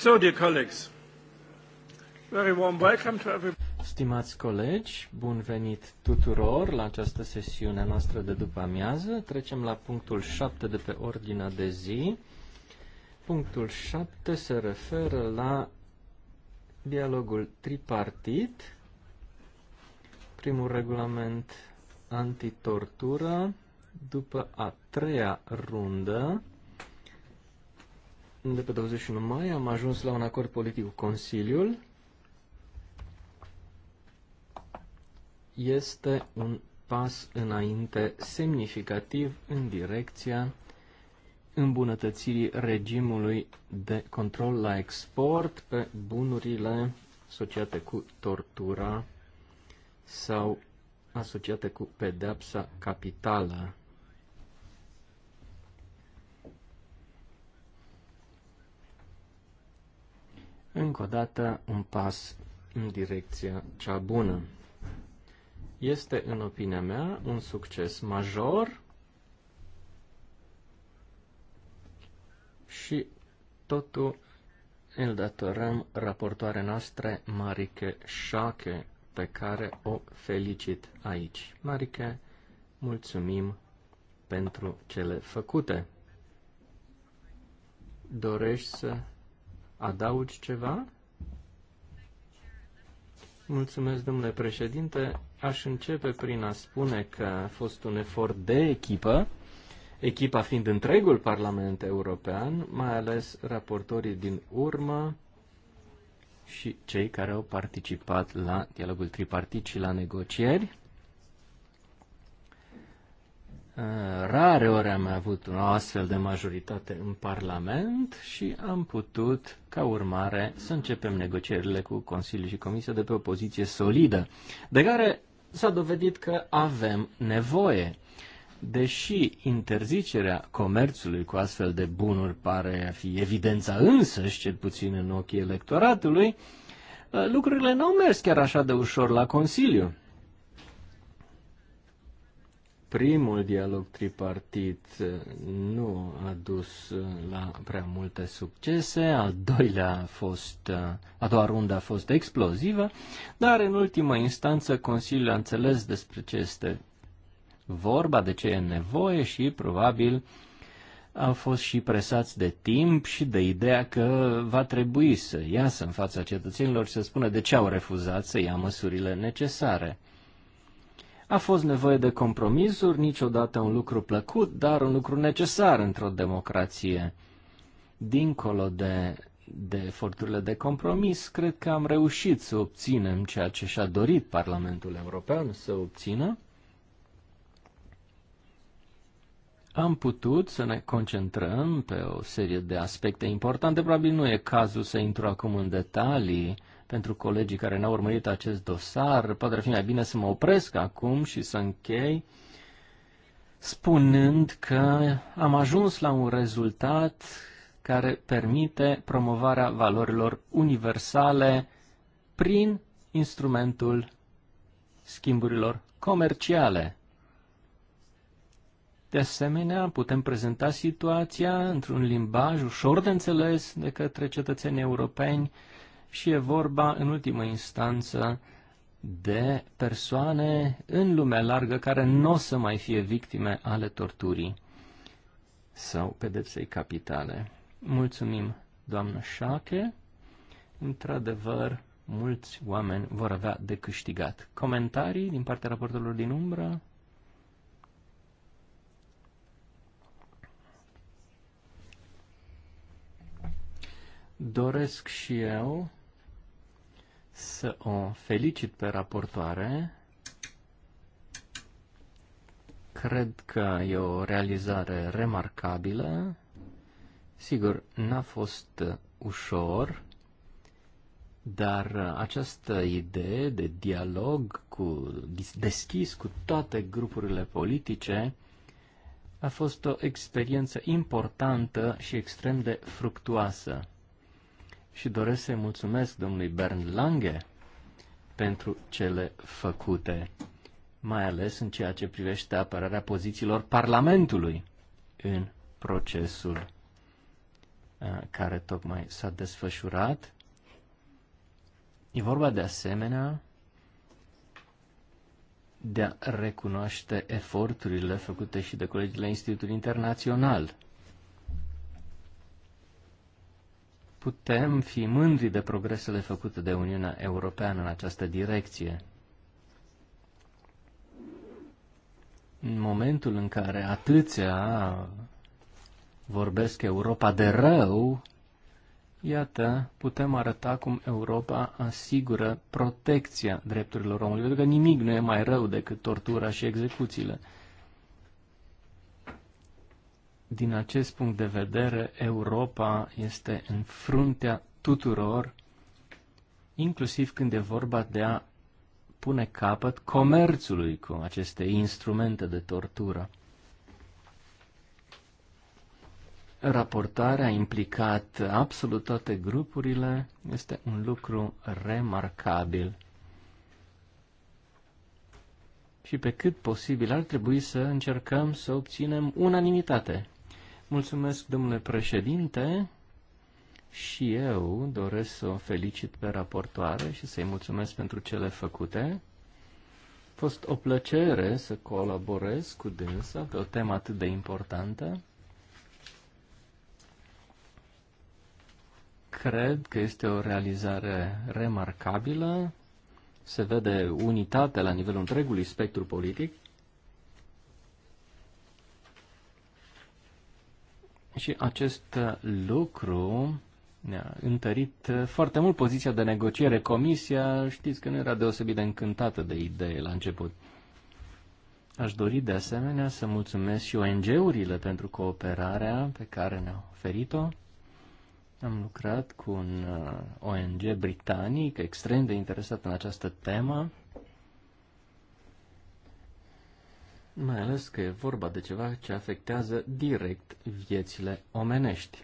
So, dear colleagues, very warm welcome to everybody. Stimați colegi, bun venit tuturor la această sesiune noastră de după amiază. Trecem la punctul 7 de pe ordinea de zi. Punctul 7 se referă la dialogul tripartit, primul regulament antitortură, după a treia rundă de pe 21 mai am ajuns la un acord politic cu Consiliul. Este un pas înainte semnificativ în direcția îmbunătățirii regimului de control la export pe bunurile asociate cu tortura sau asociate cu pedepsa capitală. Încă o dată, un pas în direcția cea bună. Este, în opinia mea, un succes major și totul îl datorăm raportoarea noastră, Marike Șache, pe care o felicit aici. Marike, mulțumim pentru cele făcute. Dorești să adaugi ceva? Mulțumesc, domnule președinte. Aș începe prin a spune că a fost un efort de echipă, echipa fiind întregul Parlament European, mai ales raportorii din urmă și cei care au participat la dialogul tripartit și la negocieri. Eh, rare ori am avut o astfel de majoritate în Parlament și am putut, ca urmare, să începem negocierile cu Consiliul și Comisia de pe o poziție solidă, de care s-a dovedit că avem nevoie. Deși interzicerea comerțului cu astfel de bunuri pare a fi evidența și cel puțin în ochii electoratului, eh, lucrurile nu au mers chiar așa de ușor la Consiliu primul dialog tripartit eh, nu a dus eh, la prea multe succese, al doilea a fost, eh, a doua rundă a fost explozivă, dar în ultima instanță Consiliul a înțeles despre ce este vorba, de ce e nevoie și probabil au fost și presați de timp și de ideea că va trebui să iasă în fața cetățenilor și să spună de ce au refuzat să ia măsurile necesare. A fost nevoie de compromisuri, niciodată un lucru plăcut, dar un lucru necesar într-o democrație. Dincolo de, de eforturile de compromis, cred că am reușit să obținem ceea ce și-a dorit Parlamentul European să obțină. am putut să ne concentrăm pe o serie de aspecte importante. Probabil nu e cazul să intru acum în detalii pentru colegii care n-au urmărit acest dosar. Poate ar fi mai bine să mă opresc acum și să închei spunând că am ajuns la un rezultat care permite promovarea valorilor universale prin instrumentul schimburilor comerciale. De asemenea, putem prezenta situația într-un limbaj ușor de înțeles de către cetățenii europeni și e vorba, în ultimă instanță, de persoane în lumea largă care nu o să mai fie victime ale torturii sau pedepsei capitale. Mulțumim, doamnă Șache. Într-adevăr, mulți oameni vor avea de câștigat. Comentarii din partea raportelor din umbră? Doresc și eu să o felicit pe raportoare. Cred că e o realizare remarcabilă. Sigur, n-a fost uh, ușor, dar uh, această idee de dialog cu, deschis cu toate grupurile politice a fost o experiență importantă și extrem de fructuoasă și doresc să-i mulțumesc domnului Bern Lange pentru cele făcute, mai ales în ceea ce privește apărarea pozițiilor Parlamentului în procesul uh, care tocmai s-a desfășurat. E vorba de asemenea de a recunoaște eforturile făcute și de colegii la Institutul Internațional putem fi mândri de progresele făcute de Uniunea Europeană în această direcție. În momentul în care atâția vorbesc Europa de rău, iată, putem arăta cum Europa asigură protecția drepturilor omului, pentru că nimic nu e mai rău decât tortura și execuțiile. Din acest punct de vedere, Europa este în fruntea tuturor, inclusiv când e vorba de a pune capăt comerțului cu aceste instrumente de tortură. Raportarea a implicat absolut toate grupurile, este un lucru remarcabil. Și pe cât posibil ar trebui să încercăm să obținem unanimitate Mulțumesc, domnule președinte. Și eu doresc să o felicit pe raportoare și să-i mulțumesc pentru cele făcute. A fost o plăcere să colaborez cu dânsa pe o temă atât de importantă. Cred că este o realizare remarcabilă. Se vede unitate la nivelul întregului spectru politic Și acest uh, lucru ne-a întărit uh, foarte mult poziția de negociere. Comisia, știți că nu era deosebit de încântată de idee la început. Aș dori de asemenea să mulțumesc și ONG-urile pentru cooperarea pe care ne-au oferit-o. Am lucrat cu un uh, ONG britanic extrem de interesat în această temă mai ales că e vorba de ceva ce afectează direct viețile omenești.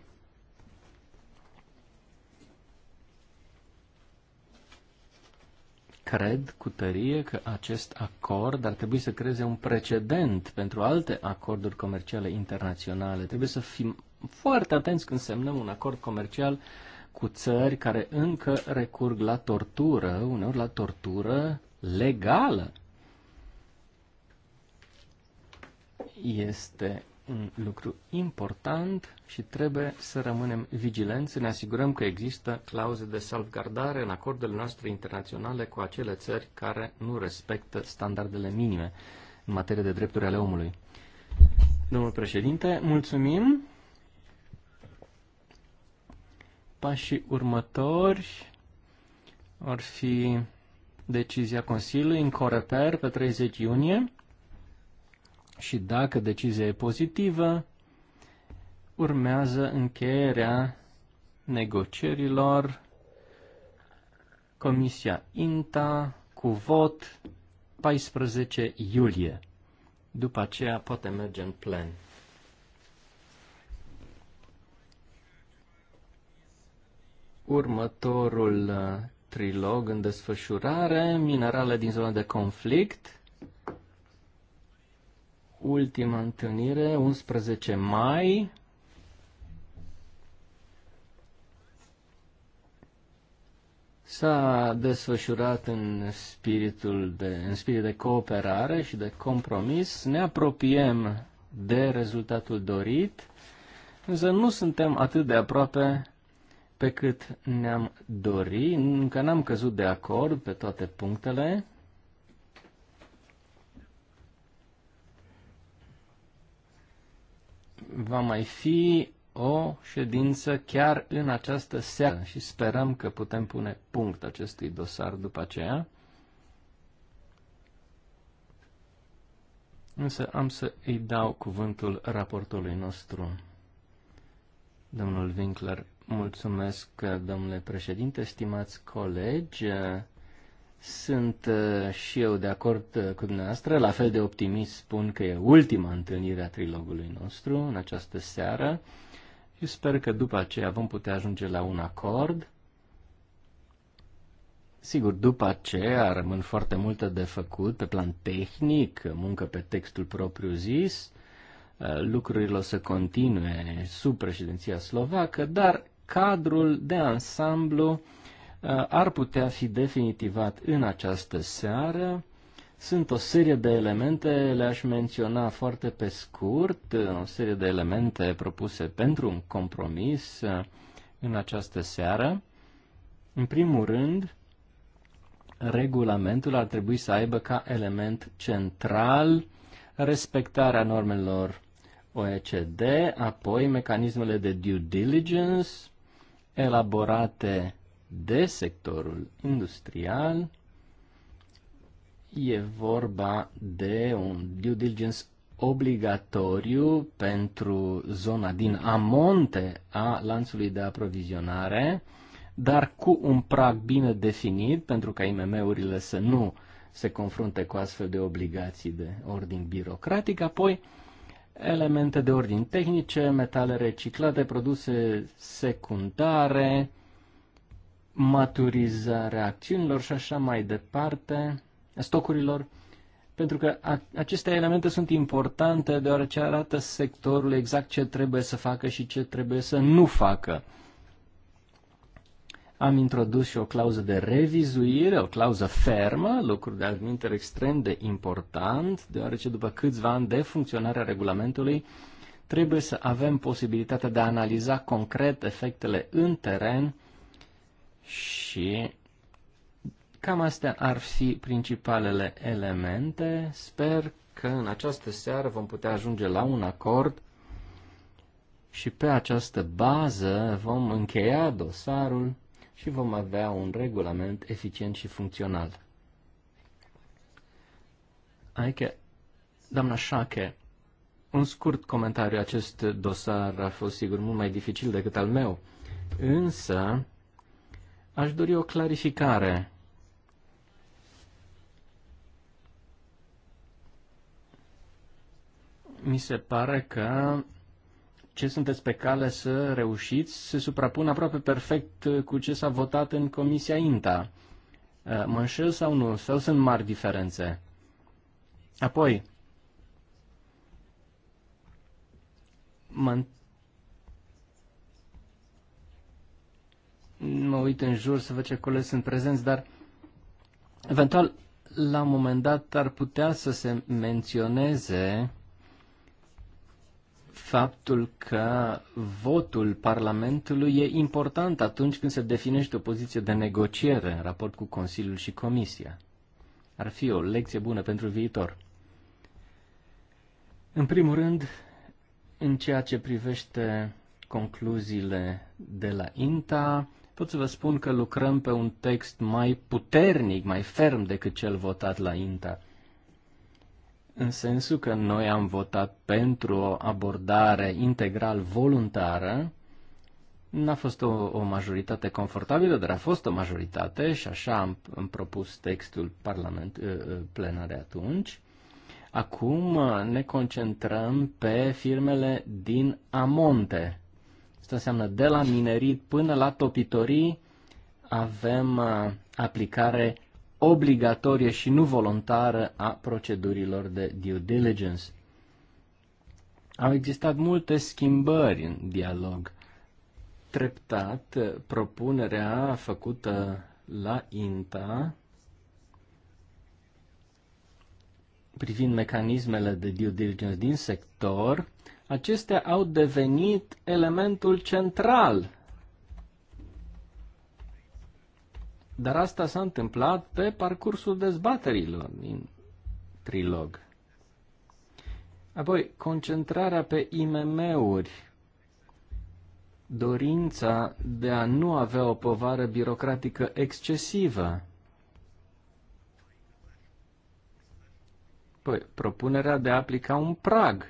Cred cu tărie că acest acord ar trebui să creeze un precedent pentru alte acorduri comerciale internaționale. Trebuie să fim foarte atenți când semnăm un acord comercial cu țări care încă recurg la tortură, uneori la tortură legală. este un lucru important și trebuie să rămânem vigilenți, să ne asigurăm că există clauze de salvgardare în acordurile noastre internaționale cu acele țări care nu respectă standardele minime în materie de drepturi ale omului. Domnul președinte, mulțumim. Pașii următori ar fi decizia Consiliului în Coreper pe 30 iunie și dacă decizia e pozitivă, urmează încheierea negocierilor Comisia INTA cu vot 14 iulie. După aceea poate merge în plen. Următorul uh, trilog în desfășurare, minerale din zona de conflict ultima întâlnire, 11 mai. S-a desfășurat în, spiritul de, în spirit de cooperare și de compromis. Ne apropiem de rezultatul dorit, însă nu suntem atât de aproape pe cât ne-am dorit, încă n-am căzut de acord pe toate punctele. va mai fi o ședință chiar în această seară și sperăm că putem pune punct acestui dosar după aceea. Însă am să îi dau cuvântul raportului nostru. Domnul Winkler, mulțumesc, domnule președinte, stimați colegi. Sunt uh, și eu de acord uh, cu dumneavoastră, la fel de optimist spun că e ultima întâlnire a trilogului nostru în această seară și sper că după aceea vom putea ajunge la un acord. Sigur, după aceea rămân foarte multe de făcut pe plan tehnic, muncă pe textul propriu zis, uh, lucrurile o să continue sub președinția slovacă, dar cadrul de ansamblu Uh, ar putea fi definitivat în această seară. Sunt o serie de elemente, le-aș menționa foarte pe scurt, uh, o serie de elemente propuse pentru un compromis uh, în această seară. În primul rând, regulamentul ar trebui să aibă ca element central respectarea normelor OECD, apoi mecanismele de due diligence elaborate de sectorul industrial, e vorba de un due diligence obligatoriu pentru zona din amonte a lanțului de aprovizionare, dar cu un prag bine definit pentru ca IMM-urile să nu se confrunte cu astfel de obligații de ordin birocratic, apoi elemente de ordin tehnice, metale reciclate, produse secundare, maturizarea acțiunilor și așa mai departe, stocurilor, pentru că aceste elemente sunt importante deoarece arată sectorul exact ce trebuie să facă și ce trebuie să nu facă. Am introdus și o clauză de revizuire, o clauză fermă, lucru de adminter extrem de important, deoarece după câțiva ani de funcționare a regulamentului, trebuie să avem posibilitatea de a analiza concret efectele în teren și cam astea ar fi principalele elemente. Sper că în această seară vom putea ajunge la un acord și pe această bază vom încheia dosarul și vom avea un regulament eficient și funcțional. Adică, doamna Șache, un scurt comentariu. Acest dosar a fost sigur mult mai dificil decât al meu, însă Aș dori o clarificare. Mi se pare că ce sunteți pe cale să reușiți se suprapune aproape perfect cu ce s-a votat în Comisia INTA. Uh, mă înșel sau nu? Sau sunt mari diferențe? Apoi, mă mă uit în jur să văd ce colegi sunt prezenți, dar eventual la un moment dat ar putea să se menționeze faptul că votul Parlamentului e important atunci când se definește o poziție de negociere în raport cu Consiliul și Comisia. Ar fi o lecție bună pentru viitor. În primul rând, în ceea ce privește concluziile de la INTA, pot să vă spun că lucrăm pe un text mai puternic, mai ferm decât cel votat la INTA. În sensul că noi am votat pentru o abordare integral voluntară, n-a fost o, o majoritate confortabilă, dar a fost o majoritate și așa am, am propus textul parlament, ă, ă, plenare atunci. Acum ă, ne concentrăm pe firmele din Amonte, Asta înseamnă de la minerit până la topitorii avem uh, aplicare obligatorie și nu voluntară a procedurilor de due diligence. Au existat multe schimbări în dialog. Treptat, uh, propunerea făcută la INTA privind mecanismele de due diligence din sector acestea au devenit elementul central. Dar asta s-a întâmplat pe parcursul dezbaterilor din trilog. Apoi, concentrarea pe IMM-uri, dorința de a nu avea o povară birocratică excesivă. Păi, propunerea de a aplica un prag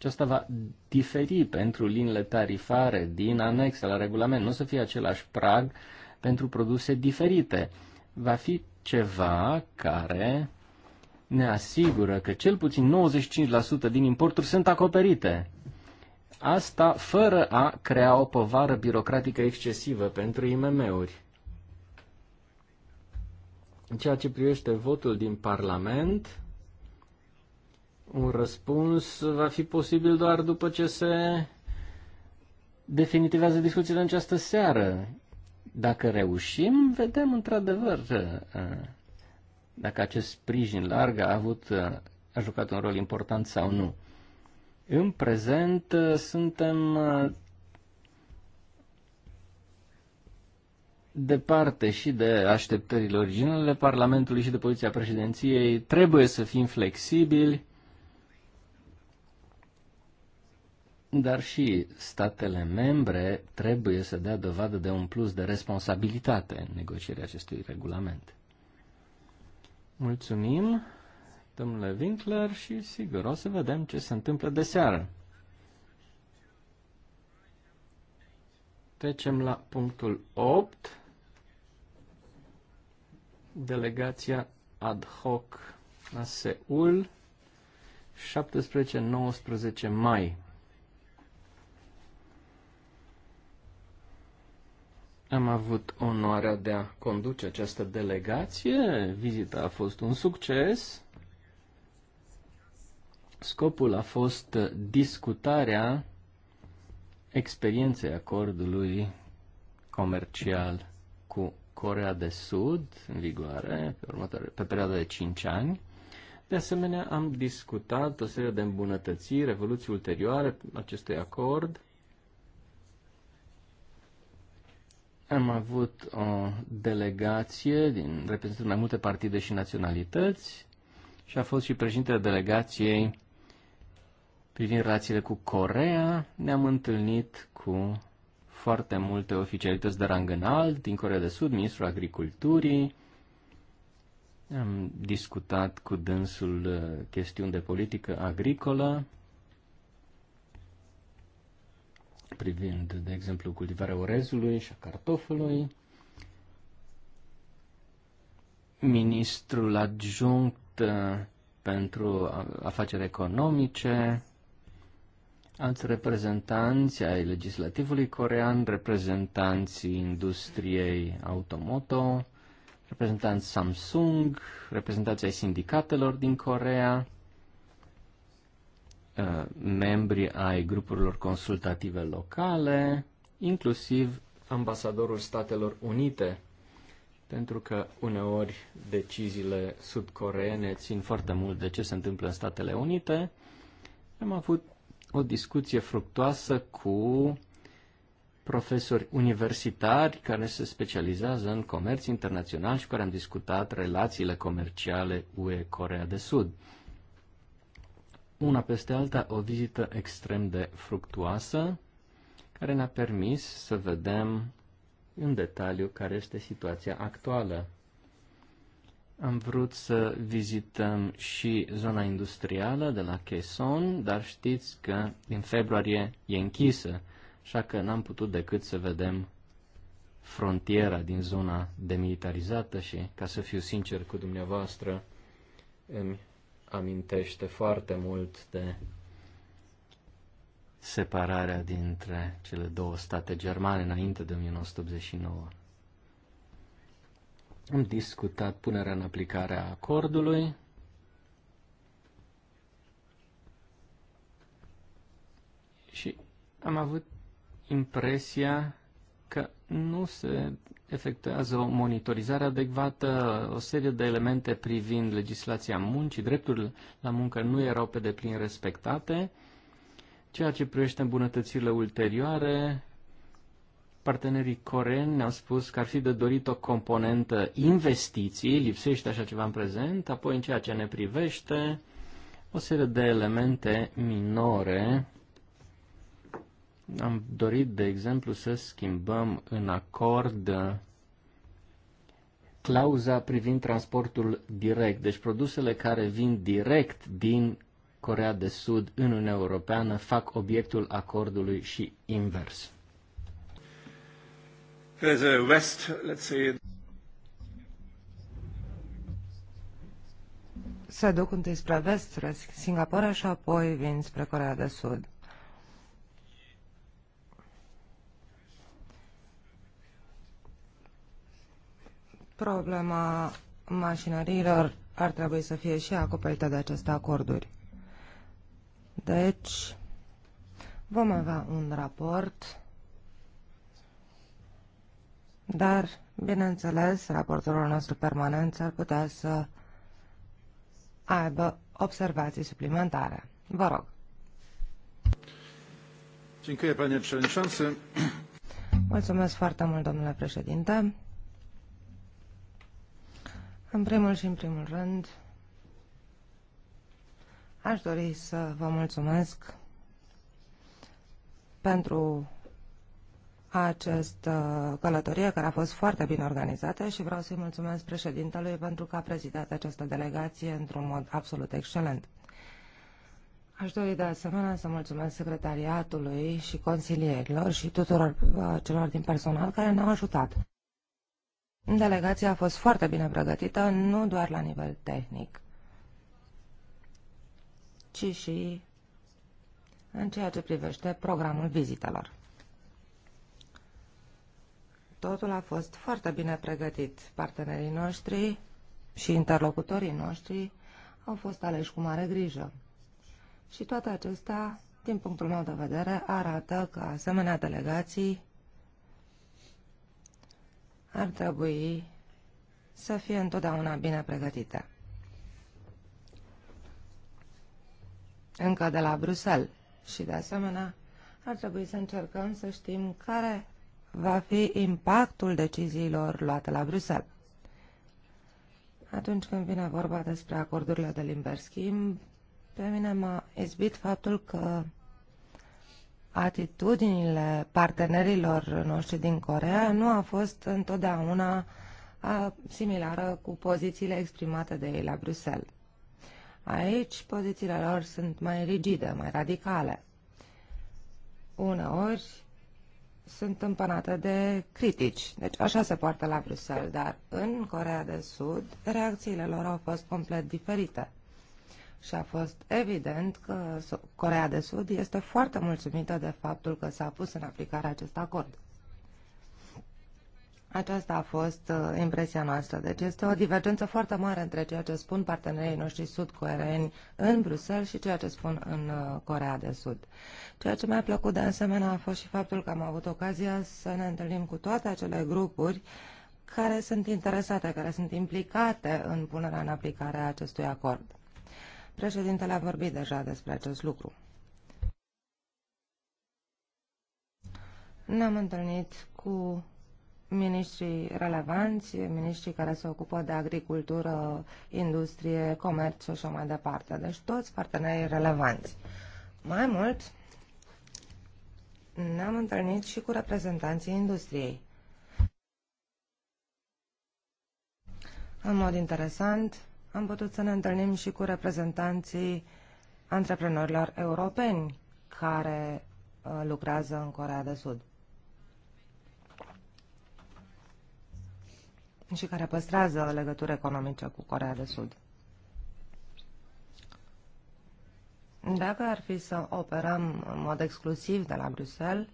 și asta va diferi pentru liniile tarifare din anexa la regulament. Nu o să fie același prag pentru produse diferite. Va fi ceva care ne asigură că cel puțin 95% din importuri sunt acoperite. Asta fără a crea o povară birocratică excesivă pentru IMM-uri. În ceea ce privește votul din Parlament, un răspuns va fi posibil doar după ce se definitivează discuțiile în această seară. Dacă reușim, vedem într-adevăr uh, dacă acest sprijin larg a avut uh, a jucat un rol important sau nu. În prezent uh, suntem departe și de așteptările originale Parlamentului și de poziția președinției. Trebuie să fim flexibili dar și statele membre trebuie să dea dovadă de un plus de responsabilitate în negocierea acestui regulament. Mulțumim, domnule Winkler, și sigur o să vedem ce se întâmplă de seară. Trecem la punctul 8, delegația ad hoc la Seul, 17-19 mai Am avut onoarea de a conduce această delegație. Vizita a fost un succes. Scopul a fost discutarea experienței acordului comercial cu Corea de Sud în vigoare pe, următoare, pe perioada de 5 ani. De asemenea, am discutat o serie de îmbunătățiri, revoluții ulterioare acestui acord Am avut o delegație din reprezentând mai multe partide și naționalități și a fost și președintele delegației privind relațiile cu Corea. Ne-am întâlnit cu foarte multe oficialități de rang înalt din Corea de Sud, ministrul agriculturii. Am discutat cu dânsul uh, chestiuni de politică agricolă. privind, de exemplu, cultivarea orezului și a cartofului. Ministrul adjunct uh, pentru afaceri economice, alți reprezentanți ai legislativului corean, reprezentanții industriei automoto, reprezentanți Samsung, reprezentanții ai sindicatelor din Corea, Uh, membri ai grupurilor consultative locale, inclusiv ambasadorul Statelor Unite, pentru că uneori deciziile sudcoreene țin foarte mult de ce se întâmplă în Statele Unite. Am avut o discuție fructoasă cu profesori universitari care se specializează în comerț internațional și cu care am discutat relațiile comerciale UE-Corea de Sud una peste alta, o vizită extrem de fructuoasă, care ne-a permis să vedem în detaliu care este situația actuală. Am vrut să vizităm și zona industrială de la Quezon, dar știți că din februarie e închisă, așa că n-am putut decât să vedem frontiera din zona demilitarizată și, ca să fiu sincer cu dumneavoastră, îmi amintește foarte mult de separarea dintre cele două state germane înainte de 1989. Am discutat punerea în aplicare a acordului. Și am avut impresia că nu se efectuează o monitorizare adecvată, o serie de elemente privind legislația muncii, drepturile la muncă nu erau pe deplin respectate, ceea ce privește îmbunătățirile ulterioare, partenerii coreeni ne-au spus că ar fi de dorit o componentă investiții, lipsește așa ceva în prezent, apoi în ceea ce ne privește, o serie de elemente minore am dorit, de exemplu, să schimbăm în acord clauza privind transportul direct, deci produsele care vin direct din Corea de Sud în Uniunea Europeană fac obiectul acordului și invers. There's a West, let's say... Se duc întâi spre vest, spre Singapore și apoi vin spre Corea de Sud. Problema mașinărilor ar trebui să fie și acoperită de aceste acorduri. Deci, vom avea un raport, dar, bineînțeles, raportul nostru permanent ar putea să aibă observații suplimentare. Vă rog. Mulțumesc foarte mult, domnule președinte. În primul și în primul rând, aș dori să vă mulțumesc pentru această călătorie care a fost foarte bine organizată și vreau să-i mulțumesc președintelui pentru că a prezidat această delegație într-un mod absolut excelent. Aș dori de asemenea să mulțumesc secretariatului și consilierilor și tuturor uh, celor din personal care ne-au ajutat. Delegația a fost foarte bine pregătită, nu doar la nivel tehnic, ci și în ceea ce privește programul vizitelor. Totul a fost foarte bine pregătit. Partenerii noștri și interlocutorii noștri au fost aleși cu mare grijă. Și toate acestea, din punctul meu de vedere, arată că asemenea delegații ar trebui să fie întotdeauna bine pregătită. Încă de la Bruxelles și, de asemenea, ar trebui să încercăm să știm care va fi impactul deciziilor luate la Bruxelles. Atunci când vine vorba despre acordurile de liber schimb, pe mine m-a izbit faptul că atitudinile partenerilor noștri din Corea nu a fost întotdeauna similară cu pozițiile exprimate de ei la Bruxelles. Aici pozițiile lor sunt mai rigide, mai radicale. Uneori sunt împănate de critici, deci așa se poartă la Bruxelles, dar în Corea de Sud reacțiile lor au fost complet diferite. Și a fost evident că Corea de Sud este foarte mulțumită de faptul că s-a pus în aplicare acest acord. Aceasta a fost uh, impresia noastră. Deci este o divergență foarte mare între ceea ce spun partenerii noștri sud-coreeni în Bruxelles și ceea ce spun în uh, Corea de Sud. Ceea ce mi-a plăcut de asemenea a fost și faptul că am avut ocazia să ne întâlnim cu toate acele grupuri care sunt interesate, care sunt implicate în punerea în aplicare a acestui acord. Președintele a vorbit deja despre acest lucru. Ne-am întâlnit cu ministrii relevanți, ministrii care se ocupă de agricultură, industrie, comerț și așa mai departe. Deci toți partenerii relevanți. Mai mult, ne-am întâlnit și cu reprezentanții industriei. În mod interesant, am putut să ne întâlnim și cu reprezentanții antreprenorilor europeni care uh, lucrează în Corea de Sud și care păstrează legături economice cu Corea de Sud. Dacă ar fi să operăm în mod exclusiv de la Bruxelles,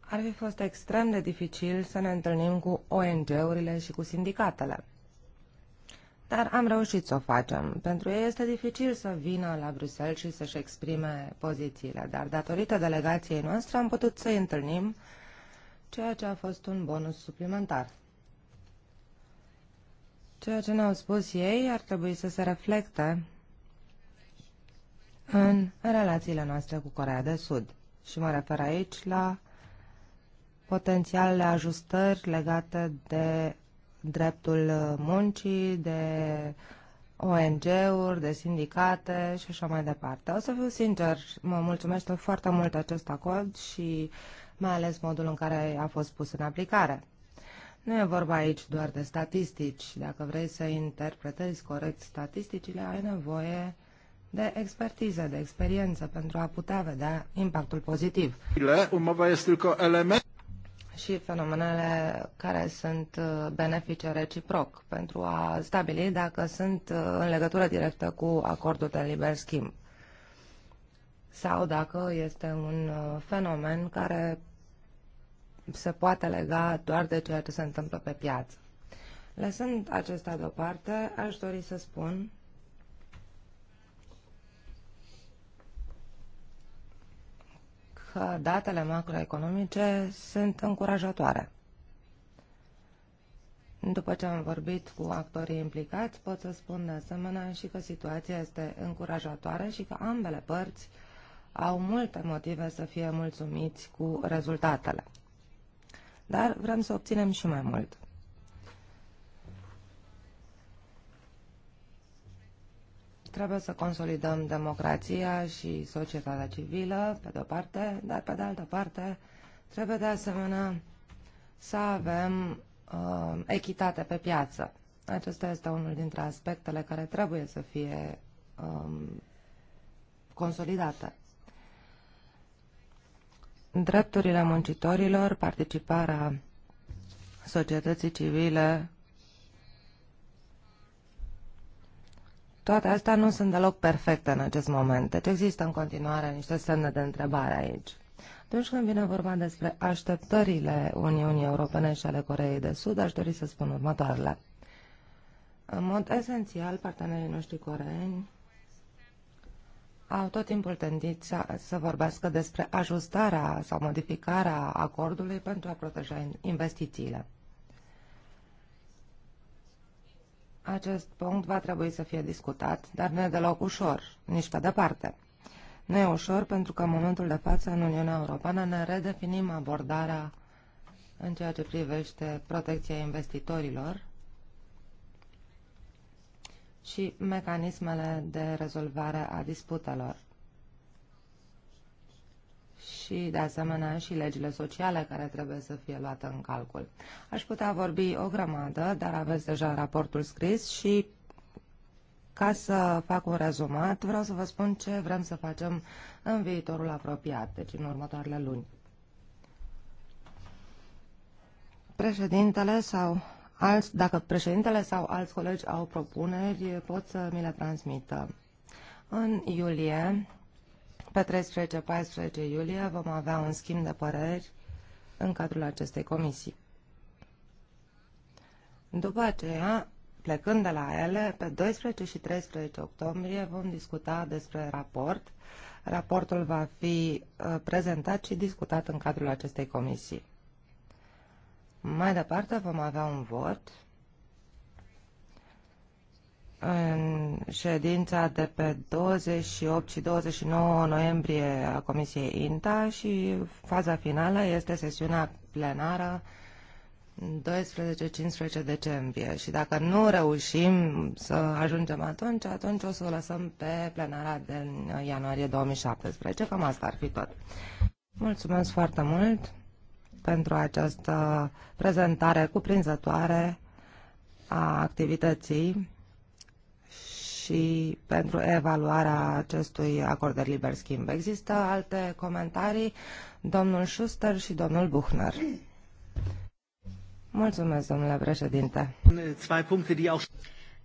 ar fi fost extrem de dificil să ne întâlnim cu ONG-urile și cu sindicatele. Dar am reușit să o facem. Pentru ei este dificil să vină la Bruxelles și să-și exprime pozițiile, dar datorită delegației noastre am putut să-i întâlnim, ceea ce a fost un bonus suplimentar. Ceea ce ne-au spus ei ar trebui să se reflecte în relațiile noastre cu Corea de Sud. Și mă refer aici la potențialele ajustări legate de dreptul uh, muncii, de ONG-uri, de sindicate și așa mai departe. O să fiu sincer, mă mulțumește foarte mult acest acord și mai ales modul în care a fost pus în aplicare. Nu e vorba aici doar de statistici. Dacă vrei să interpretezi corect statisticile, ai nevoie de expertiză, de experiență pentru a putea vedea impactul pozitiv și fenomenele care sunt uh, benefice reciproc pentru a stabili dacă sunt uh, în legătură directă cu acordul de liber schimb sau dacă este un uh, fenomen care se poate lega doar de ceea ce se întâmplă pe piață. Lăsând acesta deoparte, aș dori să spun că datele macroeconomice sunt încurajatoare. După ce am vorbit cu actorii implicați, pot să spun de asemenea și că situația este încurajatoare și că ambele părți au multe motive să fie mulțumiți cu rezultatele. Dar vrem să obținem și mai mult. Trebuie să consolidăm democrația și societatea civilă, pe de-o parte, dar pe de altă parte trebuie de asemenea să avem uh, echitate pe piață. Acesta este unul dintre aspectele care trebuie să fie um, consolidate. Drepturile muncitorilor, participarea societății civile Toate astea nu sunt deloc perfecte în acest moment, deci există în continuare niște semne de întrebare aici. Atunci când vine vorba despre așteptările Uniunii Europene și ale Coreei de Sud, aș dori să spun următoarele. În mod esențial, partenerii noștri coreeni au tot timpul tendința să vorbească despre ajustarea sau modificarea acordului pentru a proteja investițiile. Acest punct va trebui să fie discutat, dar nu e deloc ușor, nici pe departe. Nu e ușor pentru că în momentul de față în Uniunea Europeană ne redefinim abordarea în ceea ce privește protecția investitorilor și mecanismele de rezolvare a disputelor și, de asemenea, și legile sociale care trebuie să fie luate în calcul. Aș putea vorbi o grămadă, dar aveți deja raportul scris și, ca să fac un rezumat, vreau să vă spun ce vrem să facem în viitorul apropiat, deci în următoarele luni. Președintele sau alți, dacă președintele sau alți colegi au propuneri, pot să mi le transmită. În iulie pe 13-14 iulie vom avea un schimb de păreri în cadrul acestei comisii. După aceea, plecând de la ele, pe 12 și 13 octombrie vom discuta despre raport. Raportul va fi uh, prezentat și discutat în cadrul acestei comisii. Mai departe vom avea un vot în ședința de pe 28 și 29 noiembrie a Comisiei INTA și faza finală este sesiunea plenară 12-15 decembrie și dacă nu reușim să ajungem atunci, atunci o să o lăsăm pe plenara de ianuarie 2017. Cam asta ar fi tot. Mulțumesc foarte mult pentru această prezentare cuprinzătoare a activității și pentru evaluarea acestui acord de liber schimb. Există alte comentarii? Domnul Schuster și domnul Buchner. Mulțumesc, domnule președinte.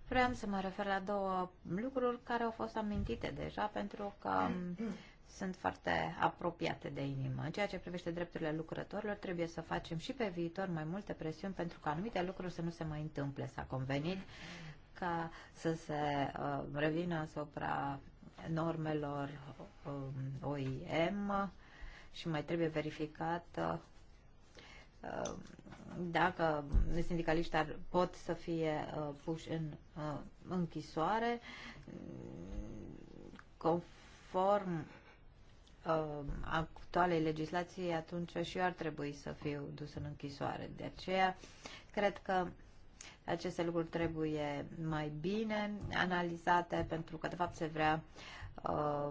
Vreau să mă refer la două lucruri care au fost amintite deja pentru că sunt foarte apropiate de inimă. În ceea ce privește drepturile lucrătorilor, trebuie să facem și pe viitor mai multe presiuni pentru că anumite lucruri să nu se mai întâmple. S-a convenit ca să se uh, revină asupra normelor um, OIM și mai trebuie verificat uh, uh dacă sindicaliștii ar, pot să fie uh, puși în uh, închisoare conform uh, actualei legislații, atunci și eu ar trebui să fiu dus în închisoare. De aceea, cred că aceste lucruri trebuie mai bine analizate pentru că de fapt se vrea uh,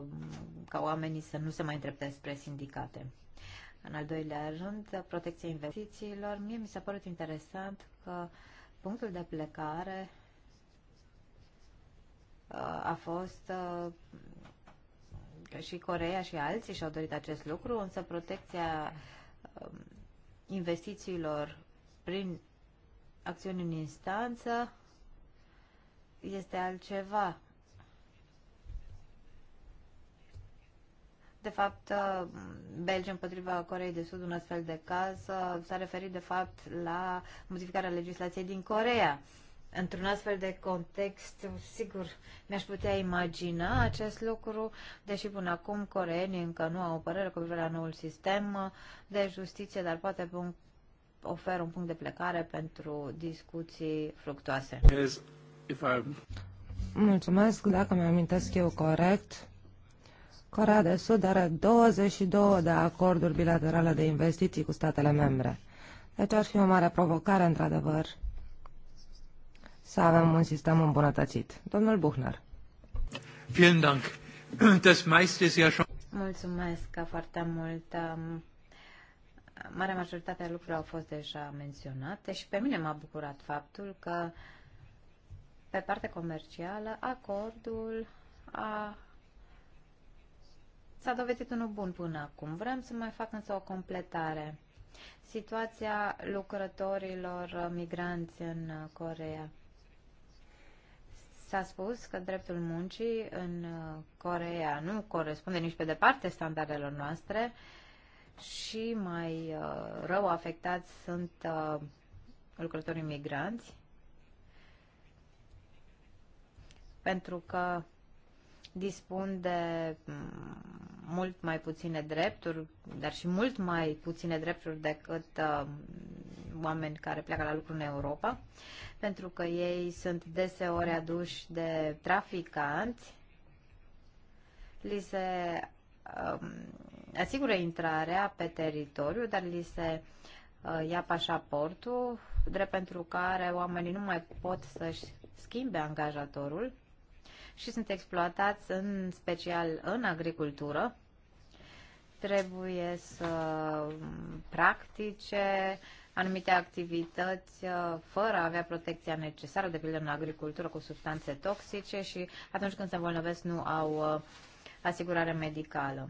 ca oamenii să nu se mai îndrepte spre sindicate. În al doilea rând, protecția investițiilor. Mie mi s-a părut interesant că punctul de plecare uh, a fost uh, și Coreea și alții și-au dorit acest lucru, însă protecția uh, investițiilor prin acțiuni în instanță este altceva. De fapt, uh, Belgia împotriva Coreei de Sud, un astfel de caz, uh, s-a referit de fapt la modificarea legislației din Corea. Într-un astfel de context, sigur, mi-aș putea imagina acest lucru, deși până acum coreenii încă nu au o părere cu privire la noul sistem de justiție, dar poate ofer un punct de plecare pentru discuții fructoase. Mulțumesc, dacă mi-amintesc eu corect. Corea de Sud are 22 de acorduri bilaterale de investiții cu statele membre. Deci ar fi o mare provocare, într-adevăr, să avem un sistem îmbunătățit. Domnul Buchner. Vielen Dank. Das meiste ist ja schon... Mulțumesc foarte mult marea majoritate a lucrurilor au fost deja menționate și pe mine m-a bucurat faptul că pe partea comercială acordul a s-a dovedit unul bun până acum. Vrem să mai fac însă o completare. Situația lucrătorilor migranți în Corea. S-a spus că dreptul muncii în Corea nu corespunde nici pe departe standardelor noastre. Uh, și mai uh, rău afectați sunt uh, lucrătorii migranți, pentru că dispun de mm, mult mai puține drepturi, dar și mult mai puține drepturi decât uh, oameni care pleacă la lucru în Europa, pentru că ei sunt deseori aduși de traficanți, li se um, asigură intrarea pe teritoriu, dar li se uh, ia pașaportul, drept pentru care oamenii nu mai pot să-și schimbe angajatorul și sunt exploatați în special în agricultură. Trebuie să um, practice anumite activități uh, fără a avea protecția necesară, de pildă în agricultură, cu substanțe toxice și atunci când se îmbolnăvesc nu au uh, asigurare medicală.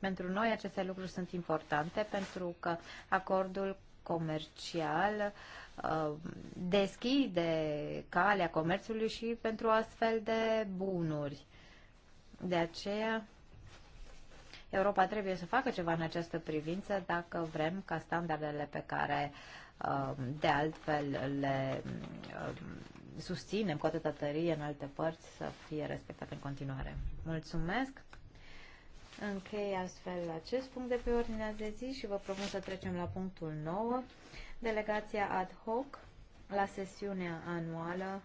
Pentru noi aceste lucruri sunt importante pentru că acordul comercial uh, deschide calea comerțului și pentru astfel de bunuri. De aceea, Europa trebuie să facă ceva în această privință dacă vrem ca standardele pe care uh, de altfel le uh, susținem cu atâta tărie în alte părți să fie respectate în continuare. Mulțumesc! Închei astfel acest punct de pe ordinea de zi și vă propun să trecem la punctul 9, delegația ad hoc la sesiunea anuală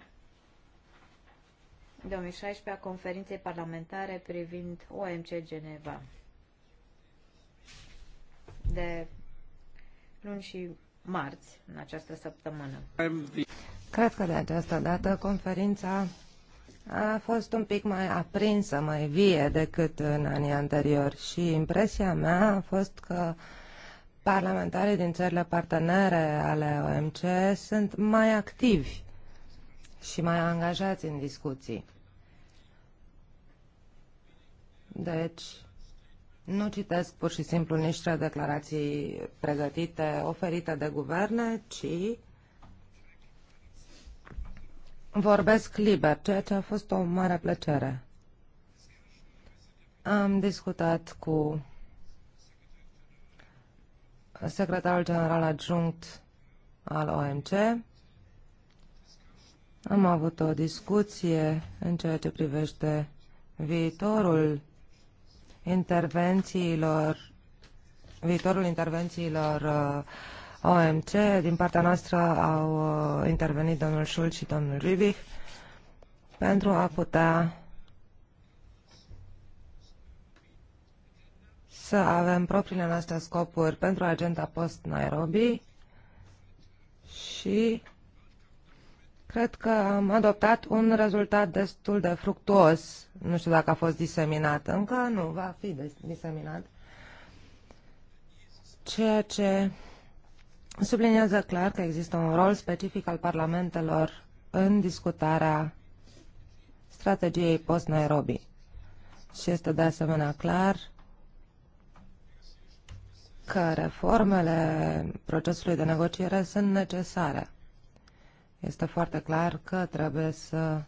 2016 a conferinței parlamentare privind OMC Geneva. De luni și marți în această săptămână. Cred că de această dată conferința a fost un pic mai aprinsă, mai vie decât în anii anteriori și impresia mea a fost că parlamentarii din țările partenere ale OMC sunt mai activi și mai angajați în discuții. Deci, nu citesc pur și simplu niște declarații pregătite, oferite de guverne, ci vorbesc liber, ceea ce a fost o mare plăcere. Am discutat cu secretarul general adjunct al OMC. Am avut o discuție în ceea ce privește viitorul intervențiilor viitorul intervențiilor uh, OMC. Din partea noastră au uh, intervenit domnul Schulz și domnul Ribich pentru a putea să avem propriile noastre scopuri pentru agenda post-Nairobi și cred că am adoptat un rezultat destul de fructuos. Nu știu dacă a fost diseminat încă, nu va fi diseminat. Ceea ce subliniază clar că există un rol specific al parlamentelor în discutarea strategiei post-Nairobi. Și este de asemenea clar că reformele procesului de negociere sunt necesare. Este foarte clar că trebuie să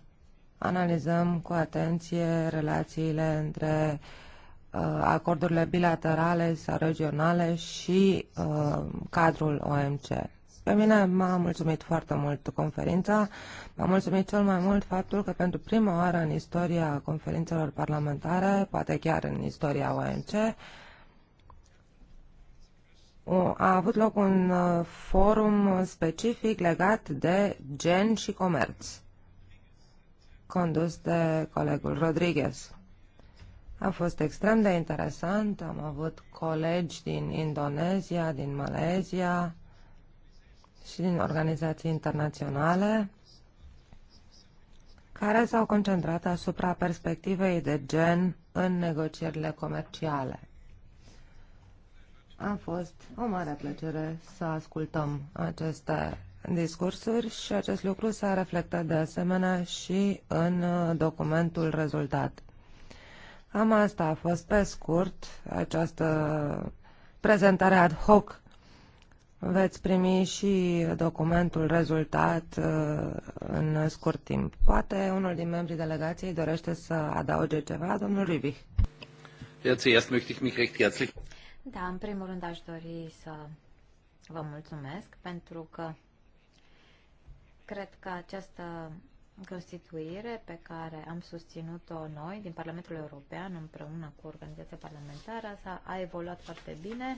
analizăm cu atenție relațiile între uh, Uh, acordurile bilaterale sau regionale și uh, cadrul OMC. Pe mine m-a mulțumit foarte mult conferința, m-a mulțumit cel mai mult faptul că pentru prima oară în istoria conferințelor parlamentare, poate chiar în istoria OMC, a avut loc un uh, forum specific legat de gen și comerț, condus de colegul Rodriguez. A fost extrem de interesant, am avut colegi din Indonezia, din Malezia și din organizații internaționale care s-au concentrat asupra perspectivei de gen în negocierile comerciale. A fost o mare plăcere să ascultăm aceste discursuri și acest lucru s-a reflectat de asemenea și în documentul rezultat. Cam asta a fost pe scurt această prezentare ad hoc. Veți primi și documentul rezultat uh, în scurt timp. Poate unul din membrii delegației dorește să adauge ceva, domnul Rivich. Da, în primul rând aș dori să vă mulțumesc pentru că cred că această constituire pe care am susținut-o noi din Parlamentul European împreună cu organizația parlamentară s a evoluat foarte bine.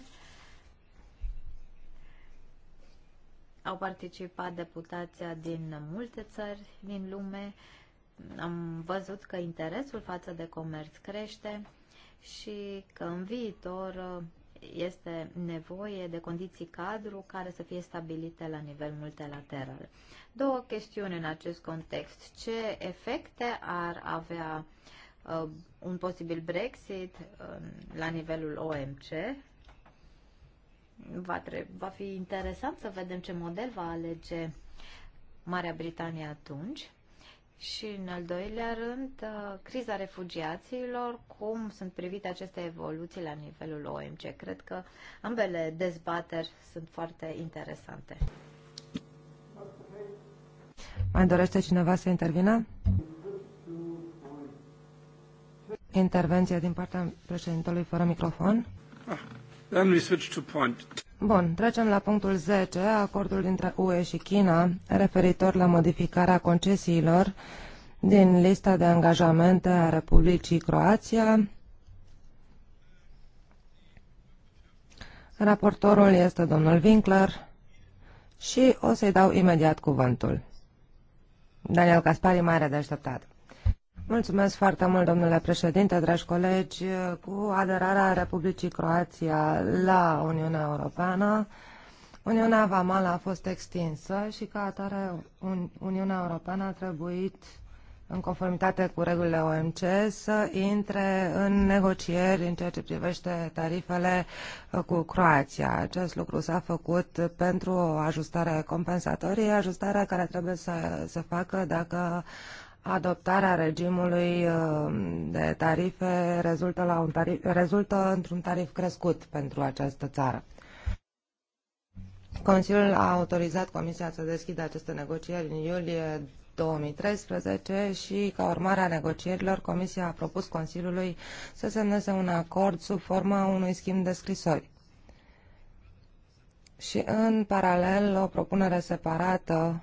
Au participat deputații din multe țări din lume. Am văzut că interesul față de comerț crește și că în viitor este nevoie de condiții cadru care să fie stabilite la nivel multilateral. Două chestiuni în acest context. Ce efecte ar avea uh, un posibil Brexit uh, la nivelul OMC? Va, va fi interesant să vedem ce model va alege Marea Britanie atunci. Și în al doilea rând, uh, criza refugiaților, cum sunt privite aceste evoluții la nivelul OMC. Cred că ambele dezbateri sunt foarte interesante. Mai dorește cineva să intervină? Intervenția din partea președintelui fără microfon. Ah, then switch to point. Bun, trecem la punctul 10, acordul dintre UE și China referitor la modificarea concesiilor din lista de angajamente a Republicii Croația. Raportorul este domnul Winkler și o să-i dau imediat cuvântul. Daniel Caspari mare are de așteptat. Mulțumesc foarte mult, domnule președinte, dragi colegi. Cu aderarea Republicii Croația la Uniunea Europeană, Uniunea Vamală a fost extinsă și ca atare Uniunea Europeană a trebuit în conformitate cu regulile OMC, să intre în negocieri în ceea ce privește tarifele uh, cu Croația. Acest lucru s-a făcut pentru o ajustare compensatorie, ajustarea care trebuie să se facă dacă adoptarea regimului uh, de tarife rezultă, la un tarif, rezultă într-un tarif crescut pentru această țară. Consiliul a autorizat Comisia să deschidă aceste negocieri în iulie 2013 și, ca urmare a negocierilor, Comisia a propus Consiliului să semneze un acord sub forma unui schimb de scrisori. Și, în paralel, o propunere separată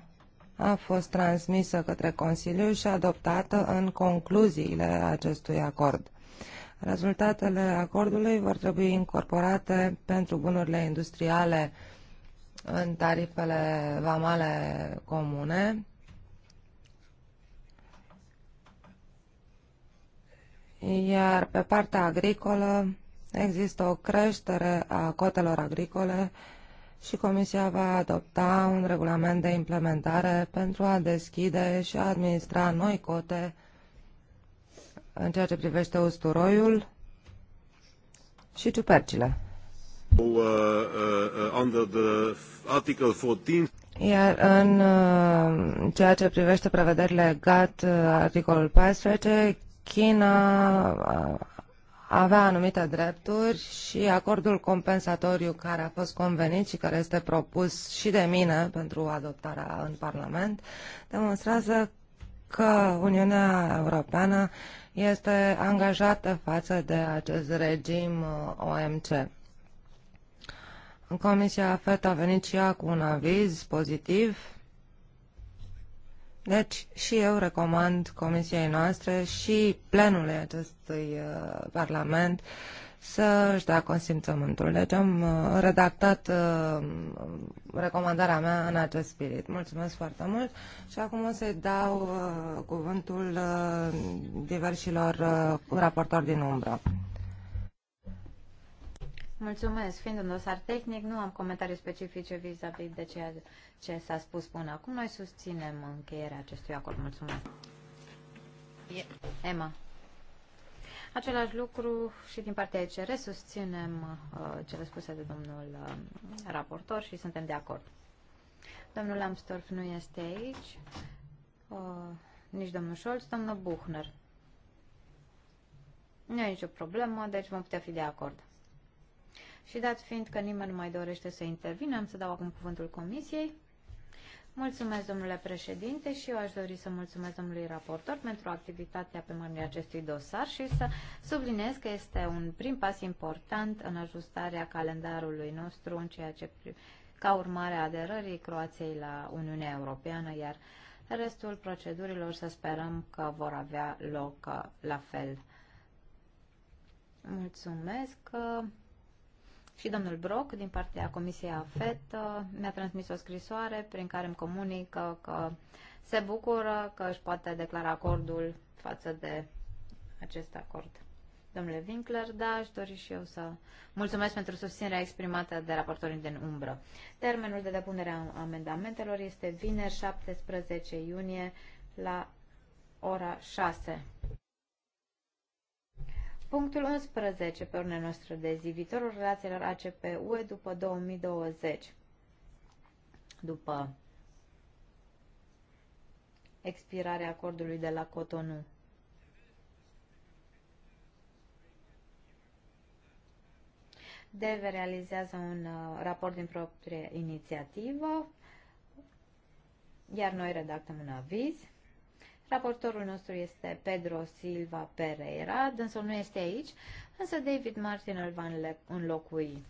a fost transmisă către Consiliu și adoptată în concluziile acestui acord. Rezultatele acordului vor trebui incorporate pentru bunurile industriale în tarifele vamale comune iar pe partea agricolă există o creștere a cotelor agricole și Comisia va adopta un regulament de implementare pentru a deschide și a administra noi cote în ceea ce privește usturoiul și ciupercile. So, uh, uh, under the article 14... Iar în uh, ceea ce privește prevederile GATT, uh, articolul 14, China uh, avea anumite drepturi și acordul compensatoriu care a fost convenit și care este propus și de mine pentru adoptarea în Parlament demonstrează că Uniunea Europeană este angajată față de acest regim uh, OMC. Comisia FET a venit și ea cu un aviz pozitiv deci și eu recomand comisiei noastre și plenului acestui uh, parlament să își dea consimțământul. Deci am uh, redactat uh, recomandarea mea în acest spirit. Mulțumesc foarte mult și acum o să-i dau cuvântul diversilor raportori din umbră. Mulțumesc. Fiind un dosar tehnic, nu am comentarii specifice vis-a-vis -vis de ceea ce s-a spus până acum. Noi susținem încheierea acestui acord. Mulțumesc. Emma. Același lucru și din partea ECR susținem uh, cele spuse de domnul uh, raportor și suntem de acord. Domnul Amstorf nu este aici, uh, nici domnul Scholz, domnul Buchner. Nu e nicio problemă, deci vom putea fi de acord. Și dat fiind că nimeni nu mai dorește să intervină, am să dau acum cuvântul Comisiei. Mulțumesc, domnule președinte, și eu aș dori să mulțumesc domnului raportor pentru activitatea pe marginea acestui dosar și să subliniez că este un prim pas important în ajustarea calendarului nostru în ceea ce ca urmare a aderării Croației la Uniunea Europeană, iar restul procedurilor să sperăm că vor avea loc la fel. Mulțumesc! Și domnul Brock, din partea Comisiei AFET, uh, mi-a transmis o scrisoare prin care îmi comunică că se bucură că își poate declara acordul față de acest acord. Domnule Winkler, da, aș dori și eu să mulțumesc pentru susținerea exprimată de raportorii din umbră. Termenul de depunere a amendamentelor este vineri 17 iunie la ora 6. Punctul 11 pe ordinea noastră de zi, viitorul relațiilor ACP-UE după 2020. După expirarea acordului de la Cotonou. DEVE realizează un uh, raport din proprie inițiativă, iar noi redactăm un aviz. Raportorul nostru este Pedro Silva Pereira, dânsul nu este aici, însă David Martin îl va înlocui.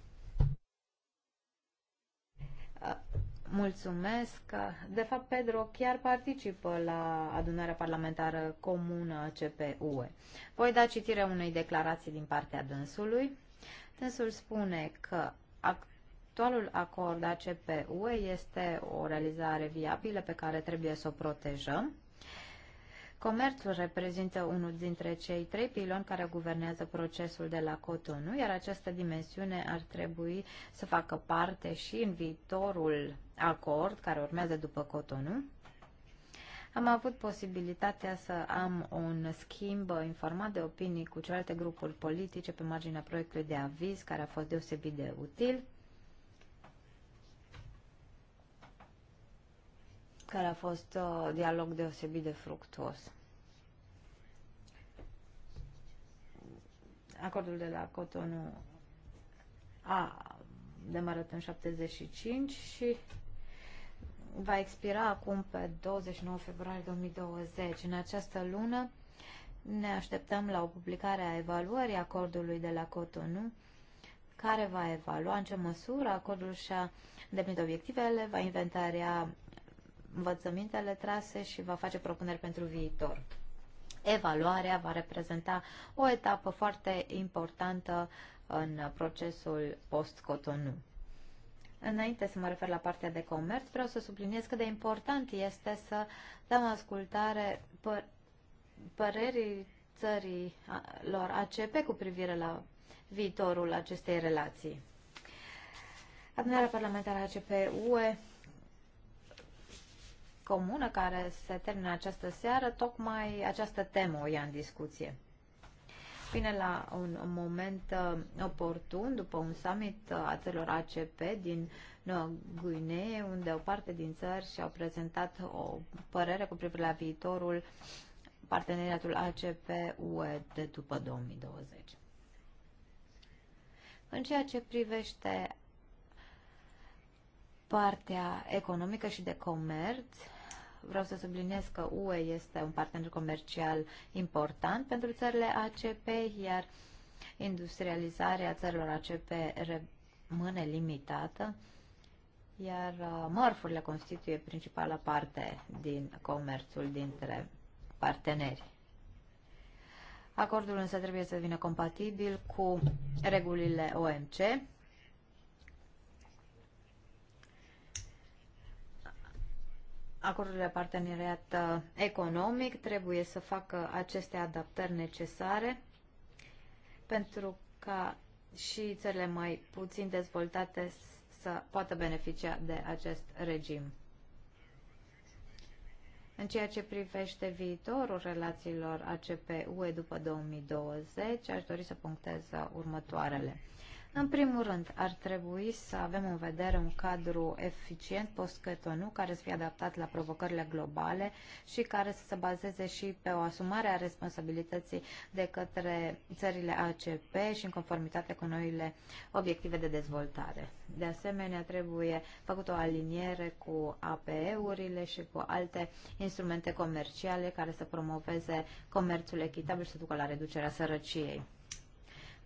Mulțumesc. De fapt, Pedro chiar participă la adunarea parlamentară comună CPUE. Voi da citire unei declarații din partea dânsului. Dânsul spune că actualul acord ACPUE este o realizare viabilă pe care trebuie să o protejăm Comerțul reprezintă unul dintre cei trei piloni care guvernează procesul de la Cotonou, iar această dimensiune ar trebui să facă parte și în viitorul acord care urmează după Cotonou. Am avut posibilitatea să am un schimb informat de opinii cu celelalte grupuri politice pe marginea proiectului de aviz, care a fost deosebit de util. care a fost uh, dialog deosebit de fructuos. Acordul de la Cotonou a demarat în 75 și va expira acum pe 29 februarie 2020. În această lună ne așteptăm la o publicare a evaluării acordului de la Cotonou, care va evalua în ce măsură acordul și-a îndeplinit obiectivele, va inventaria învățămintele trase și va face propuneri pentru viitor. Evaluarea va reprezenta o etapă foarte importantă în procesul post-Cotonou. Înainte să mă refer la partea de comerț, vreau să subliniez cât de important este să dăm ascultare păr- părerii țării lor ACP cu privire la viitorul acestei relații. Adunarea parlamentară ACP-UE comună care se termină această seară, tocmai această temă o ia în discuție. Vine la un moment uh, oportun, după un summit uh, a țărilor ACP din Noua Guinee, unde o parte din țări și-au prezentat o părere cu privire la viitorul parteneriatul ACP-UE de după 2020. În ceea ce privește partea economică și de comerț, vreau să subliniez că UE este un partener comercial important pentru țările ACP, iar industrializarea țărilor ACP rămâne limitată, iar uh, mărfurile constituie principala parte din comerțul dintre parteneri. Acordul însă trebuie să devină compatibil cu regulile OMC, acordurile de parteneriat uh, economic trebuie să facă aceste adaptări necesare pentru ca și țările mai puțin dezvoltate să poată beneficia de acest regim. În ceea ce privește viitorul relațiilor ACP-UE după 2020, aș dori să punctez uh, următoarele. În primul rând, ar trebui să avem în vedere un cadru eficient post nu care să fie adaptat la provocările globale și care să se bazeze și pe o asumare a responsabilității de către țările ACP și în conformitate cu noile obiective de dezvoltare. De asemenea, trebuie făcut o aliniere cu APE-urile și cu alte instrumente comerciale care să promoveze comerțul echitabil și să ducă la reducerea sărăciei.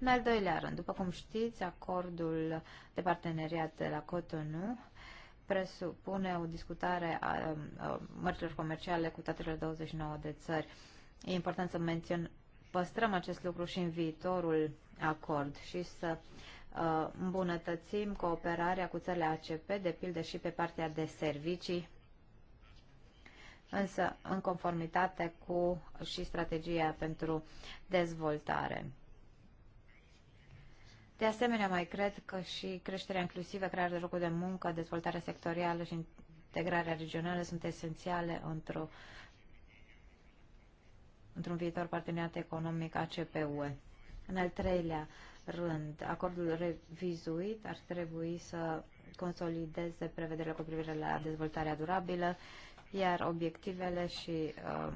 În al doilea rând, după cum știți, acordul de parteneriat de la Cotonou presupune o discutare a mărcilor comerciale cu toate 29 de țări. E important să mențion, păstrăm acest lucru și în viitorul acord și să uh, îmbunătățim cooperarea cu țările ACP, de pildă și pe partea de servicii, însă în conformitate cu și strategia pentru dezvoltare. De asemenea, mai cred că și creșterea inclusivă, crearea de locuri de muncă, dezvoltarea sectorială și integrarea regională sunt esențiale într-o într-un viitor parteneriat economic ACPUE. În al treilea rând, acordul revizuit ar trebui să consolideze prevederile cu privire la dezvoltarea durabilă, iar obiectivele și uh,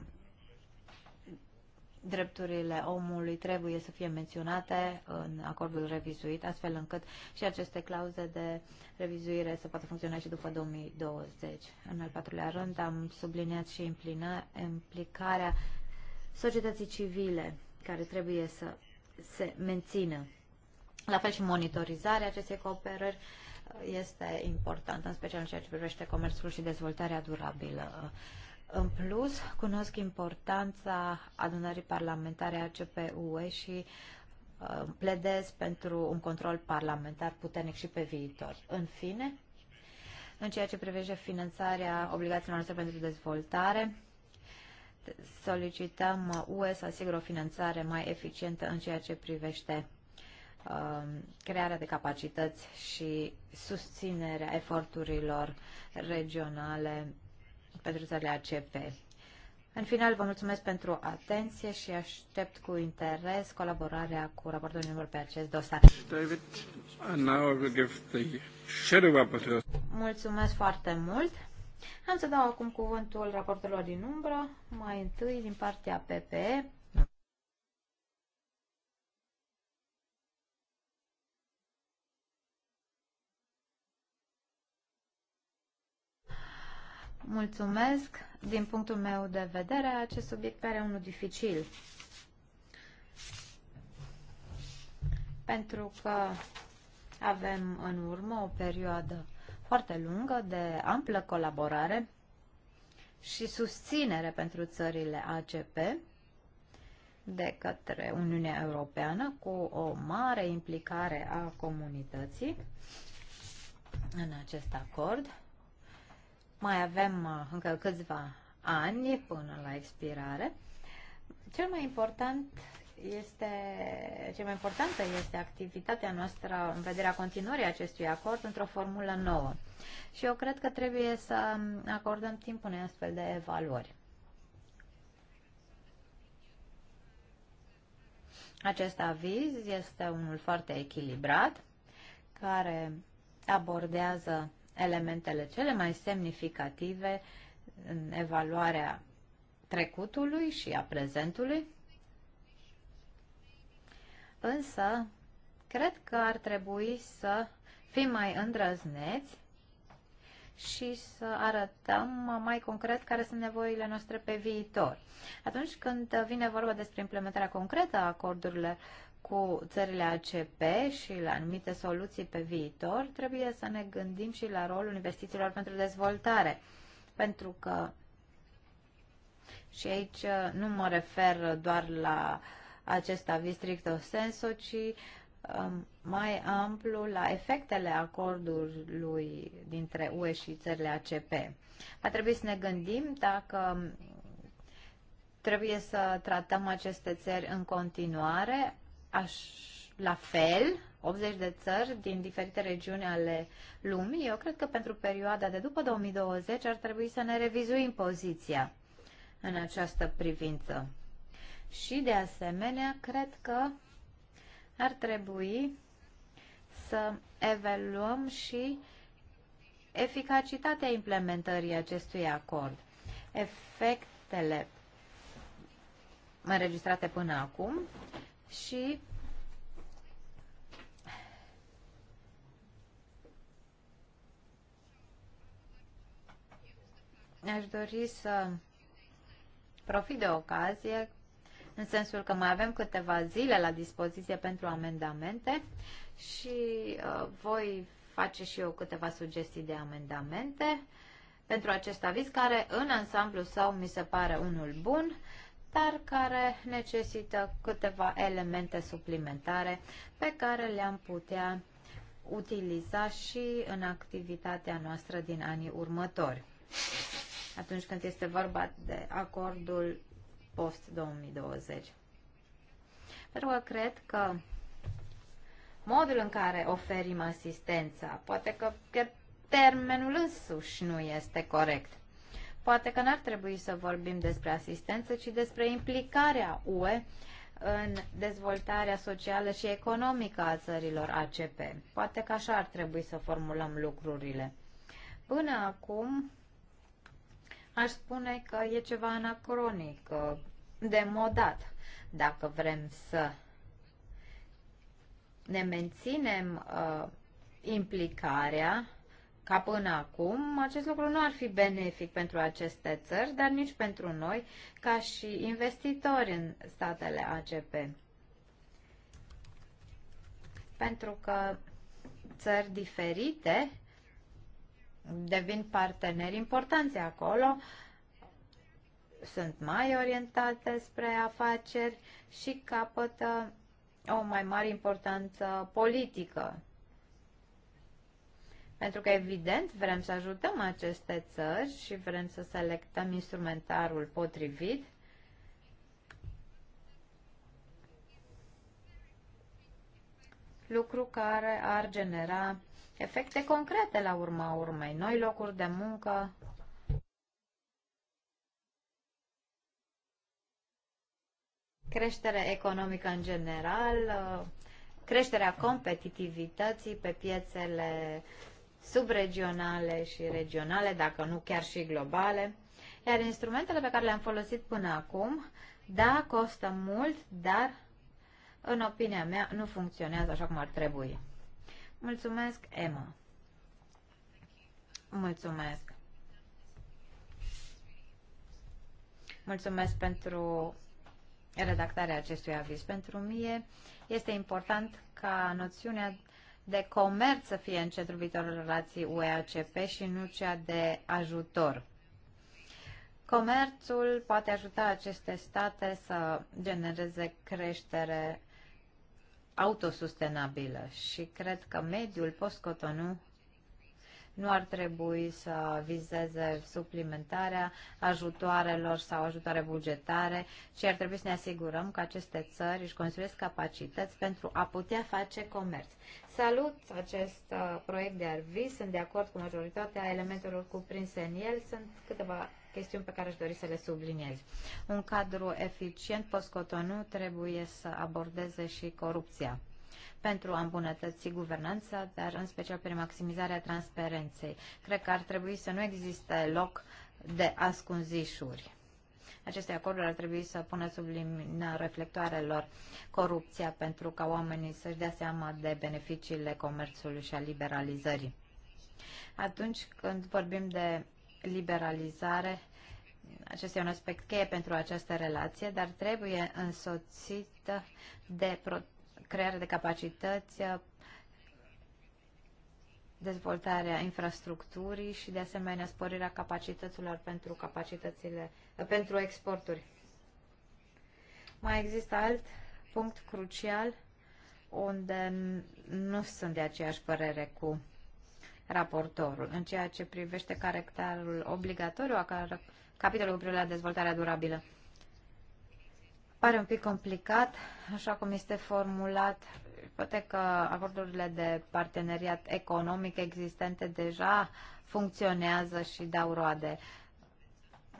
drepturile omului trebuie să fie menționate în acordul revizuit, astfel încât și aceste clauze de revizuire să poată funcționa și după 2020. În al patrulea rând am subliniat și implina, implicarea societății civile care trebuie să se mențină. La fel și monitorizarea acestei cooperări este importantă, în special în ceea ce privește comerțul și dezvoltarea durabilă. Uh, în plus, cunosc importanța adunării parlamentare a CPUE și uh, pledez pentru un control parlamentar puternic și pe viitor. În fine, în ceea ce privește finanțarea obligațiilor noastre pentru dezvoltare, solicităm UE să asigure o finanțare mai eficientă în ceea ce privește uh, crearea de capacități și susținerea eforturilor regionale pentru le ACP. În final, vă mulțumesc pentru atenție și aștept cu interes colaborarea cu raportul număr pe acest dosar. David, mulțumesc foarte mult. Am să dau acum cuvântul raportelor din umbră, mai întâi din partea PPE, Mulțumesc. Din punctul meu de vedere, acest subiect pare unul dificil. Pentru că avem în urmă o perioadă foarte lungă de amplă colaborare și susținere pentru țările ACP de către Uniunea Europeană cu o mare implicare a comunității în acest acord mai avem uh, încă câțiva ani până la expirare. Cel mai important este, cel mai importantă este activitatea noastră în vederea continuării acestui acord într-o formulă nouă. Și eu cred că trebuie să acordăm timp unei astfel de evaluări. Acest aviz este unul foarte echilibrat, care abordează elementele cele mai semnificative în evaluarea trecutului și a prezentului. Însă, cred că ar trebui să fim mai îndrăzneți și să arătăm mai concret care sunt nevoile noastre pe viitor. Atunci când vine vorba despre implementarea concretă a acordurilor cu țările ACP și la anumite soluții pe viitor, trebuie să ne gândim și la rolul investițiilor pentru dezvoltare. Pentru că și aici uh, nu mă refer doar la acest aviz o sensu, ci um, mai amplu la efectele acordului dintre UE și țările ACP. A trebuit să ne gândim dacă trebuie să tratăm aceste țări în continuare Aș, la fel, 80 de țări din diferite regiuni ale lumii, eu cred că pentru perioada de după 2020 ar trebui să ne revizuim poziția în această privință. Și, de asemenea, cred că ar trebui să evaluăm și eficacitatea implementării acestui acord. Efectele înregistrate până acum și aș dori să profit de ocazie în sensul că mai avem câteva zile la dispoziție pentru amendamente și uh, voi face și eu câteva sugestii de amendamente pentru acest aviz care în ansamblu sau mi se pare unul bun dar care necesită câteva elemente suplimentare pe care le-am putea utiliza și în activitatea noastră din anii următori, atunci când este vorba de acordul post-2020. Pentru că cred că modul în care oferim asistența, poate că termenul însuși nu este corect. Poate că n-ar trebui să vorbim despre asistență, ci despre implicarea UE în dezvoltarea socială și economică a țărilor ACP. Poate că așa ar trebui să formulăm lucrurile. Până acum, aș spune că e ceva anacronic, uh, demodat, dacă vrem să ne menținem uh, implicarea ca până acum, acest lucru nu ar fi benefic pentru aceste țări, dar nici pentru noi, ca și investitori în statele ACP. Pentru că țări diferite devin parteneri importanți acolo, sunt mai orientate spre afaceri și capătă o mai mare importanță politică pentru că, evident, vrem să ajutăm aceste țări și vrem să selectăm instrumentarul potrivit. Lucru care ar genera efecte concrete la urma urmei, noi locuri de muncă. Creștere economică în general, creșterea competitivității pe piețele subregionale și regionale, dacă nu chiar și globale. Iar instrumentele pe care le-am folosit până acum, da, costă mult, dar, în opinia mea, nu funcționează așa cum ar trebui. Mulțumesc, Emma. Mulțumesc. Mulțumesc pentru redactarea acestui aviz. Pentru mine este important ca noțiunea de comerț să fie în centrul viitorului relații UE-ACP și nu cea de ajutor. Comerțul poate ajuta aceste state să genereze creștere autosustenabilă și cred că mediul post-Cotonou nu ar trebui să vizeze suplimentarea ajutoarelor sau ajutoare bugetare, ci ar trebui să ne asigurăm că aceste țări își construiesc capacități pentru a putea face comerț. Salut acest uh, proiect de aviz, sunt de acord cu majoritatea elementelor cuprinse în el, sunt câteva chestiuni pe care aș dori să le subliniez. Un cadru eficient post trebuie să abordeze și corupția pentru a îmbunătăți guvernanța, dar în special pentru maximizarea transparenței. Cred că ar trebui să nu existe loc de ascunzișuri aceste acorduri ar trebui să pună sub limina reflectoarelor corupția pentru ca oamenii să-și dea seama de beneficiile comerțului și a liberalizării. Atunci când vorbim de liberalizare, acesta e un aspect cheie pentru această relație, dar trebuie însoțită de crearea de capacități, dezvoltarea infrastructurii și, de asemenea, sporirea capacităților pentru capacitățile pentru exporturi. Mai există alt punct crucial unde nu sunt de aceeași părere cu raportorul în ceea ce privește caracterul obligatoriu a capitolului privind la dezvoltarea durabilă. Pare un pic complicat, așa cum este formulat. Poate că acordurile de parteneriat economic existente deja funcționează și dau roade. Uh,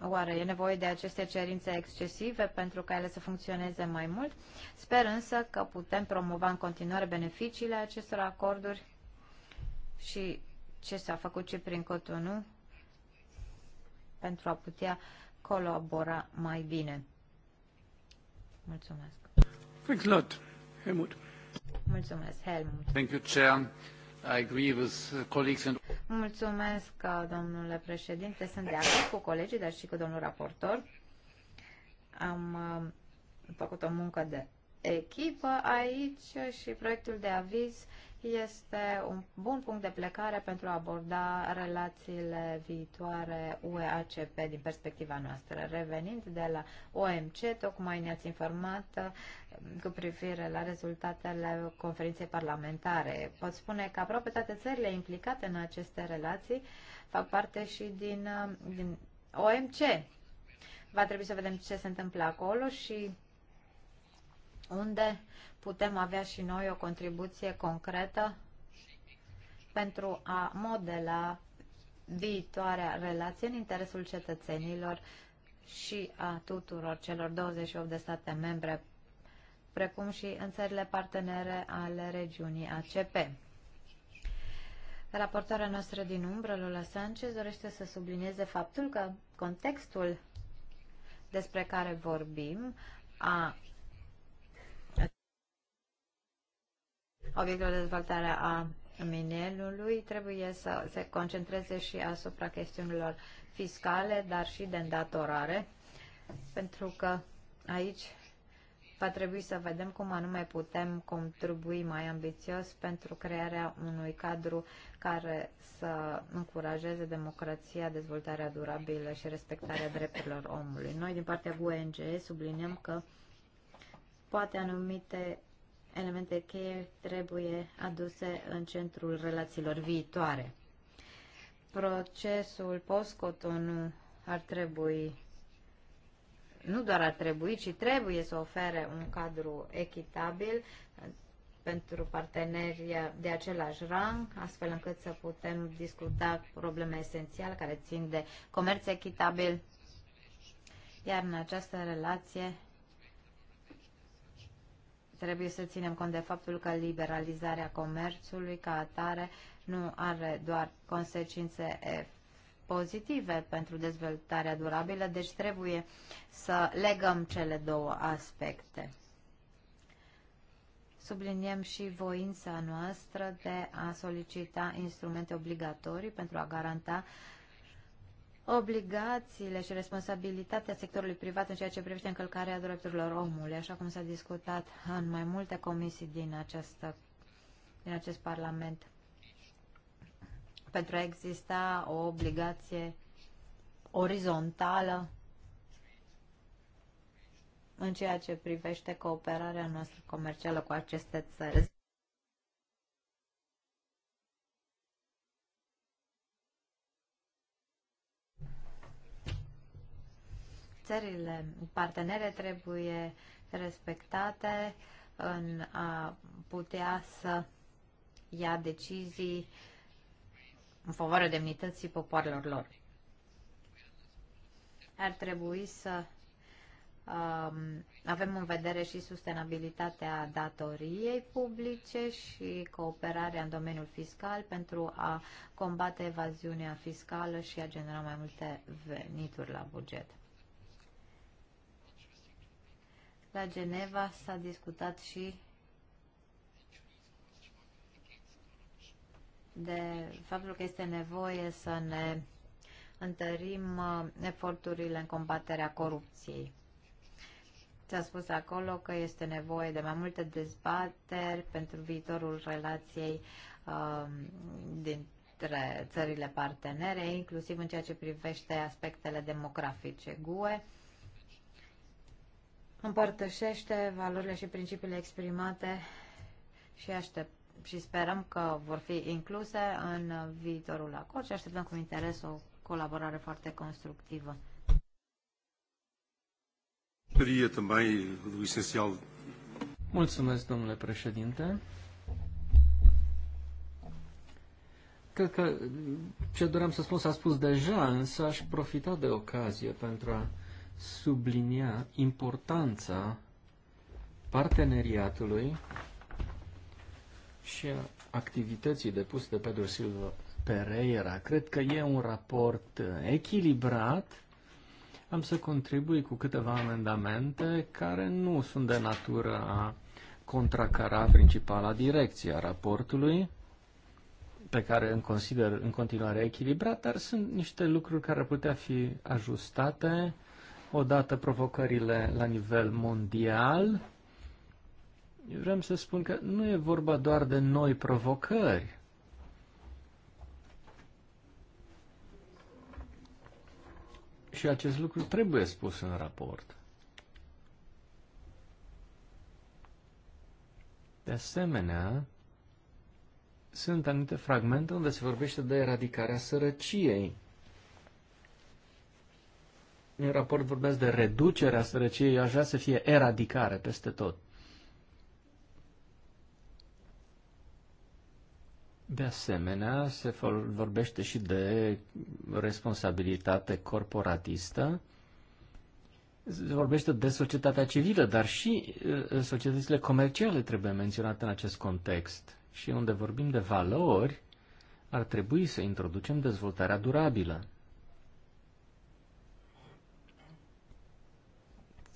Oare e nevoie de aceste cerințe excesive pentru ca ele să funcționeze mai mult? Sper însă că putem promova în continuare beneficiile acestor acorduri și ce s-a făcut și prin Cotonou pentru a putea colabora mai bine. Mulțumesc. Thanks a lot, Helmut. Mulțumesc, Helmut. Thank you, Chair. I agree with colleagues and... Mulțumesc, domnule președinte. Sunt de acord cu colegii, dar și cu domnul raportor. Am uh, făcut o muncă de echipă aici și proiectul de aviz este un bun punct de plecare pentru a aborda relațiile viitoare UE-ACP din perspectiva noastră. Revenind de la OMC, tocmai ne-ați informat uh, cu privire la rezultatele conferinței parlamentare. Pot spune că aproape toate țările implicate în aceste relații fac parte și din, uh, din OMC. Va trebui să vedem ce se întâmplă acolo și unde putem avea și noi o contribuție concretă pentru a modela viitoarea relație în interesul cetățenilor și a tuturor celor 28 de state membre, precum și în țările partenere ale regiunii ACP. Raportarea noastră din umbră, Lola Sanchez, dorește să sublinieze faptul că contextul despre care vorbim a obiectul de dezvoltare a minelului trebuie să se concentreze și asupra chestiunilor fiscale, dar și de îndatorare, pentru că aici va trebui să vedem cum anume putem contribui mai ambițios pentru crearea unui cadru care să încurajeze democrația, dezvoltarea durabilă și respectarea drepturilor omului. Noi, din partea GUNG, subliniem că poate anumite elemente cheie trebuie aduse în centrul relațiilor viitoare. Procesul post-Cotonou ar trebui nu doar ar trebui, ci trebuie să ofere un cadru echitabil pentru parteneri de același rang, astfel încât să putem discuta probleme esențiale care țin de comerț echitabil. Iar în această relație trebuie să ținem cont de faptul că liberalizarea comerțului ca atare nu are doar consecințe pozitive pentru dezvoltarea durabilă, deci trebuie să legăm cele două aspecte. Subliniem și voința noastră de a solicita instrumente obligatorii pentru a garanta uh, obligațiile și responsabilitatea sectorului privat în ceea ce privește încălcarea drepturilor omului, așa cum s-a discutat în mai multe comisii din, această, din acest Parlament, pentru a exista o obligație orizontală în ceea ce privește cooperarea noastră comercială cu aceste țări. țările partenere trebuie respectate în a putea să ia decizii în favoarea demnității popoarelor lor. Ar trebui să um, avem în vedere și sustenabilitatea datoriei publice și cooperarea în domeniul fiscal pentru a combate evaziunea fiscală și a genera mai multe venituri la buget. La Geneva s-a discutat și de faptul că este nevoie să ne întărim uh, eforturile în combaterea corupției. Ți-a spus acolo că este nevoie de mai multe dezbateri pentru viitorul relației uh, dintre țările partenere, inclusiv în ceea ce privește aspectele demografice. GUE împărtășește valorile și principiile exprimate și aștept și sperăm că vor fi incluse în viitorul acord și așteptăm cu interes o colaborare foarte constructivă. Mulțumesc, domnule președinte. Cred că ce doream să spun s-a spus deja, însă aș profita de ocazie pentru a sublinia importanța parteneriatului și a activității depuse de Pedro Silva Pereira. Cred că e un raport uh, echilibrat. Am să contribui cu câteva amendamente care nu sunt de natură a contracara principala direcție a raportului, pe care îl consider în continuare echilibrat, dar sunt niște lucruri care putea fi ajustate Odată provocările la nivel mondial, vrem să spun că nu e vorba doar de noi provocări. Și acest lucru trebuie spus în raport. De asemenea, sunt anumite fragmente unde se vorbește de eradicarea sărăciei în raport vorbesc de reducerea sărăciei, eu aș vrea să fie eradicare peste tot. De asemenea, se vorbește și de responsabilitate corporatistă. Se vorbește de societatea civilă, dar și uh, societățile comerciale trebuie menționate în acest context. Și unde vorbim de valori, ar trebui să introducem dezvoltarea durabilă.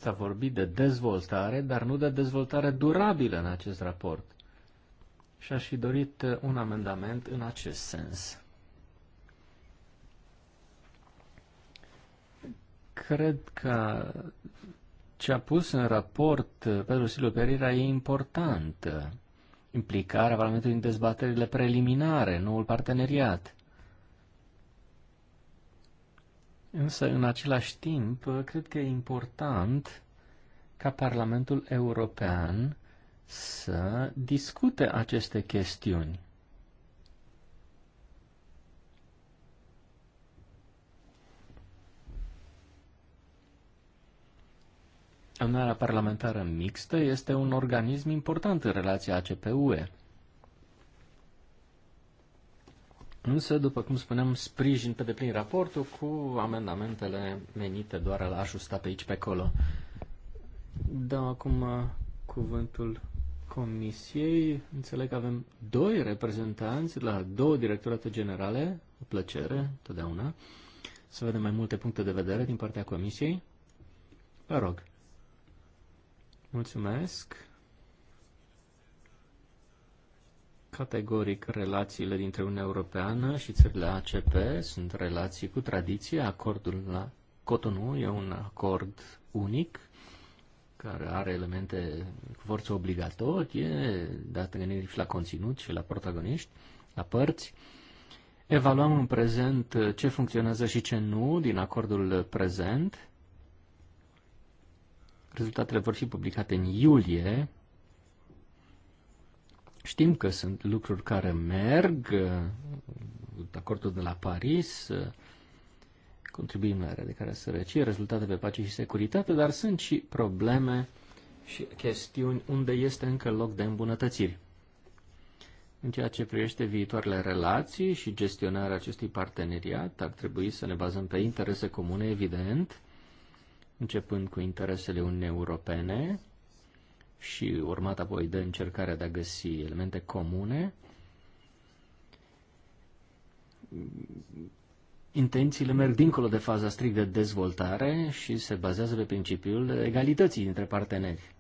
S-a vorbit de dezvoltare, dar nu de dezvoltare durabilă în acest raport. Și aș fi dorit uh, un amendament în acest sens. Cred că ce a pus în raport uh, Pedro Silva Pereira e important. Implicarea Parlamentului în dezbaterile preliminare, noul parteneriat. Însă, în același timp, cred că e important ca Parlamentul European să discute aceste chestiuni. Adunarea parlamentară mixtă este un organism important în relația ACPUE. Însă, după cum spuneam, sprijin pe deplin raportul cu amendamentele menite doar la ajusta pe aici, pe acolo. Dau acum uh, cuvântul Comisiei. Înțeleg că avem doi reprezentanți la două directorate generale. O plăcere, totdeauna. Să vedem mai multe puncte de vedere din partea Comisiei. Vă rog. Mulțumesc. categoric relațiile dintre Uniunea Europeană și țările ACP sunt relații cu tradiție. Acordul la Cotonou e un acord unic care are elemente cu forță obligatorie, dată gândire și la conținut și la protagoniști, la părți. Evaluăm în prezent ce funcționează și ce nu din acordul prezent. Rezultatele vor fi publicate în iulie Știm că sunt lucruri care merg, uh, acordul de la Paris, uh, contribuim la eradicarea sărăciei, rezultate pe pace și securitate, dar sunt și probleme și chestiuni unde este încă loc de îmbunătățiri. În ceea ce privește viitoarele relații și gestionarea acestui parteneriat, ar trebui să ne bazăm pe interese comune, evident, începând cu interesele Uniunii Europene, și urmat apoi de încercarea de a găsi elemente comune, intențiile merg dincolo de faza strict de dezvoltare și se bazează pe principiul egalității dintre parteneri.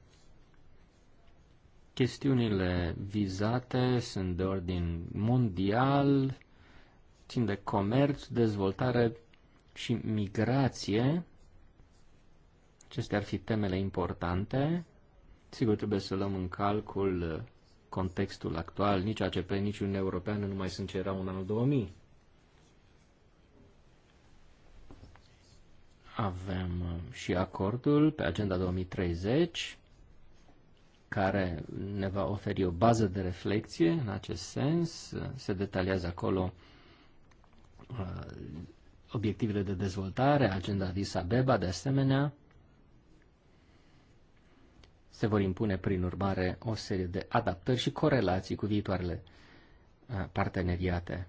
Chestiunile vizate sunt de ordin mondial, țin de comerț, dezvoltare și migrație. Acestea ar fi temele importante. Sigur, trebuie să luăm în calcul uh, contextul actual. Nici ACP, nici Uniunea Europeană nu mai sunt ce erau în anul 2000. Avem uh, și acordul pe Agenda 2030, care ne va oferi o bază de reflexie în acest sens. Uh, se detaliază acolo obiectivele de dezvoltare, agenda Visa Beba de asemenea, se vor impune, prin urmare, o serie de adaptări și corelații cu viitoarele uh, parteneriate.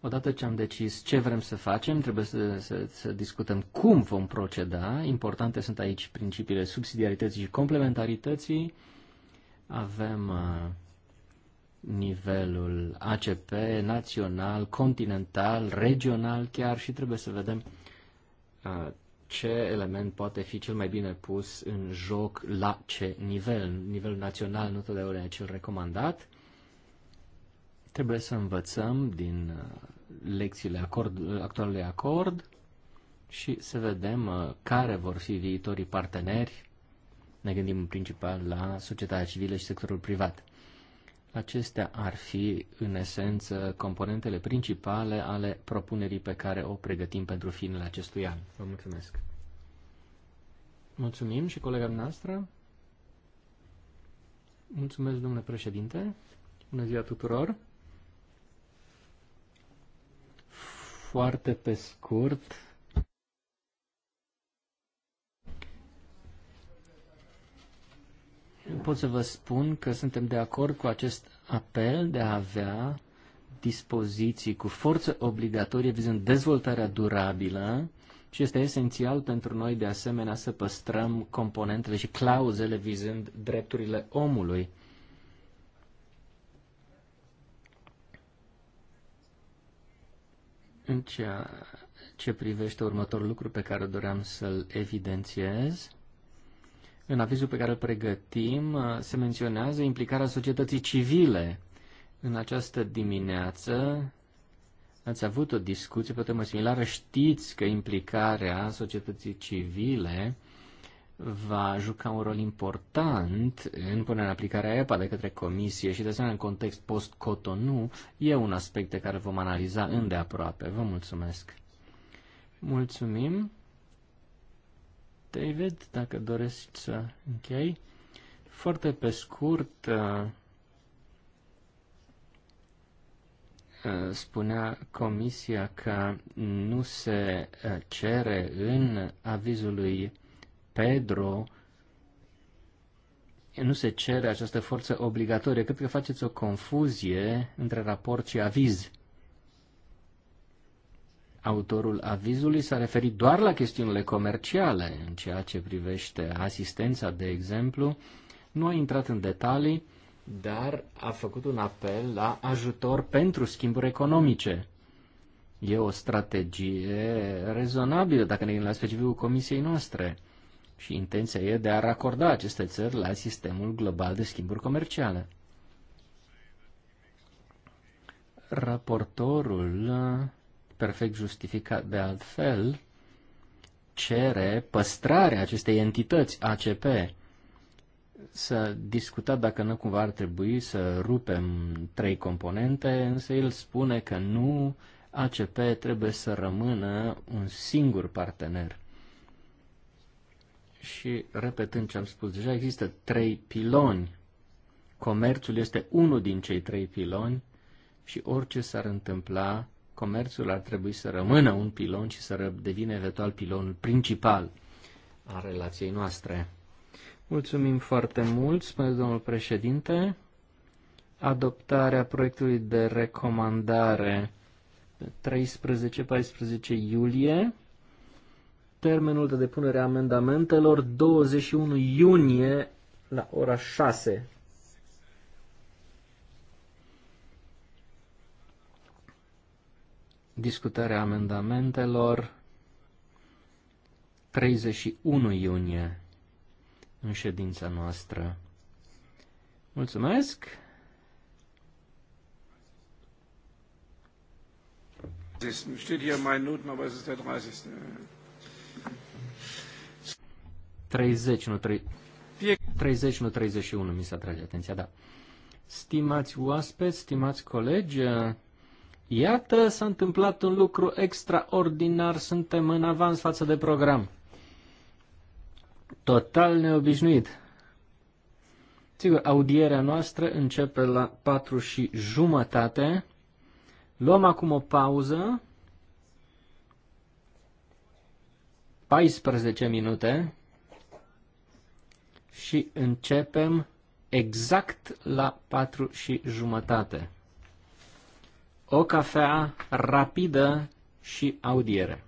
Odată ce am decis ce vrem să facem, trebuie să, să, să discutăm cum vom proceda. Importante sunt aici principiile subsidiarității și complementarității. Avem uh, nivelul ACP, național, continental, regional chiar și trebuie să vedem uh, ce element poate fi cel mai bine pus în joc la ce nivel. Nivelul național nu totdeauna e cel recomandat. Trebuie să învățăm din uh, lecțiile acord, uh, actualului acord și să vedem uh, care vor fi viitorii parteneri. Ne gândim în principal la societatea civilă și sectorul privat. Acestea ar fi, în esență, componentele principale ale propunerii pe care o pregătim pentru finele acestui an. Vă mulțumesc! Mulțumim și colega noastră. Mulțumesc, domnule președinte. Bună ziua tuturor. Foarte pe scurt, pot să vă spun că suntem de acord cu acest apel de a avea dispoziții cu forță obligatorie vizând dezvoltarea durabilă și este esențial pentru noi de asemenea să păstrăm componentele și clauzele vizând drepturile omului. În ceea ce privește următorul lucru pe care doream să-l evidențiez, în avizul pe care îl pregătim uh, se menționează implicarea societății civile. În această dimineață ați avut o discuție pe o temă similară. Știți că implicarea societății civile va juca un rol important în punerea aplicarea EPA de către Comisie și, de asemenea, în context post-Cotonou, e un aspect pe care vom analiza îndeaproape. Vă mulțumesc! Mulțumim! David, dacă dorești să închei. Foarte pe scurt, uh, uh, spunea Comisia că nu se uh, cere în avizul lui Pedro, nu se cere această forță obligatorie. Cred că faceți o confuzie între raport și aviz. Autorul avizului s-a referit doar la chestiunile comerciale, în ceea ce privește asistența, de exemplu. Nu a intrat în detalii, dar a făcut un apel la ajutor pentru schimburi economice. E o strategie rezonabilă, dacă ne gândim la specificul comisiei noastre. Și intenția e de a racorda aceste țări la sistemul global de schimburi comerciale. Raportorul perfect justificat de altfel, cere păstrarea acestei entități ACP. Să discuta dacă nu cumva ar trebui să rupem trei componente, însă el spune că nu, ACP trebuie să rămână un singur partener. Și, repetând ce am spus deja, există trei piloni. Comerțul este unul din cei trei piloni și orice s-ar întâmpla, comerțul ar trebui să rămână un pilon și să devină eventual pilonul principal al relației noastre. Mulțumim foarte mult, spune domnul președinte. Adoptarea proiectului de recomandare 13-14 iulie. Termenul de depunere a amendamentelor 21 iunie la ora 6. discutarea amendamentelor 31 iunie în ședința noastră. Mulțumesc! steht hier in Noten, aber es ist der 30. 30, nu 3. 30, nu 31, mi s-a trage atenția, da. Stimați oaspeți, stimați colegi, Iată, s-a întâmplat un lucru extraordinar, suntem în avans față de program. Total neobișnuit. Sigur, audierea noastră începe la 4 și jumătate. Luăm acum o pauză. 14 minute și începem exact la 4 și jumătate o cafea rapidă și audiere.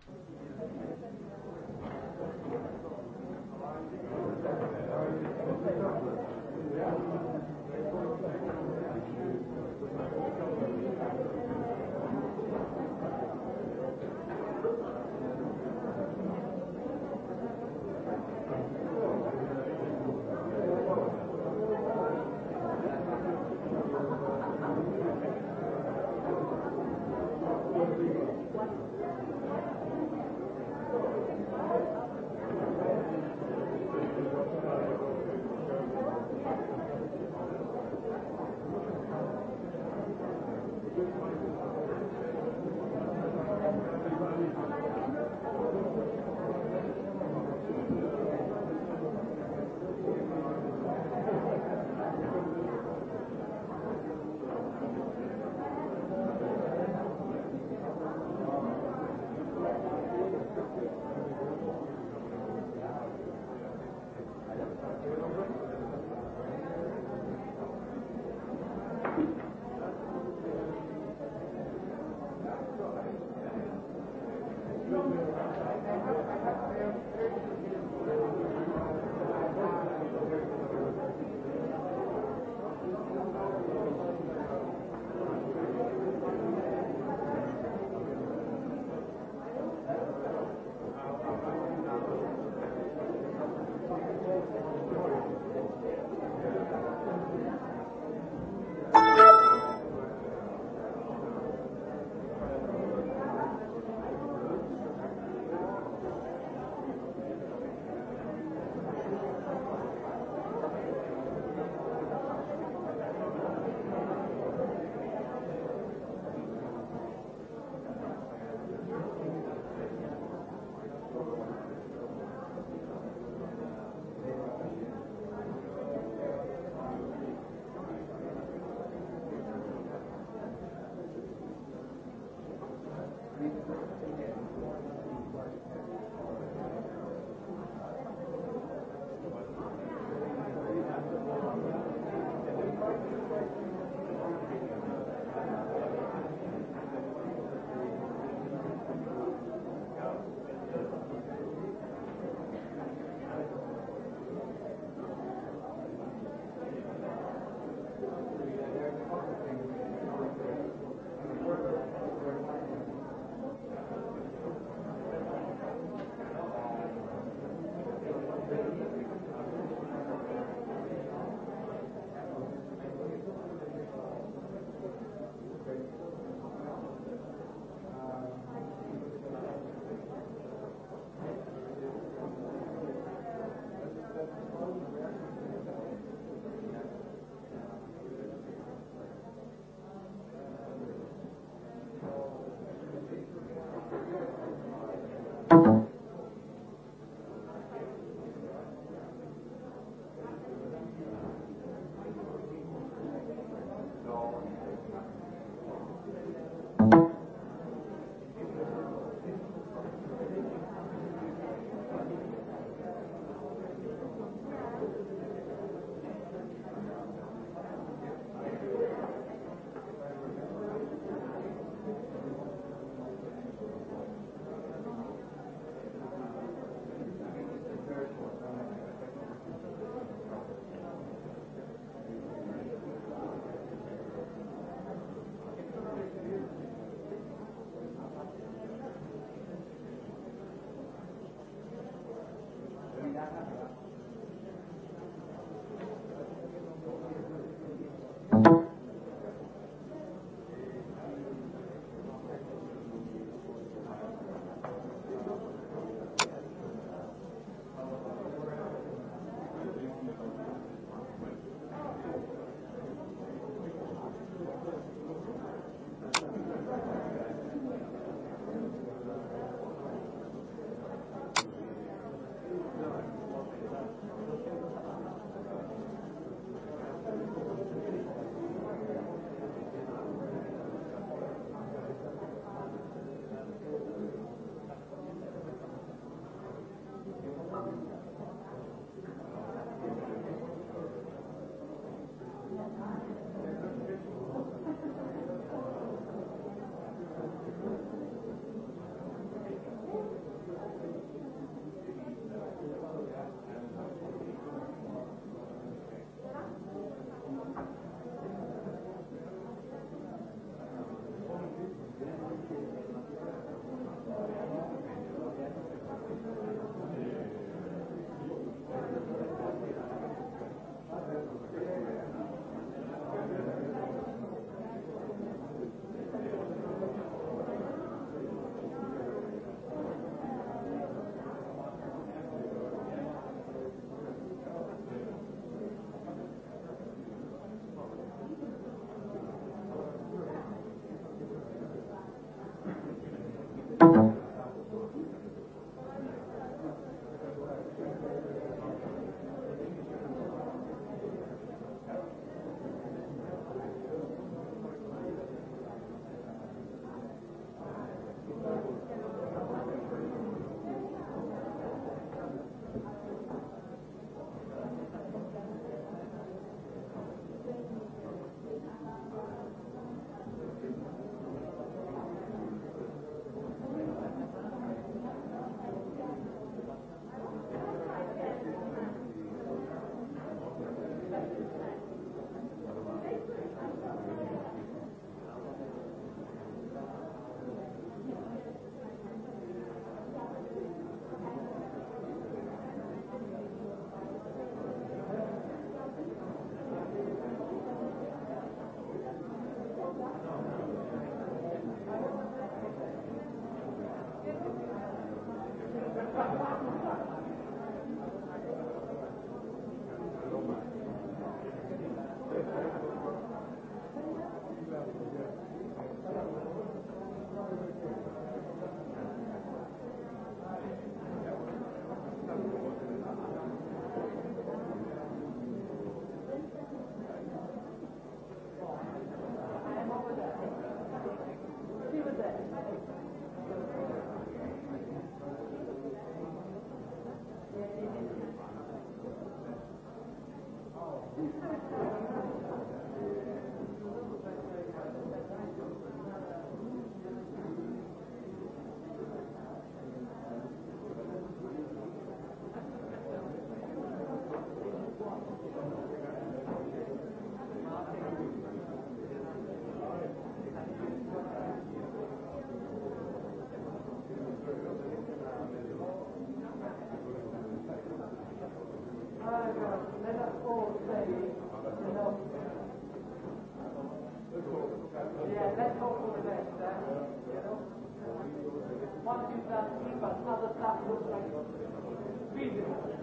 privat, s-a lăsat lucrurile. Bine.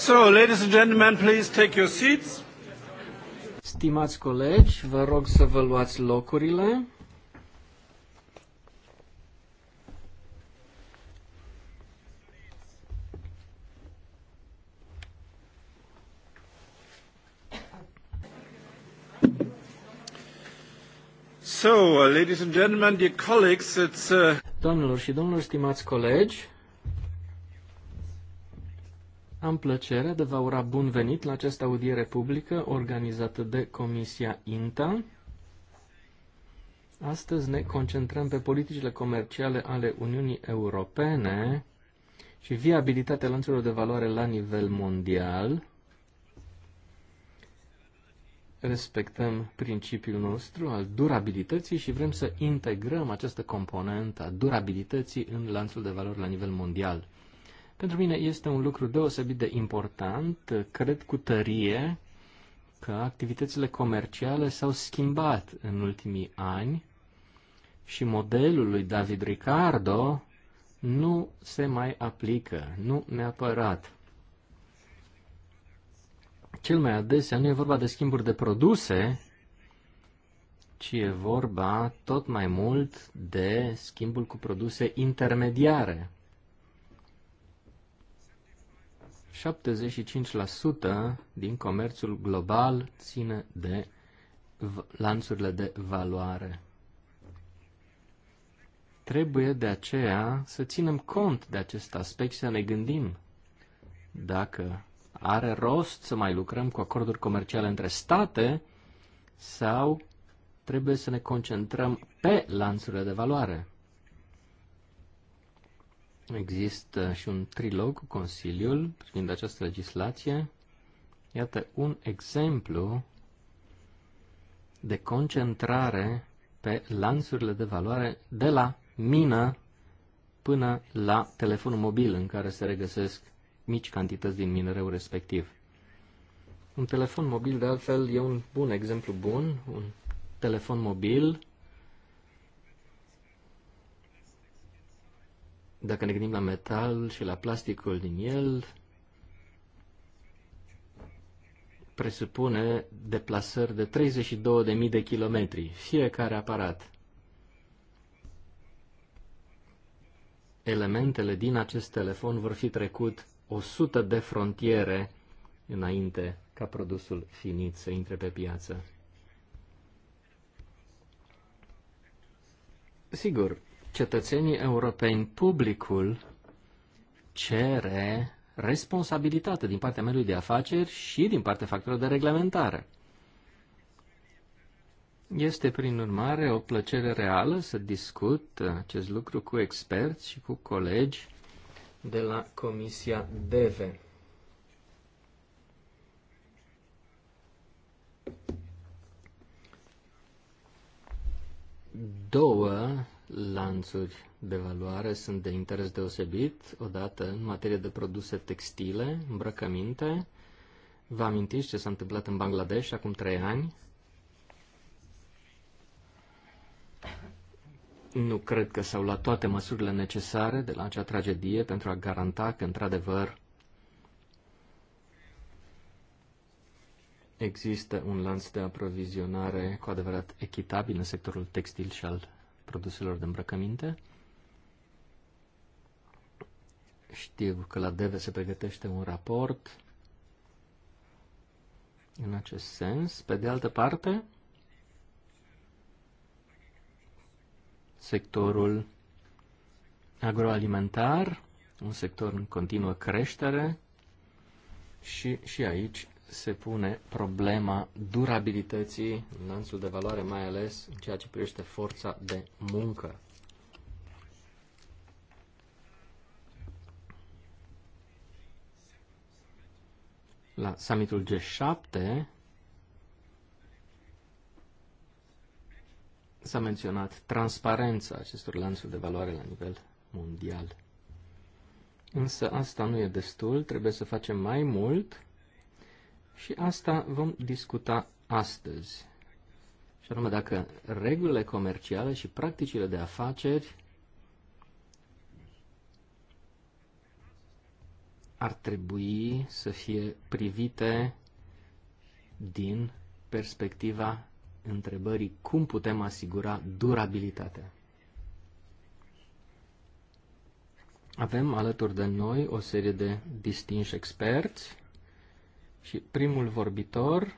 So, ladies and gentlemen, please take your seats. Stimați colegi, vă rog să vă luați locurile. So, uh, ladies and gentlemen, dear colleagues, it's uh... Domnilor și domnilor, stimați colegi, am plăcerea de vă ura bun venit la această audiere publică organizată de Comisia INTA. Astăzi ne concentrăm pe politicile comerciale ale Uniunii Europene și viabilitatea lanțurilor de valoare la nivel mondial. Respectăm principiul nostru al durabilității și vrem să integrăm această componentă a durabilității în lanțul de valoare la nivel mondial. Pentru mine este un lucru deosebit de important. Cred cu tărie că activitățile comerciale s-au schimbat în ultimii ani și modelul lui David Ricardo nu se mai aplică, nu neapărat. Cel mai adesea nu e vorba de schimburi de produse, ci e vorba tot mai mult de schimbul cu produse intermediare. 75% din comerțul global ține de lanțurile de valoare. Trebuie de aceea să ținem cont de acest aspect și să ne gândim dacă are rost să mai lucrăm cu acorduri comerciale între state sau trebuie să ne concentrăm pe lanțurile de valoare. Există și un trilog cu Consiliul privind această legislație. Iată un exemplu de concentrare pe lanțurile de valoare de la mină până la telefonul mobil în care se regăsesc mici cantități din minereu respectiv. Un telefon mobil, de altfel, e un bun exemplu bun. Un telefon mobil Dacă ne gândim la metal și la plasticul din el, presupune deplasări de 32.000 de kilometri, fiecare aparat. Elementele din acest telefon vor fi trecut 100 de frontiere înainte ca produsul finit să intre pe piață. Sigur, cetățenii europeni, publicul cere responsabilitate din partea mediului de afaceri și din partea factorilor de reglementare. Este, prin urmare, o plăcere reală să discut acest lucru cu experți și cu colegi de la Comisia DEVE. Două lanțuri de valoare sunt de interes deosebit, odată în materie de produse textile, îmbrăcăminte. Vă amintiți ce s-a întâmplat în Bangladesh acum trei ani? Nu cred că s-au luat toate măsurile necesare de la acea tragedie pentru a garanta că, într-adevăr, există un lanț de aprovizionare cu adevărat echitabil în sectorul textil și al produselor de îmbrăcăminte. Știu că la DEVE se pregătește un raport în acest sens. Pe de altă parte, sectorul agroalimentar, un sector în continuă creștere și, și aici se pune problema durabilității în lanțul de valoare, mai ales în ceea ce privește forța de muncă. La summitul G7 s-a menționat transparența acestor lanțuri de valoare la nivel mondial. Însă asta nu e destul, trebuie să facem mai mult și asta vom discuta astăzi. Și anume dacă regulile comerciale și practicile de afaceri ar trebui să fie privite din perspectiva întrebării cum putem asigura durabilitatea. Avem alături de noi o serie de distinși experți și primul vorbitor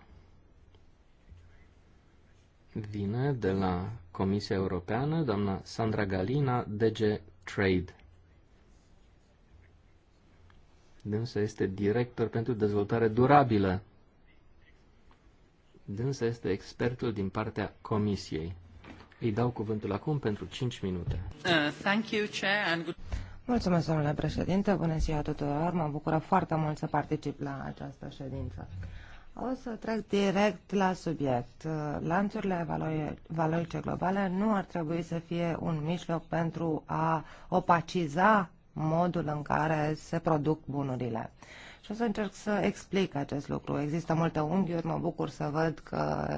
vine de la Comisia Europeană, doamna Sandra Galina, DG Trade. Dânsa este director pentru dezvoltare durabilă. Dânsa este expertul din partea Comisiei. Îi dau cuvântul acum pentru 5 minute. Uh, thank you, Chair, and good... Mulțumesc, domnule președinte, bună ziua tuturor, mă bucură foarte mult să particip la această ședință. O să trec direct la subiect. Lanțurile valorice globale nu ar trebui să fie un mijloc pentru a opaciza modul în care se produc bunurile. Și o să încerc să explic acest lucru. Există multe unghiuri, mă bucur să văd că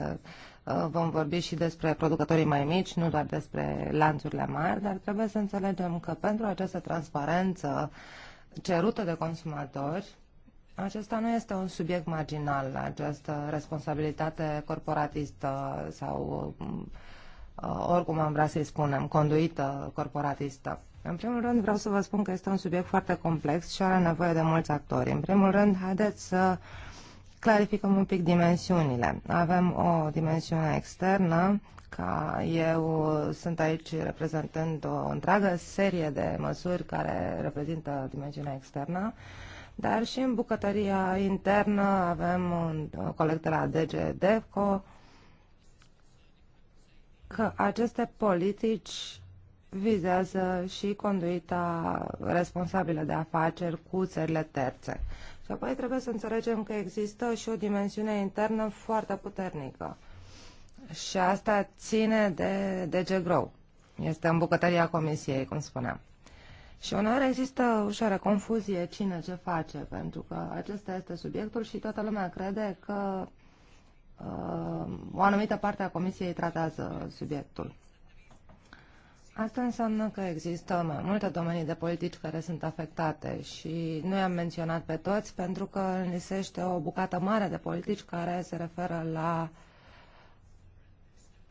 Uh, vom vorbi și despre producătorii mai mici, nu doar despre lanțurile mari, dar trebuie să înțelegem că pentru această transparență cerută de consumatori, acesta nu este un subiect marginal, această responsabilitate corporatistă sau uh, oricum am vrea să-i spunem, conduită corporatistă. În primul rând vreau să vă spun că este un subiect foarte complex și are nevoie de mulți actori. În primul rând, haideți să uh, clarificăm un pic dimensiunile. Avem o dimensiune externă, ca eu sunt aici reprezentând o întreagă serie de măsuri care reprezintă dimensiunea externă, dar și în bucătăria internă avem un o de la DG DEVCO, că aceste politici vizează și conduita responsabilă de afaceri cu țările terțe. Și apoi trebuie să înțelegem că există și o dimensiune internă foarte puternică. Și asta ține de DG Grow. Este în bucătăria comisiei, cum spuneam. Și uneori există ușoară confuzie cine ce face, pentru că acesta este subiectul și toată lumea crede că uh, o anumită parte a comisiei tratează subiectul. Asta înseamnă că există mai multe domenii de politici care sunt afectate și nu i-am menționat pe toți pentru că lisește o bucată mare de politici care se referă la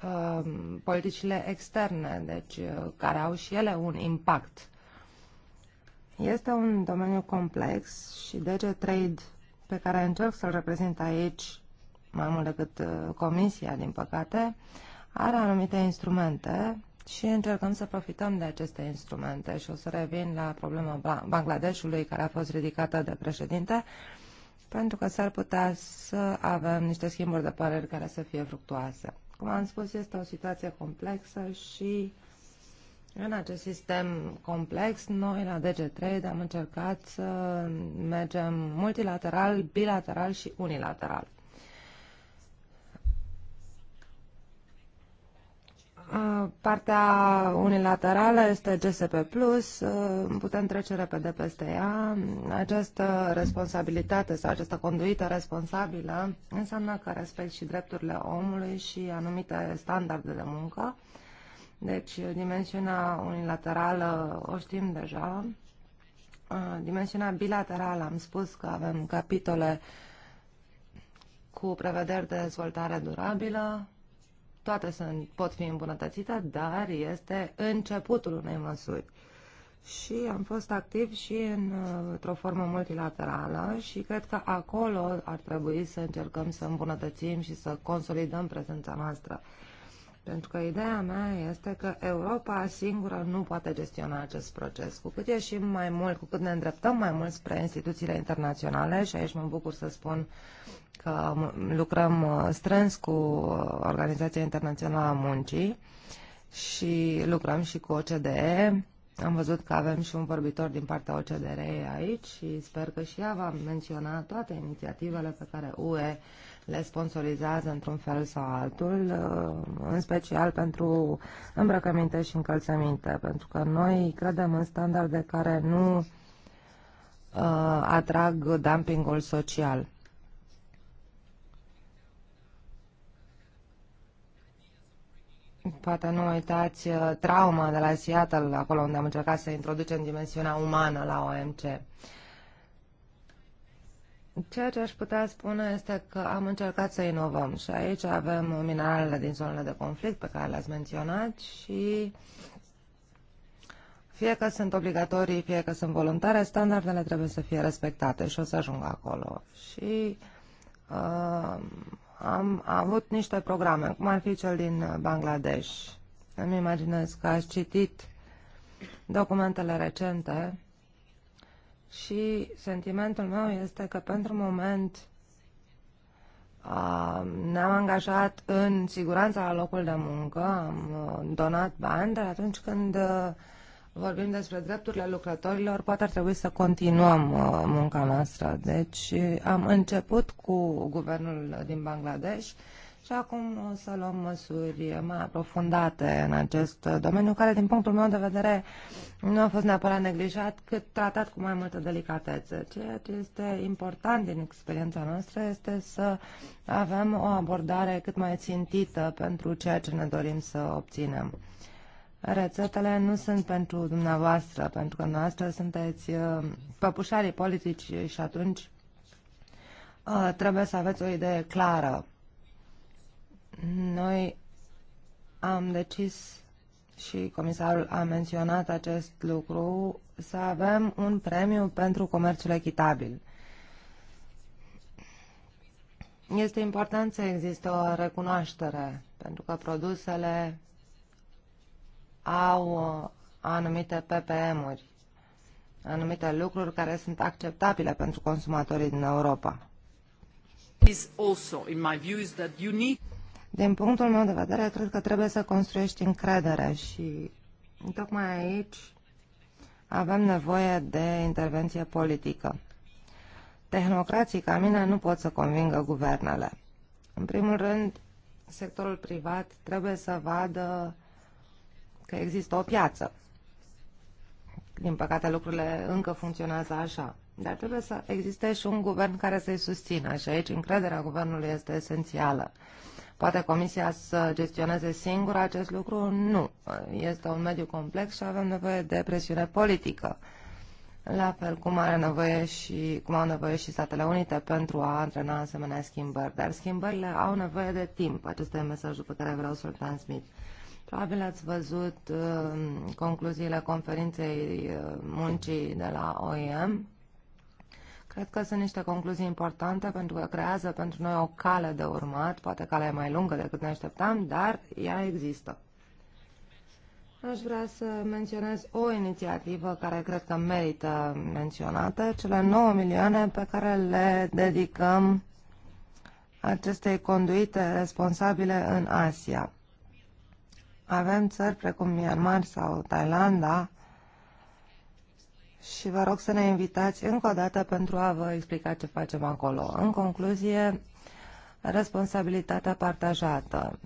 uh, politicile externe, deci uh, care au și ele un impact. Este un domeniu complex și DG Trade, pe care încerc să-l reprezint aici mai mult decât uh, Comisia, din păcate, are anumite instrumente și încercăm să profităm de aceste instrumente și o să revin la problema Bangladeshului care a fost ridicată de președinte pentru că s-ar putea să avem niște schimburi de păreri care să fie fructuoase. Cum am spus, este o situație complexă și în acest sistem complex, noi la DG3 am încercat să mergem multilateral, bilateral și unilateral. Partea unilaterală este GSP+, Plus. putem trece repede peste ea. Această responsabilitate sau această conduită responsabilă înseamnă că respect și drepturile omului și anumite standarde de muncă. Deci dimensiunea unilaterală o știm deja. Dimensiunea bilaterală am spus că avem capitole cu prevederi de dezvoltare durabilă, toate sunt, pot fi îmbunătățite, dar este începutul unei măsuri. Și am fost activ și în, într-o formă multilaterală și cred că acolo ar trebui să încercăm să îmbunătățim și să consolidăm prezența noastră. Pentru că ideea mea este că Europa singură nu poate gestiona acest proces. Cu cât ieșim mai mult, cu cât ne îndreptăm mai mult spre instituțiile internaționale, și aici mă bucur să spun că lucrăm uh, strâns cu uh, Organizația Internațională a Muncii și lucrăm și cu OCDE. Am văzut că avem și un vorbitor din partea OCDE aici și sper că și ea va menționa toate inițiativele pe care UE le sponsorizează într-un fel sau altul, uh, în special pentru îmbrăcăminte și încălțăminte, pentru că noi credem în standarde care nu uh, atrag dumpingul social. Poate nu uitați uh, trauma de la Seattle, acolo unde am încercat să introducem dimensiunea umană la OMC. Ceea ce aș putea spune este că am încercat să inovăm și aici avem mineralele din zonele de conflict pe care le-ați menționat și fie că sunt obligatorii, fie că sunt voluntare, standardele trebuie să fie respectate și o să ajung acolo. Și uh, am avut niște programe, cum ar fi cel din Bangladesh. Îmi imaginez că ați citit documentele recente și sentimentul meu este că pentru moment ne-am angajat în siguranța la locul de muncă, am uh, donat bani, dar atunci când uh, vorbim despre drepturile lucrătorilor, poate ar trebui să continuăm uh, munca noastră. Deci am început cu guvernul din Bangladesh și acum o să luăm măsuri mai aprofundate în acest domeniu, care, din punctul meu de vedere, nu a fost neapărat neglijat, cât tratat cu mai multă delicatețe. Ceea ce este important din experiența noastră este să avem o abordare cât mai țintită pentru ceea ce ne dorim să obținem. Rețetele nu sunt pentru dumneavoastră, pentru că noastră sunteți uh, păpușarii politici și atunci uh, trebuie să aveți o idee clară noi am decis și comisarul a menționat acest lucru, să avem un premiu pentru comerțul echitabil. Este important să existe o recunoaștere, pentru că produsele au uh, anumite PPM-uri, anumite lucruri care sunt acceptabile pentru consumatorii din Europa. Din punctul meu de vedere, cred că trebuie să construiești încredere și tocmai aici avem nevoie de intervenție politică. Tehnocrații ca mine nu pot să convingă guvernele. În primul rând, sectorul privat trebuie să vadă că există o piață. Din păcate, lucrurile încă funcționează așa. Dar trebuie să existe și un guvern care să-i susțină și aici încrederea guvernului este esențială. Poate Comisia să gestioneze singură acest lucru? Nu. Este un mediu complex și avem nevoie de presiune politică. La fel cum, are nevoie și, cum au nevoie și Statele Unite pentru a antrena asemenea schimbări. Dar schimbările au nevoie de timp. Acesta e mesajul pe care vreau să-l transmit. Probabil ați văzut uh, concluziile conferinței uh, muncii de la OIM, Cred că sunt niște concluzii importante pentru că creează pentru noi o cale de urmat, poate calea e mai lungă decât ne așteptam, dar ea există. Aș vrea să menționez o inițiativă care cred că merită menționată, cele 9 milioane pe care le dedicăm acestei conduite responsabile în Asia. Avem țări precum Myanmar sau Thailanda, și vă rog să ne invitați încă o dată pentru a vă explica ce facem acolo. În concluzie, responsabilitatea partajată.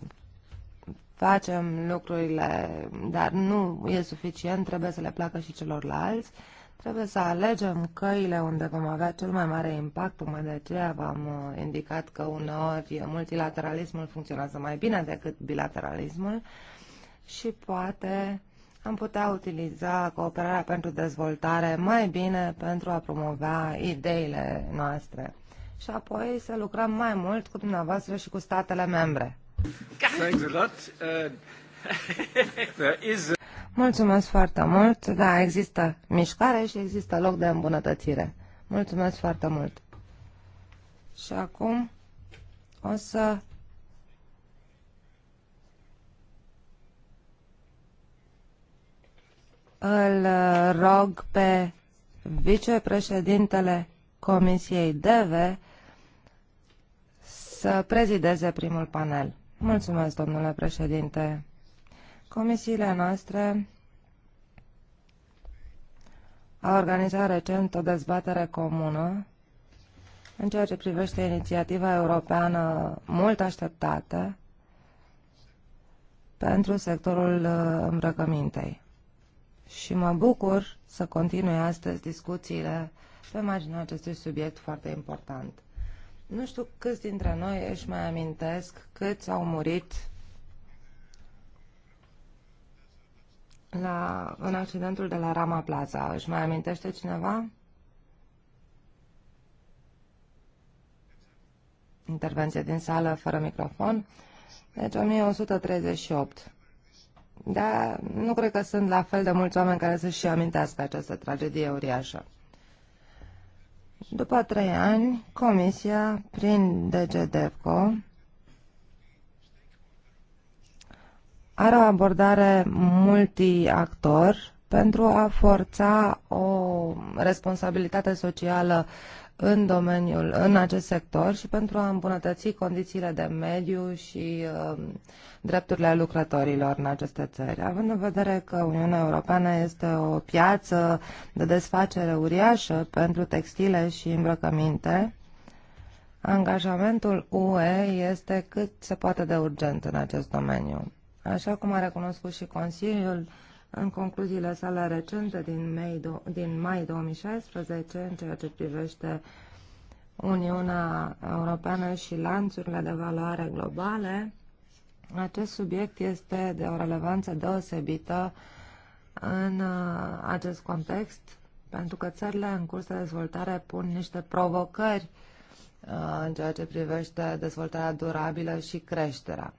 Facem lucrurile, dar nu e suficient, trebuie să le placă și celorlalți. Trebuie să alegem căile unde vom avea cel mai mare impact, mai de aceea v-am uh, indicat că uneori multilateralismul funcționează mai bine decât bilateralismul și poate am putea utiliza cooperarea pentru dezvoltare mai bine pentru a promova ideile noastre și apoi să lucrăm mai mult cu dumneavoastră și cu statele membre. Uh, Mulțumesc foarte mult. Da, există mișcare și există loc de îmbunătățire. Mulțumesc foarte mult. Și acum o să îl uh, rog pe vicepreședintele Comisiei DEVE să prezideze primul panel. Mulțumesc, domnule președinte. Comisiile noastre a organizat recent o dezbatere comună în ceea ce privește inițiativa europeană mult așteptată pentru sectorul uh, îmbrăcămintei și mă bucur să continui astăzi discuțiile pe marginea acestui subiect foarte important. Nu știu câți dintre noi își mai amintesc câți au murit la, în accidentul de la Rama Plaza. Își mai amintește cineva? Intervenție din sală fără microfon. Deci 1138. Dar nu cred că sunt la fel de mulți oameni care să-și amintească această tragedie uriașă. După trei ani, Comisia, prin DGDEFCO, are o abordare multiactor pentru a forța o responsabilitate socială în domeniul, în acest sector și pentru a îmbunătăți condițiile de mediu și uh, drepturile lucrătorilor în aceste țări. Având în vedere că Uniunea Europeană este o piață de desfacere uriașă pentru textile și îmbrăcăminte, angajamentul UE este cât se poate de urgent în acest domeniu. Așa cum a recunoscut și Consiliul, uh, în concluziile sale recente din, din mai 2016, în ceea ce privește Uniunea Europeană și lanțurile de valoare globale, acest subiect este de o relevanță deosebită în uh, acest context, pentru că țările în curs de dezvoltare pun niște provocări uh, în ceea ce privește dezvoltarea durabilă și creșterea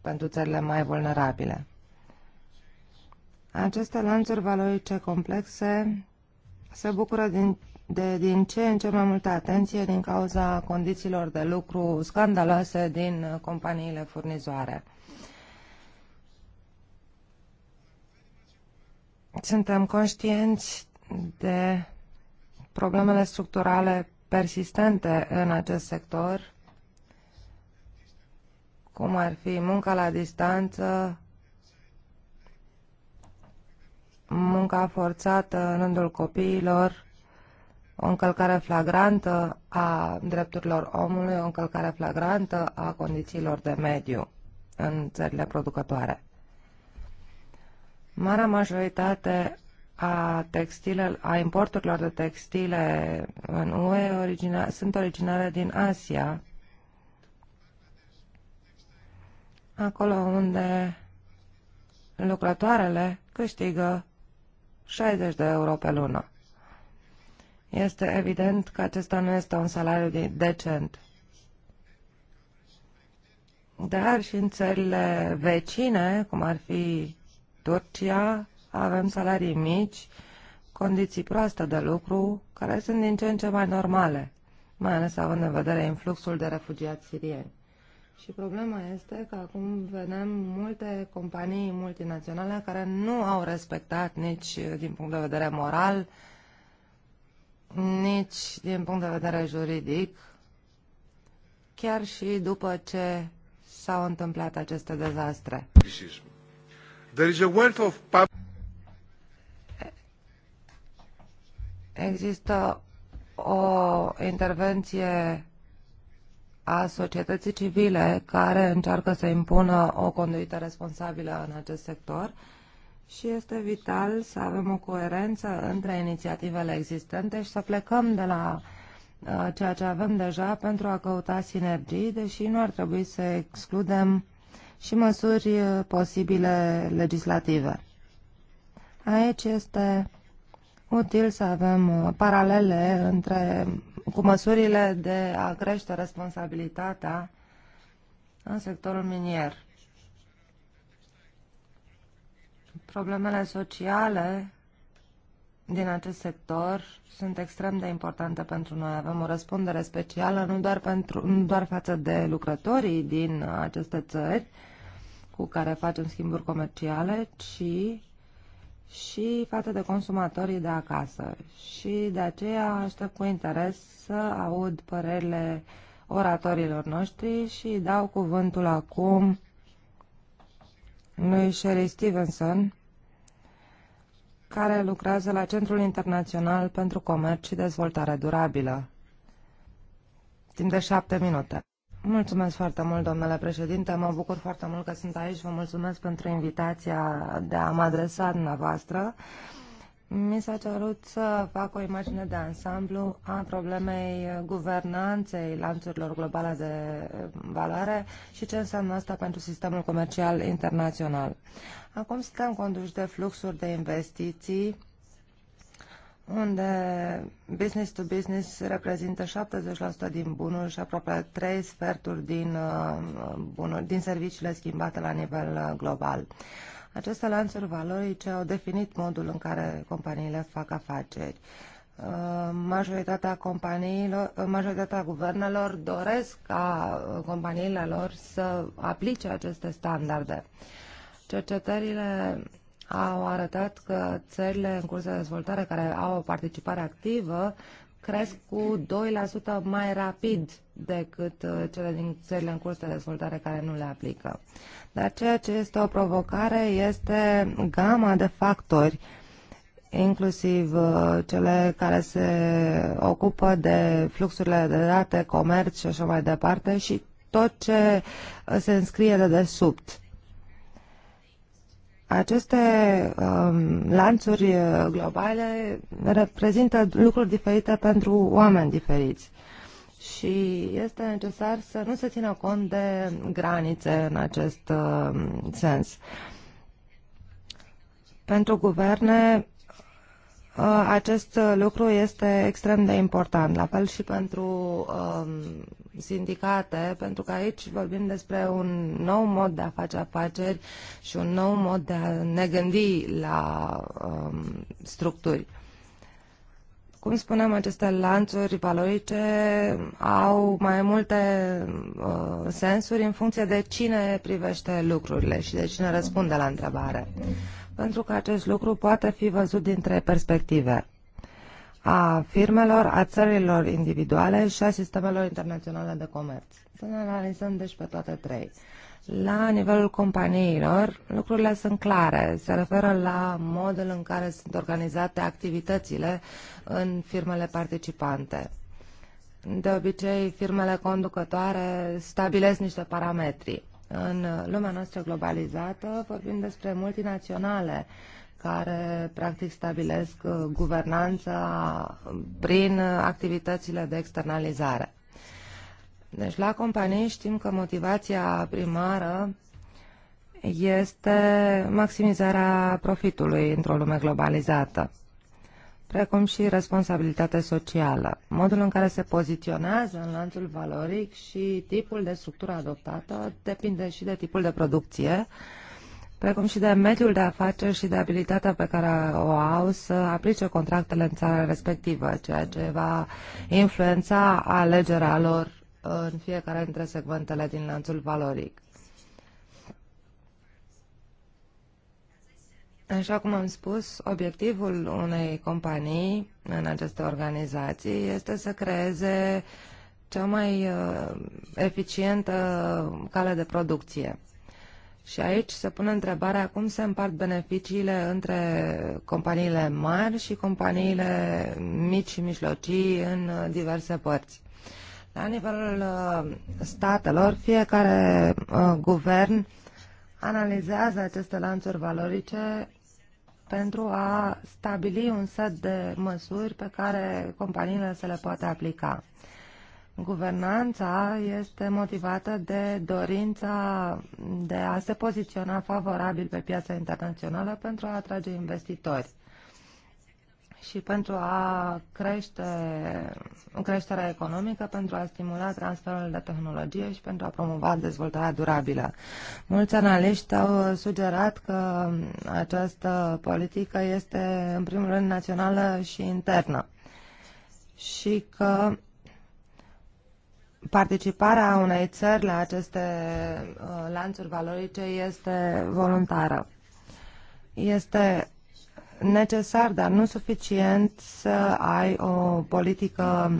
pentru țările mai vulnerabile. Aceste lanțuri valorice complexe se bucură din, de din ce în ce mai multă atenție din cauza condițiilor de lucru scandaloase din companiile furnizoare. Suntem conștienți de problemele structurale persistente în acest sector, cum ar fi munca la distanță, munca forțată în rândul copiilor, o încălcare flagrantă a drepturilor omului, o încălcare flagrantă a condițiilor de mediu în țările producătoare. Marea majoritate a, textile, a importurilor de textile în UE origina, sunt originare din Asia, acolo unde lucrătoarele câștigă 60 de euro pe lună. Este evident că acesta nu este un salariu decent. Dar și în țările vecine, cum ar fi Turcia, avem salarii mici, condiții proaste de lucru, care sunt din ce în ce mai normale, mai ales având în vedere influxul de refugiați sirieni. Și problema este că acum vedem multe companii multinaționale care nu au respectat nici din punct de vedere moral, nici din punct de vedere juridic, chiar și după ce s-au întâmplat aceste dezastre. There is a wealth of Există o intervenție a societății civile care încearcă să impună o conduită responsabilă în acest sector și este vital să avem o coerență între inițiativele existente și să plecăm de la uh, ceea ce avem deja pentru a căuta sinergii, deși nu ar trebui să excludem și măsuri uh, posibile legislative. Aici este util să avem uh, paralele între cu măsurile de a crește responsabilitatea în sectorul minier. Problemele sociale din acest sector sunt extrem de importante pentru noi. Avem o răspundere specială nu doar, pentru, nu doar față de lucrătorii din aceste țări cu care facem schimburi comerciale, ci și față de consumatorii de acasă. Și de aceea aștept cu interes să aud părerile oratorilor noștri și dau cuvântul acum lui Sherry Stevenson, care lucrează la Centrul Internațional pentru Comerț și Dezvoltare Durabilă, timp de șapte minute. Mulțumesc foarte mult, domnule președinte. Mă bucur foarte mult că sunt aici. Vă mulțumesc pentru invitația de a mă adresa dumneavoastră. Mi s-a cerut să fac o imagine de ansamblu a problemei guvernanței lanțurilor globale de valoare și ce înseamnă asta pentru sistemul comercial internațional. Acum suntem conduși de fluxuri de investiții unde business to business reprezintă 70% din bunuri și aproape 3 sferturi din, uh, bunuri, din serviciile schimbate la nivel uh, global. Aceste lanțuri valorice au definit modul în care companiile fac afaceri. Uh, majoritatea companiilor, majoritatea guvernelor doresc ca companiile lor să aplice aceste standarde. Cercetările au arătat că țările în curs de dezvoltare care au o participare activă cresc cu 2% mai rapid decât uh, cele din țările în curs de dezvoltare care nu le aplică. Dar ceea ce este o provocare este gama de factori inclusiv uh, cele care se ocupă de fluxurile de date, comerț și așa mai departe și tot ce uh, se înscrie de desubt. Aceste um, lanțuri uh, globale reprezintă lucruri diferite pentru oameni diferiți și este necesar să nu se țină cont de granițe în acest uh, sens. Pentru guverne, Uh, acest lucru este extrem de important, la fel și pentru um, sindicate, pentru că aici vorbim despre un nou mod de a face afaceri și un nou mod de a ne gândi la um, structuri. Cum spuneam, aceste lanțuri valorice au mai multe uh, sensuri în funcție de cine privește lucrurile și de cine răspunde la întrebare. Uh, pentru că acest lucru poate fi văzut din trei perspective a firmelor, a țărilor individuale și a sistemelor internaționale de comerț. Să ne analizăm deci pe toate trei. La nivelul companiilor, lucrurile sunt clare. Se referă la modul în care sunt organizate activitățile în firmele participante. De obicei, firmele conducătoare stabilesc niște parametri. În lumea noastră globalizată vorbim despre multinaționale care practic stabilesc uh, guvernanța prin uh, activitățile de externalizare. Deci la companii știm că motivația primară este maximizarea profitului într-o lume globalizată precum și responsabilitate socială. Modul în care se poziționează în lanțul valoric și tipul de structură adoptată depinde și de tipul de producție, precum și de mediul de afaceri și de abilitatea pe care o au să aplice contractele în țara respectivă, ceea ce va influența alegerea lor în fiecare dintre segmentele din lanțul valoric. Așa cum am spus, obiectivul unei companii în aceste organizații este să creeze cea mai uh, eficientă cale de producție. Și aici se pune întrebarea cum se împart beneficiile între companiile mari și companiile mici și mijlocii în uh, diverse părți. La nivelul uh, statelor, fiecare guvern analizează aceste lanțuri valorice pentru a stabili un set de măsuri pe care companiile se le poate aplica. Guvernanța este motivată de dorința de a se poziționa favorabil pe piața internațională pentru a atrage investitori și pentru a crește creșterea economică, pentru a stimula transferul de tehnologie și pentru a promova dezvoltarea durabilă. Mulți analiști au sugerat că această politică este în primul rând națională și internă și că participarea unei țări la aceste uh, lanțuri valorice este voluntară. Este necesar, dar nu suficient să ai o politică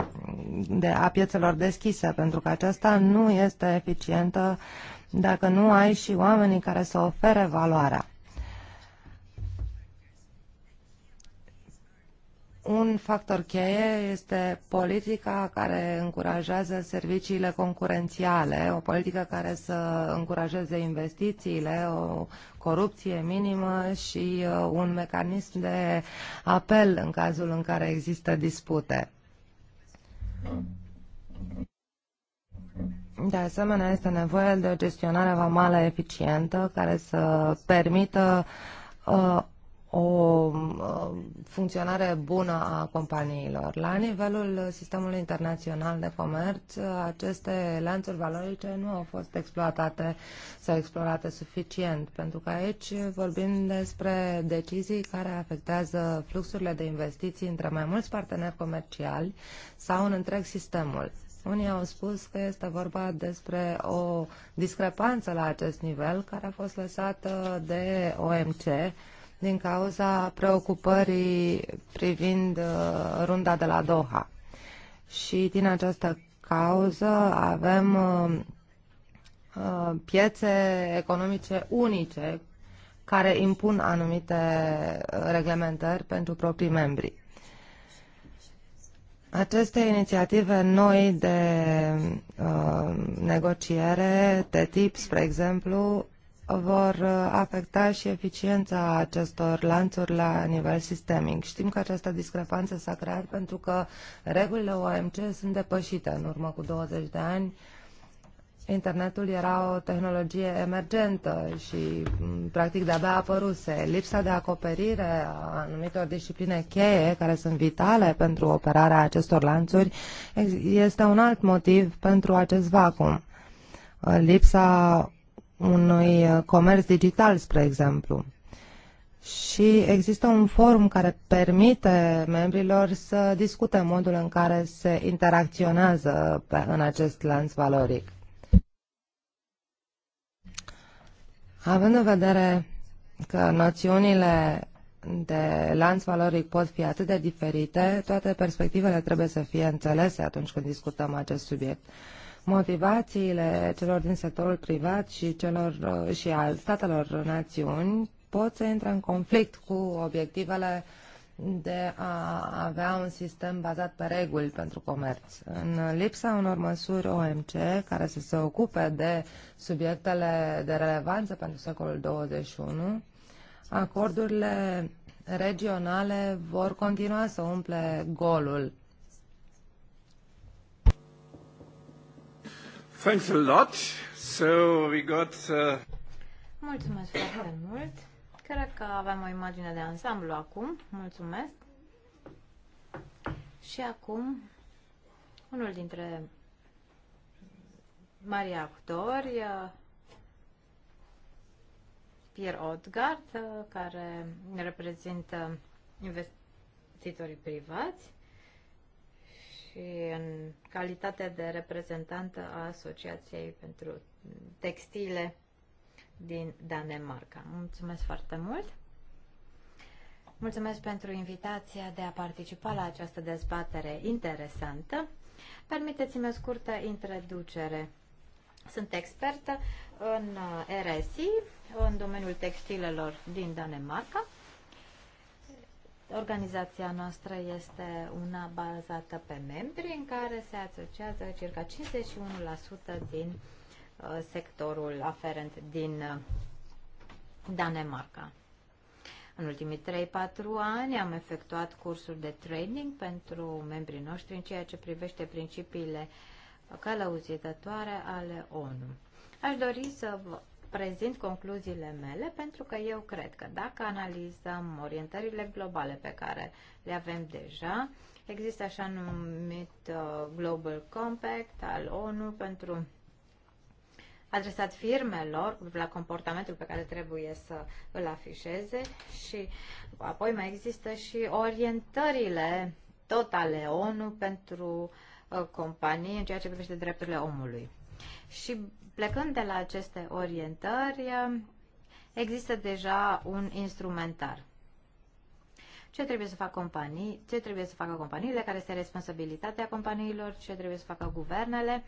de, a piețelor deschise, pentru că aceasta nu este eficientă dacă nu ai și oamenii care să ofere valoarea. Un factor cheie este politica care încurajează serviciile concurențiale, o politică care să încurajeze investițiile, o corupție minimă și uh, un mecanism de apel în cazul în care există dispute. De asemenea, este nevoie de o gestionare vamală eficientă care să permită uh, o funcționare bună a companiilor. La nivelul sistemului internațional de comerț, aceste lanțuri valorice nu au fost exploatate sau explorate suficient, pentru că aici vorbim despre decizii care afectează fluxurile de investiții între mai mulți parteneri comerciali sau în întreg sistemul. Unii au spus că este vorba despre o discrepanță la acest nivel care a fost lăsată de OMC, din cauza preocupării privind uh, runda de la Doha. Și din această cauză avem uh, uh, piețe economice unice care impun anumite reglementări pentru proprii membri. Aceste inițiative noi de uh, negociere, TTIP, spre exemplu, vor uh, afecta și eficiența acestor lanțuri la nivel sistemic. Știm că această discrepanță s-a creat pentru că regulile OMC sunt depășite în urmă cu 20 de ani. Internetul era o tehnologie emergentă și mm, practic de-abia apăruse. Lipsa de acoperire a anumitor discipline cheie care sunt vitale pentru operarea acestor lanțuri este un alt motiv pentru acest vacuum. Lipsa unui uh, comerț digital, spre exemplu. Și există un forum care permite membrilor să discute modul în care se interacționează în acest lanț valoric. Având în vedere că noțiunile de lanț valoric pot fi atât de diferite, toate perspectivele trebuie să fie înțelese atunci când discutăm acest subiect motivațiile celor din sectorul privat și, celor, uh, și al statelor națiuni pot să intre în conflict cu obiectivele de a avea un sistem bazat pe reguli pentru comerț. În lipsa unor măsuri OMC care să se ocupe de subiectele de relevanță pentru secolul 21, acordurile regionale vor continua să umple golul Thanks a lot. So we got... Uh... Mulțumesc foarte mult. Cred că avem o imagine de ansamblu acum. Mulțumesc. Și acum, unul dintre mari actori, uh, Pierre Odgard, uh, care reprezintă investitorii privați și în calitate de reprezentantă a Asociației pentru Textile din Danemarca. Mulțumesc foarte mult! Mulțumesc pentru invitația de a participa la această dezbatere interesantă. Permiteți-mi o scurtă introducere. Sunt expertă în uh, RSI, în domeniul textilelor din Danemarca Organizația noastră este una bazată pe membri în care se asociază circa 51% din uh, sectorul aferent din uh, Danemarca. În ultimii 3-4 ani am efectuat cursuri de training pentru membrii noștri în ceea ce privește principiile călăuzitătoare ale ONU. Aș dori să vă prezint concluziile mele pentru că eu cred că dacă analizăm orientările globale pe care le avem deja, există așa numit uh, Global Compact al ONU pentru adresat firmelor la comportamentul pe care trebuie să îl afișeze și apoi mai există și orientările tot ale ONU pentru uh, companii în ceea ce privește drepturile omului. Și Plecând de la aceste orientări, există deja un instrumentar. Ce trebuie să facă companii, ce trebuie să facă companiile, care este responsabilitatea companiilor, ce trebuie să facă guvernele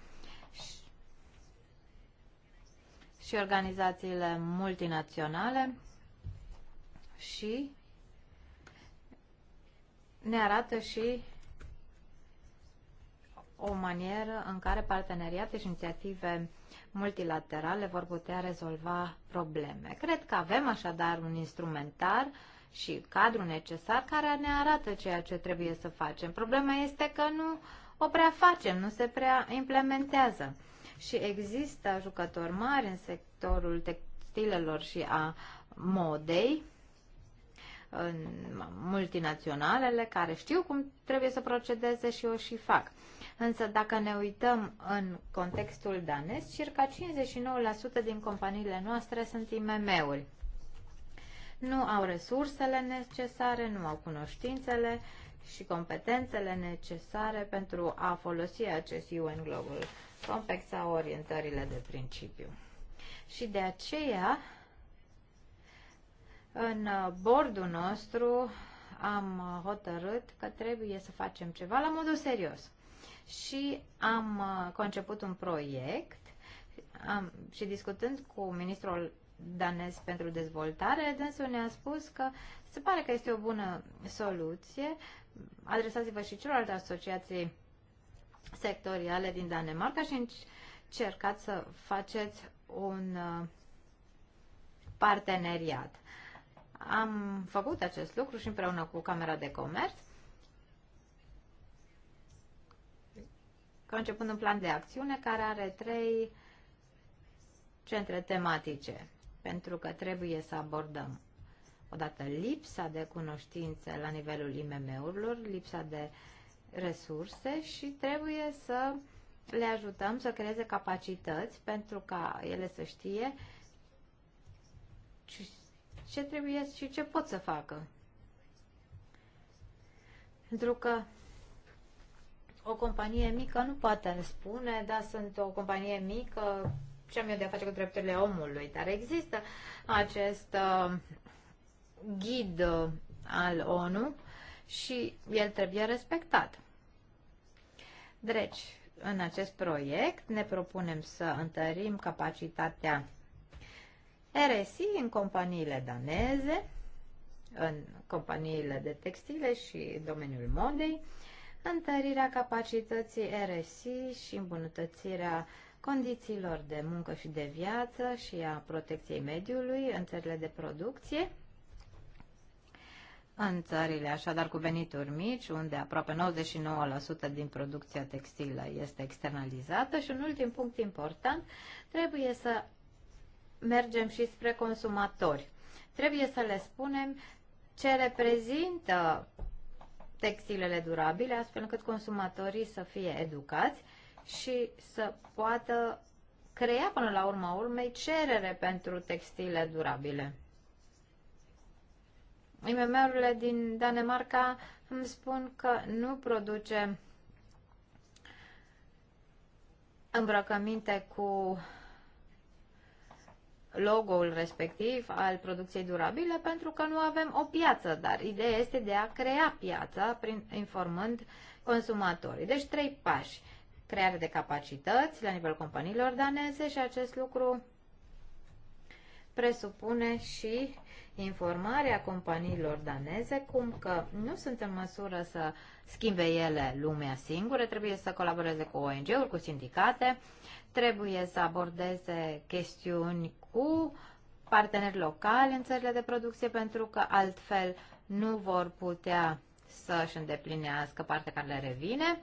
și, și organizațiile multinaționale și ne arată și o manieră în care parteneriate și inițiative multilaterale vor putea rezolva probleme. Cred că avem așadar un instrumentar și cadru necesar care ne arată ceea ce trebuie să facem. Problema este că nu o prea facem, nu se prea implementează. Și există jucători mari în sectorul textilelor și a modei, multinaționalele, care știu cum trebuie să procedeze și o și fac. Însă dacă ne uităm în contextul danez, circa 59% din companiile noastre sunt IMM-uri. Nu au resursele necesare, nu au cunoștințele și competențele necesare pentru a folosi acest UN Global Compact sau orientările de principiu. Și de aceea, în bordul nostru am hotărât că trebuie să facem ceva la modul serios și am uh, conceput un proiect am, și discutând cu ministrul danez pentru dezvoltare, dânsul ne-a spus că se pare că este o bună soluție. Adresați-vă și celorlalte asociații sectoriale din Danemarca și încercați să faceți un uh, parteneriat. Am făcut acest lucru și împreună cu Camera de Comerț că începând un plan de acțiune care are trei centre tematice, pentru că trebuie să abordăm odată lipsa de cunoștințe la nivelul IMM-urilor, lipsa de resurse și trebuie să le ajutăm să creeze capacități pentru ca ele să știe ce trebuie și ce pot să facă. Pentru că o companie mică nu poate spune, da, sunt o companie mică, ce am eu de a face cu drepturile omului, dar există acest uh, ghid uh, al ONU și el trebuie respectat. Deci, în acest proiect ne propunem să întărim capacitatea RSI în companiile daneze, în companiile de textile și domeniul modei, întărirea capacității RSI și îmbunătățirea condițiilor de muncă și de viață și a protecției mediului în țările de producție, în țările așadar cu venituri mici, unde aproape 99% din producția textilă este externalizată și un ultim punct important, trebuie să mergem și spre consumatori. Trebuie să le spunem ce reprezintă textilele durabile, astfel încât consumatorii să fie educați și să poată crea până la urma urmei cerere pentru textile durabile. IMM-urile din Danemarca îmi spun că nu produce îmbrăcăminte cu logo-ul respectiv al producției durabile pentru că nu avem o piață, dar ideea este de a crea piața prin, informând consumatorii. Deci trei pași. Creare de capacități la nivel companiilor daneze și acest lucru presupune și informarea companiilor daneze cum că nu sunt în măsură să schimbe ele lumea singure, trebuie să colaboreze cu ONG-uri, cu sindicate, trebuie să abordeze chestiuni cu parteneri locali în țările de producție, pentru că altfel nu vor putea să își îndeplinească partea care le revine.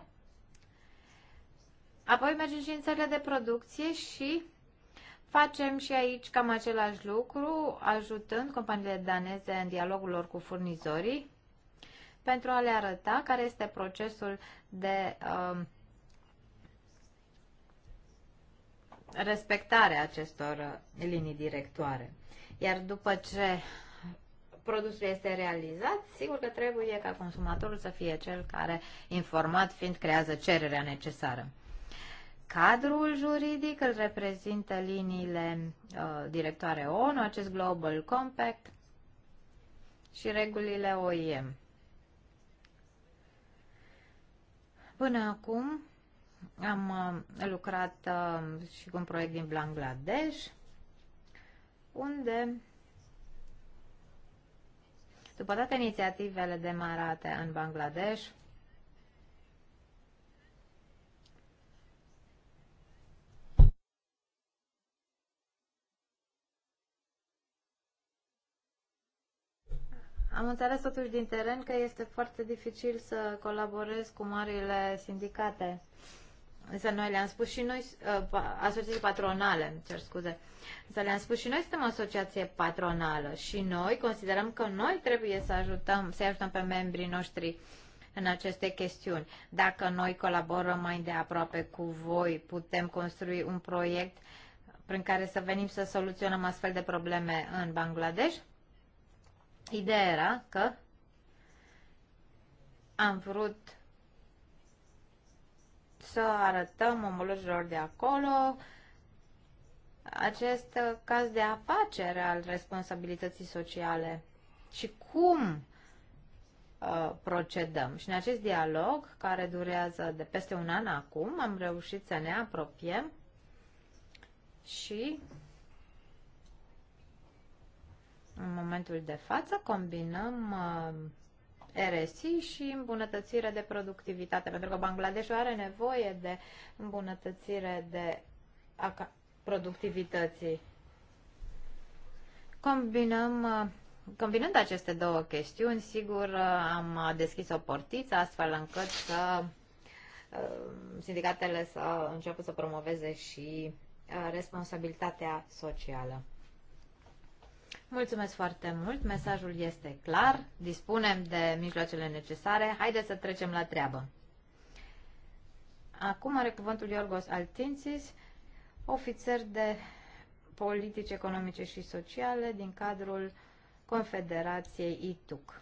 Apoi mergem și în țările de producție și facem și aici cam același lucru, ajutând companiile daneze în dialogul lor cu furnizorii pentru a le arăta care este procesul de uh, respectarea acestor uh, linii directoare. Iar după ce produsul este realizat, sigur că trebuie ca consumatorul să fie cel care, informat fiind, creează cererea necesară. Cadrul juridic îl reprezintă liniile uh, directoare ONU, acest Global Compact și regulile OIM. Până acum, am uh, lucrat uh, și cu un proiect din Bangladesh, unde după toate inițiativele demarate în Bangladesh, Am înțeles totuși din teren că este foarte dificil să colaborez cu marile sindicate Însă noi le-am spus și noi, uh, asociații patronale, cer scuze, însă le-am spus și noi suntem o asociație patronală și noi considerăm că noi trebuie să ajutăm, să ajutăm pe membrii noștri în aceste chestiuni. Dacă noi colaborăm mai de aproape cu voi, putem construi un proiect prin care să venim să soluționăm astfel de probleme în Bangladesh. Ideea era că am vrut să arătăm omologilor de acolo acest caz de afacere al responsabilității sociale și cum uh, procedăm. Și în acest dialog, care durează de peste un an acum, am reușit să ne apropiem și în momentul de față combinăm uh, RSI și îmbunătățire de productivitate, pentru că Bangladeshul are nevoie de îmbunătățire de productivității. Combinăm Combinând aceste două chestiuni, sigur, am deschis o portiță astfel încât să uh, sindicatele să înceapă să promoveze și uh, responsabilitatea socială. Mulțumesc foarte mult, mesajul este clar, dispunem de mijloacele necesare, haideți să trecem la treabă. Acum are cuvântul Iorgos Altințis, ofițer de politici economice și sociale din cadrul Confederației ITUC.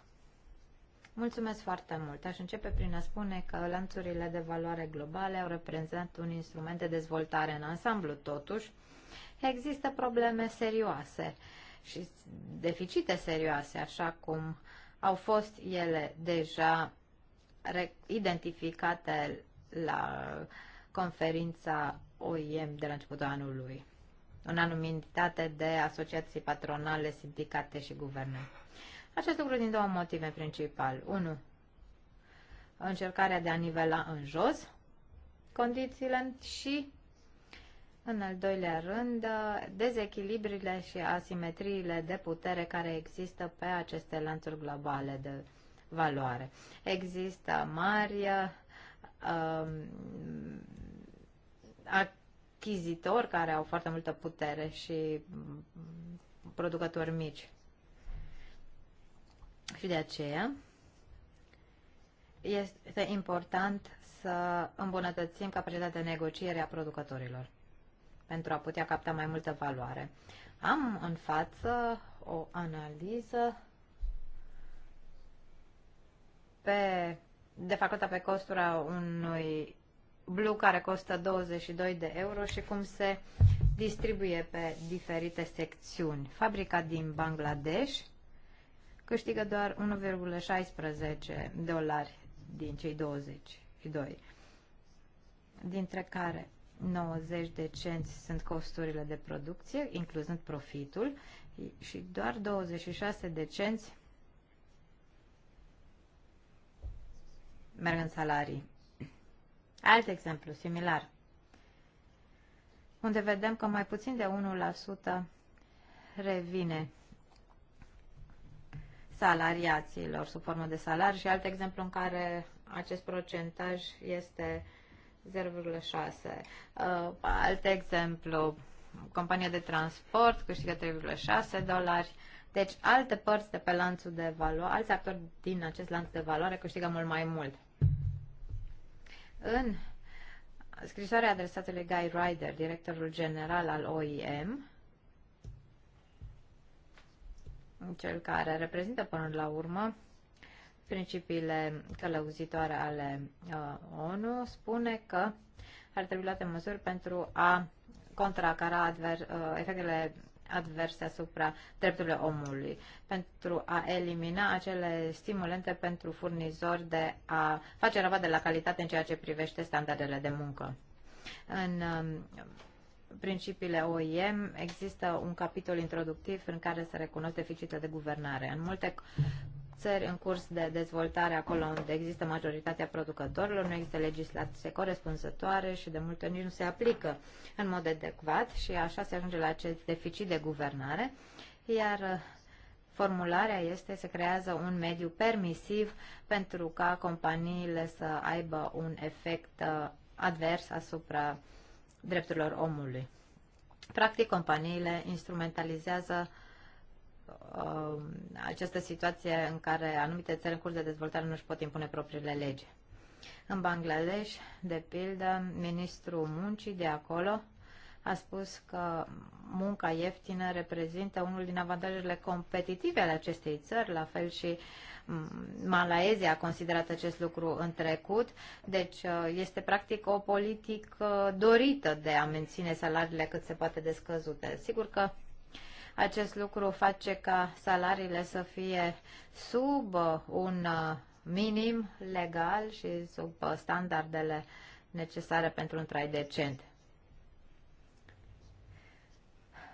Mulțumesc foarte mult. Aș începe prin a spune că lanțurile de valoare globale au reprezentat un instrument de dezvoltare în ansamblu, totuși. Există probleme serioase și deficite serioase, așa cum au fost ele deja identificate la conferința OIM de la începutul anului, în anumitate de asociații patronale, sindicate și guverne. Acest lucru din două motive principal. 1. Încercarea de a nivela în jos condițiile și în al doilea rând, dezechilibrile și asimetriile de putere care există pe aceste lanțuri globale de valoare. Există mari uh, achizitori care au foarte multă putere și producători mici. Și de aceea este important să îmbunătățim capacitatea de negociere a producătorilor pentru a putea capta mai multă valoare. Am în față o analiză pe, de făcută pe costura unui blu care costă 22 de euro și cum se distribuie pe diferite secțiuni. Fabrica din Bangladesh câștigă doar 1,16 dolari din cei 22, dintre care 90 de cenți sunt costurile de producție, incluzând profitul, și doar 26 de cenți merg în salarii. Alt exemplu similar, unde vedem că mai puțin de 1% revine salariaților sub formă de salari și alt exemplu în care acest procentaj este 0,6. Uh, alt exemplu, compania de transport câștigă 3,6 dolari. Deci alte părți de pe lanțul de valoare, alți actori din acest lanț de valoare câștigă mult mai mult. În scrisoarea adresată lui Guy Ryder, directorul general al OIM, cel care reprezintă până la urmă principiile călăuzitoare ale uh, ONU, spune că ar trebui luate măsuri pentru a contracara adver, uh, efectele adverse asupra drepturilor omului, pentru a elimina acele stimulente pentru furnizori de a face rabat de la calitate în ceea ce privește standardele de muncă. În um, principiile OIM există un capitol introductiv în care se recunosc deficitele de guvernare. În multe țări în curs de dezvoltare, acolo unde există majoritatea producătorilor, nu există legislație corespunzătoare și de multe ori nici nu se aplică în mod adecvat și așa se ajunge la acest deficit de guvernare, iar uh, formularea este să creează un mediu permisiv pentru ca companiile să aibă un efect uh, advers asupra drepturilor omului. Practic, companiile instrumentalizează uh, Um, această situație în care anumite țări în curs de dezvoltare nu își pot impune propriile legi. În Bangladesh, de pildă, ministrul muncii de acolo a spus că munca ieftină reprezintă unul din avantajele competitive ale acestei țări, la fel și mm, Malaezia a considerat acest lucru în trecut, deci uh, este practic o politică dorită de a menține salariile cât se poate descăzute. Sigur că acest lucru face ca salariile să fie sub uh, un uh, minim legal și sub uh, standardele necesare pentru un trai decent.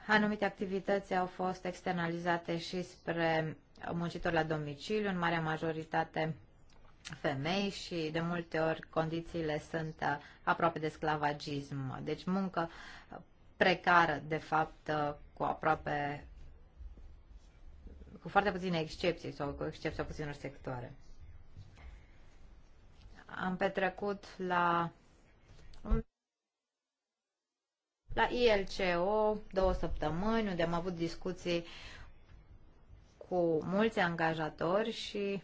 Anumite activități au fost externalizate și spre muncitori la domiciliu, în marea majoritate femei și de multe ori condițiile sunt aproape de sclavagism. Deci muncă precară, de fapt, uh, cu aproape cu foarte puține excepții sau cu excepția puținor sectoare. Am petrecut la la ILCO două săptămâni, unde am avut discuții cu mulți angajatori și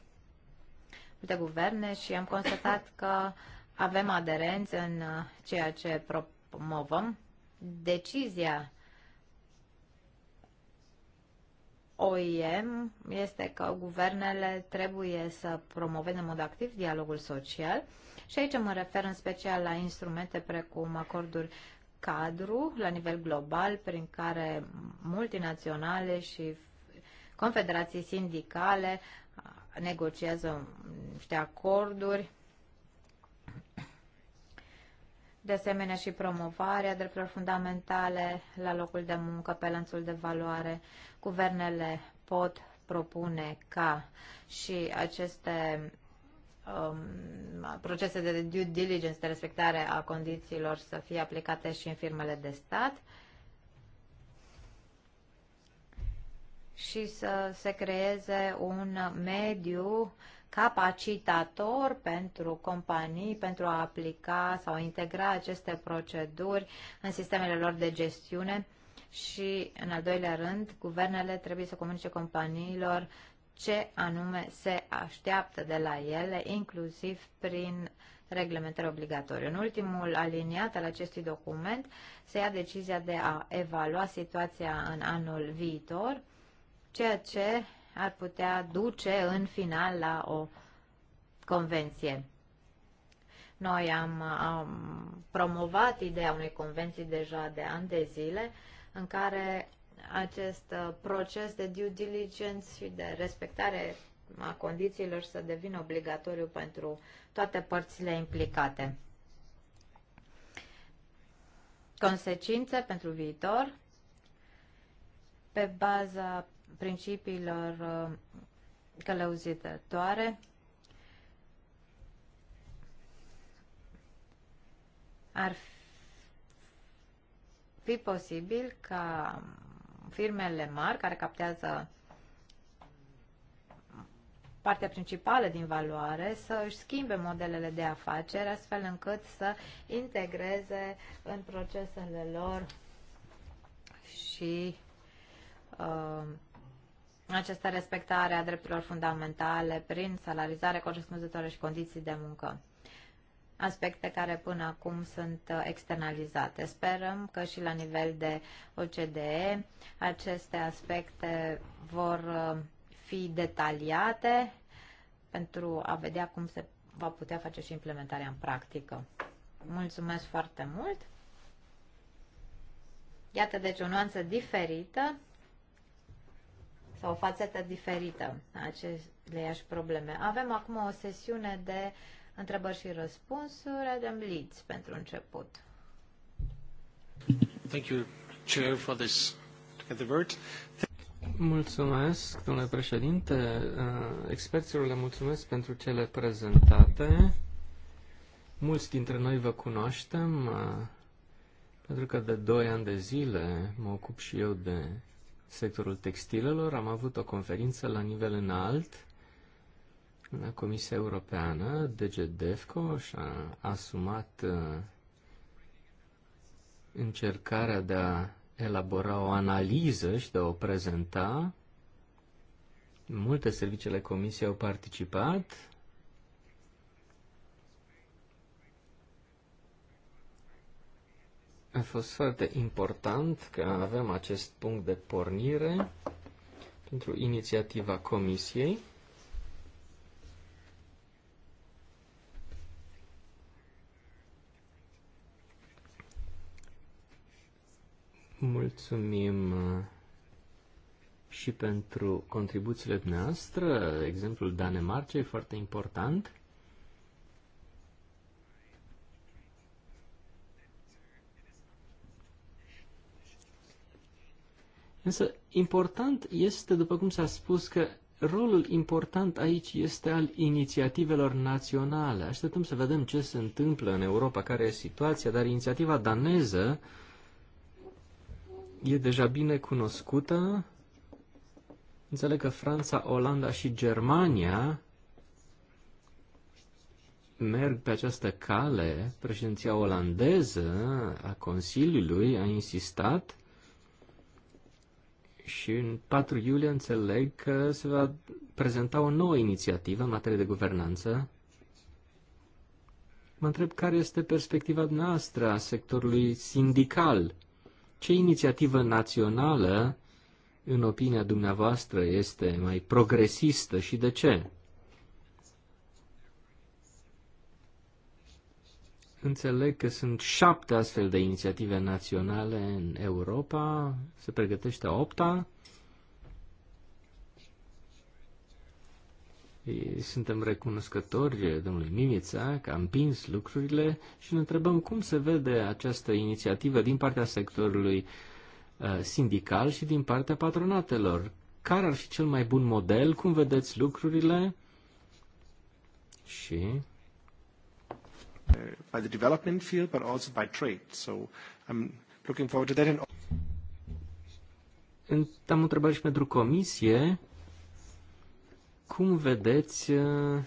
multe guverne și am constatat că avem aderenți în uh, ceea ce promovăm decizia OIM este că guvernele trebuie să promoveze în mod activ dialogul social și aici mă refer în special la instrumente precum acorduri cadru la nivel global prin care multinaționale și confederații sindicale negociază niște acorduri de asemenea și promovarea drepturilor fundamentale la locul de muncă, pe lanțul de valoare. Guvernele pot propune ca și aceste um, procese de due diligence, de respectare a condițiilor să fie aplicate și în firmele de stat și să se creeze un mediu uh, capacitator pentru companii pentru a aplica sau integra aceste proceduri în sistemele lor de gestiune și, în al doilea rând, guvernele trebuie să comunice companiilor ce anume se așteaptă de la ele, inclusiv prin reglementări obligatorii. În ultimul aliniat al acestui document se ia decizia de a evalua situația în anul viitor, ceea ce ar putea duce în final la o convenție. Noi am, am promovat ideea unei convenții deja de ani de zile în care acest uh, proces de due diligence și de respectare a condițiilor să devină obligatoriu pentru toate părțile implicate. Consecințe pentru viitor pe baza principiilor uh, călăuzitătoare. ar fi posibil ca firmele mari care captează partea principală din valoare, să își schimbe modelele de afaceri, astfel încât să integreze în procesele lor și uh, această respectare a drepturilor fundamentale prin salarizare corespunzătoare și condiții de muncă. Aspecte care până acum sunt uh, externalizate. Sperăm că și la nivel de OCDE aceste aspecte vor uh, fi detaliate pentru a vedea cum se va putea face și implementarea în practică. Mulțumesc foarte mult! Iată deci o nuanță diferită sau o fațetă diferită a aceleiași probleme. Avem acum o sesiune de întrebări și răspunsuri. Adam Leeds pentru început. Thank you, Chair, for this word. Mulțumesc, domnule președinte. Uh, experților le mulțumesc pentru cele prezentate. Mulți dintre noi vă cunoaștem, uh, pentru că de 2 ani de zile mă ocup și eu de sectorul textilelor. Am avut o conferință la nivel înalt la Comisia Europeană, DGDEFCO, și-a asumat uh, încercarea de a elabora o analiză și de a o prezenta. Multe serviciile Comisiei au participat, a fost foarte important că avem acest punct de pornire pentru inițiativa Comisiei. Mulțumim uh, și pentru contribuțiile noastre. Exemplul Danemarcei e foarte important. Însă, important este, după cum s-a spus, că rolul important aici este al inițiativelor naționale. Așteptăm să vedem ce se întâmplă în Europa, care e situația, dar inițiativa daneză e deja bine cunoscută. Înțeleg că Franța, Olanda și Germania merg pe această cale. Președinția olandeză a Consiliului a insistat și în 4 iulie înțeleg că se va prezenta o nouă inițiativă în materie de guvernanță. Mă întreb care este perspectiva noastră a sectorului sindical. Ce inițiativă națională, în opinia dumneavoastră, este mai progresistă și de ce? Înțeleg că sunt șapte astfel de inițiative naționale în Europa, se pregătește opta. Suntem recunoscători domnului Mimița că a împins lucrurile și ne întrebăm cum se vede această inițiativă din partea sectorului uh, sindical și din partea patronatelor. Care ar fi cel mai bun model? Cum vedeți lucrurile? Și Uh, by the development field, but also by trade. So I'm looking forward to that. And... Am întrebat și pentru comisie. Cum vedeți uh,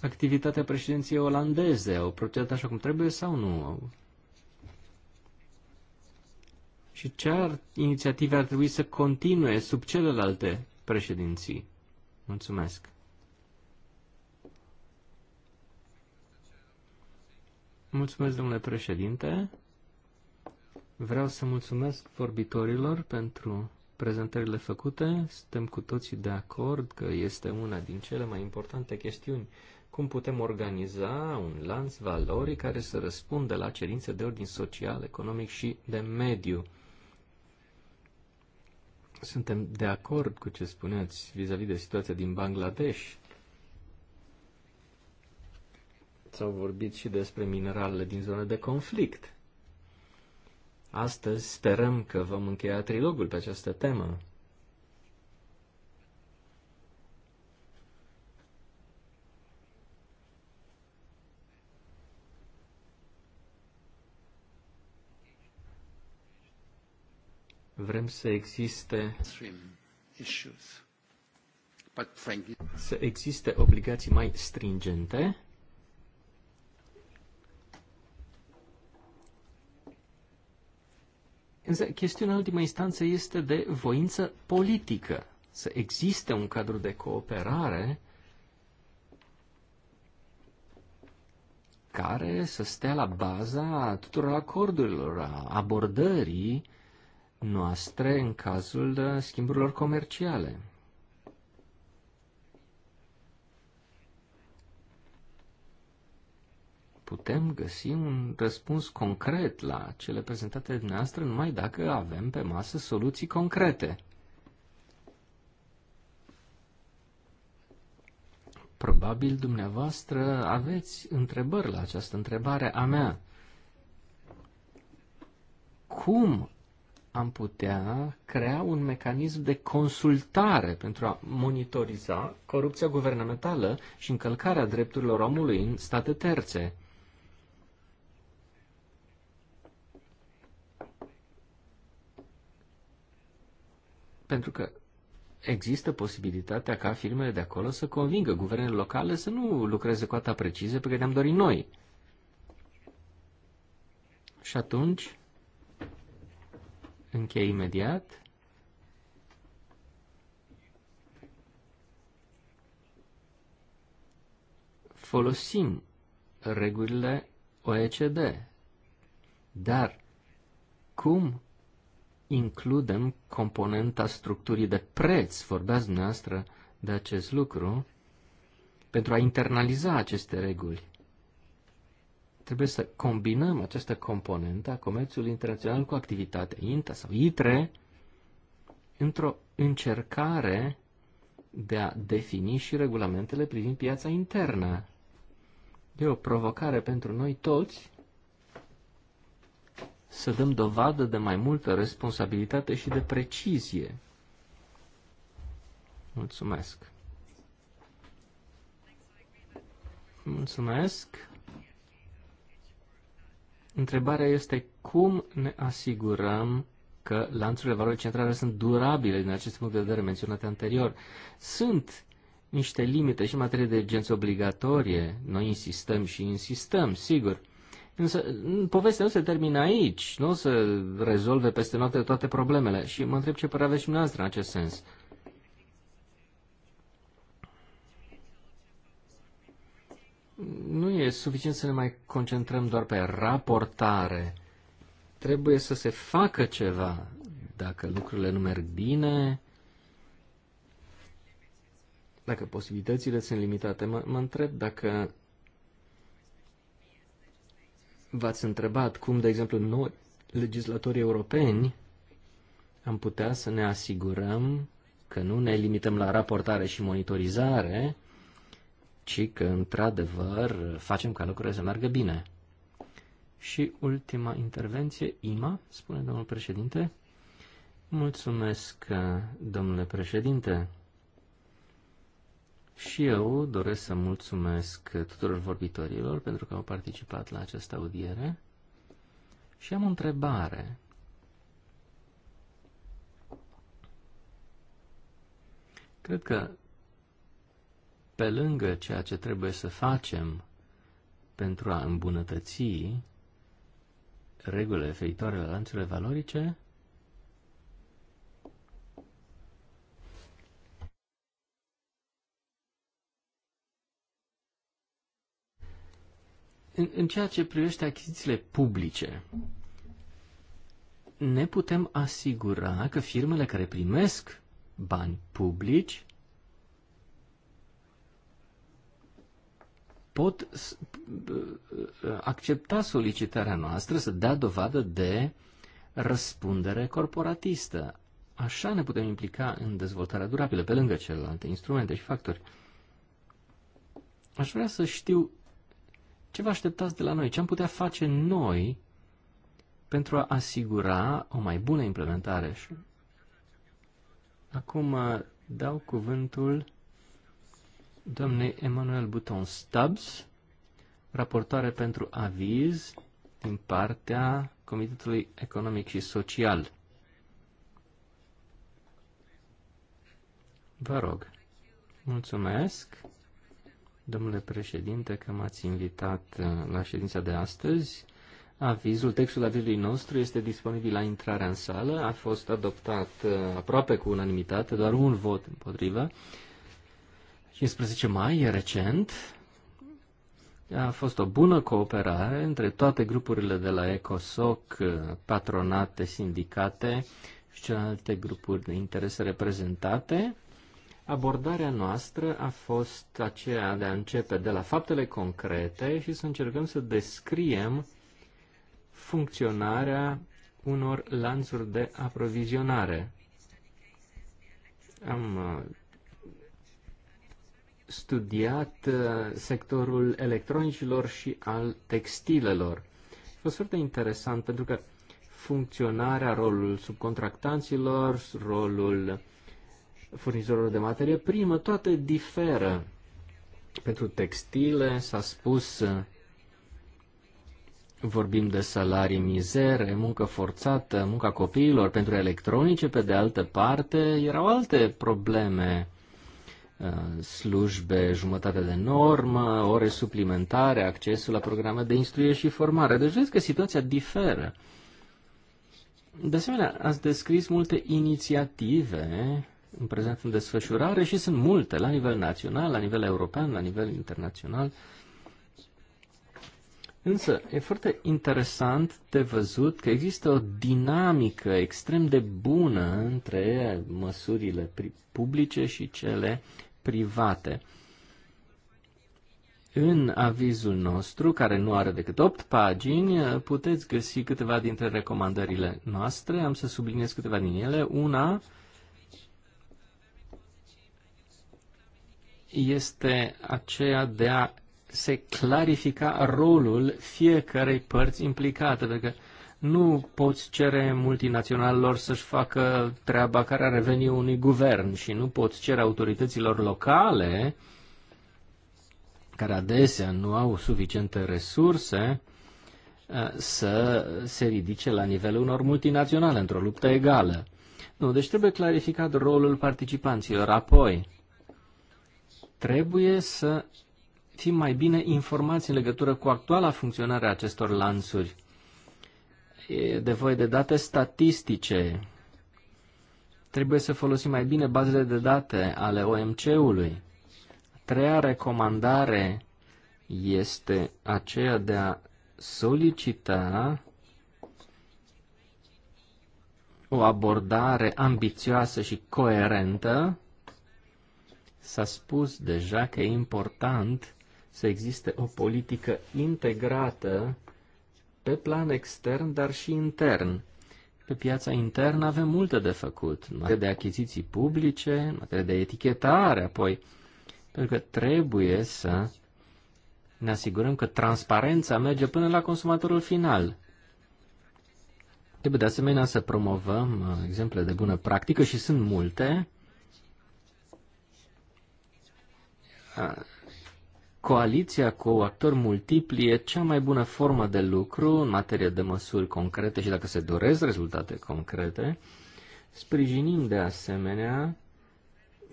activitatea președinției olandeze? Au procedat așa cum trebuie sau nu? Și ce ar, inițiative ar trebui să continue sub celelalte președinții? Mulțumesc. Mulțumesc, domnule președinte. Vreau să mulțumesc vorbitorilor pentru prezentările făcute. Suntem cu toții de acord că este una din cele mai importante chestiuni cum putem organiza un lanț valorii care să răspundă la cerințe de ordin social, economic și de mediu. Suntem de acord cu ce spuneați vis-a-vis -vis de situația din Bangladesh. S-au vorbit și despre mineralele din zone de conflict. Astăzi sperăm că vom încheia trilogul pe această temă. Vrem să existe să existe obligații mai stringente Însă, chestiunea în ultimă instanță este de voință politică. Să existe un cadru de cooperare care să stea la baza tuturor acordurilor, a abordării noastre în cazul uh, schimburilor comerciale. putem găsi un răspuns concret la cele prezentate de dumneavoastră numai dacă avem pe masă soluții concrete. Probabil dumneavoastră aveți întrebări la această întrebare a mea. Cum am putea crea un mecanism de consultare pentru a monitoriza corupția guvernamentală și încălcarea drepturilor omului în state terțe? pentru că există posibilitatea ca firmele de acolo să convingă guvernele locale să nu lucreze cu atâta precizie pe care ne-am dorit noi. Și atunci, închei imediat, folosim regulile OECD. Dar cum includem componenta structurii de preț. Vorbeați dumneavoastră de acest lucru pentru a internaliza aceste reguli. Trebuie să combinăm această componentă a comerțului internațional cu activitatea INTA sau ITRE într-o încercare de a defini și regulamentele privind piața internă. E o provocare pentru noi toți să dăm dovadă de mai multă responsabilitate și de precizie. Mulțumesc. Mulțumesc. Întrebarea este cum ne asigurăm că lanțurile valorii centrale sunt durabile din acest punct de vedere menționate anterior. Sunt niște limite și în materie de urgență obligatorie. Noi insistăm și insistăm, sigur. Însă mm, povestea nu se termină aici, nu se rezolve peste noapte toate problemele și mă întreb ce părere aveți și dumneavoastră în acest sens. Nu e suficient să ne mai concentrăm doar pe raportare. Trebuie să se facă ceva. Dacă lucrurile nu merg bine, dacă posibilitățile sunt limitate, mă, mă întreb dacă v-ați întrebat cum, de exemplu, noi, legislatorii europeni, am putea să ne asigurăm că nu ne limităm la raportare și monitorizare, ci că, într-adevăr, facem ca lucrurile să meargă bine. Și ultima intervenție, IMA, spune domnul președinte. Mulțumesc, domnule președinte. Și eu doresc să mulțumesc tuturor vorbitorilor pentru că au participat la această audiere. Și am o întrebare. Cred că pe lângă ceea ce trebuie să facem pentru a îmbunătăți regulile referitoare la lanțurile valorice, În, în ceea ce privește achizițiile publice, ne putem asigura că firmele care primesc bani publici pot accepta solicitarea noastră să dea dovadă de răspundere corporatistă. Așa ne putem implica în dezvoltarea durabilă, pe lângă celelalte instrumente și factori. Aș vrea să știu ce vă așteptați de la noi? Ce am putea face noi pentru a asigura o mai bună implementare? acum uh, dau cuvântul doamnei Emmanuel Buton Stubbs, raportoare pentru aviz din partea Comitetului Economic și Social. Vă rog. Mulțumesc domnule președinte, că m-ați invitat uh, la ședința de astăzi. Avizul, textul avizului nostru este disponibil la intrarea în sală, a fost adoptat uh, aproape cu unanimitate, doar un vot împotrivă. 15 mai, recent, a fost o bună cooperare între toate grupurile de la ECOSOC, uh, patronate, sindicate și celelalte grupuri de interes reprezentate. Abordarea noastră a fost aceea de a începe de la faptele concrete și să încercăm să descriem funcționarea unor lanțuri de aprovizionare. Am uh, studiat uh, sectorul electronicilor și al textilelor. A fost foarte interesant pentru că funcționarea, rolul subcontractanților, rolul furnizorilor de materie primă, toate diferă. Pentru textile s-a spus vorbim de salarii mizere, muncă forțată, munca copiilor, pentru electronice, pe de altă parte, erau alte probleme, uh, slujbe jumătate de normă, ore suplimentare, accesul la programe de instruire și formare. Deci vezi că situația diferă. De asemenea, ați descris multe inițiative în prezent în desfășurare și sunt multe la nivel național, la nivel european, la nivel internațional. Însă e foarte interesant de văzut că există o dinamică extrem de bună între măsurile publice și cele private. În avizul nostru, care nu are decât 8 pagini, puteți găsi câteva dintre recomandările noastre. Am să subliniez câteva din ele. Una este aceea de a se clarifica rolul fiecarei părți implicate, pentru că nu poți cere multinaționalilor să-și facă treaba care ar reveni unui guvern și nu poți cere autorităților locale, care adesea nu au suficiente resurse, să se ridice la nivelul unor multinaționale într-o luptă egală. Nu, deci trebuie clarificat rolul participanților. Apoi, Trebuie să fim mai bine informați în legătură cu actuala funcționare a acestor lanțuri. E nevoie de date statistice. Trebuie să folosim mai bine bazele de date ale OMC-ului. Treia recomandare este aceea de a solicita o abordare ambițioasă și coerentă S-a spus deja că e important să existe o politică integrată pe plan extern, dar și intern. Pe piața internă avem multe de făcut, în materie de achiziții publice, în materie de etichetare, apoi, pentru că trebuie să ne asigurăm că transparența merge până la consumatorul final. Trebuie de asemenea să promovăm uh, exemple de bună practică și sunt multe, coaliția cu actori multipli e cea mai bună formă de lucru în materie de măsuri concrete și dacă se doresc rezultate concrete, sprijinim de asemenea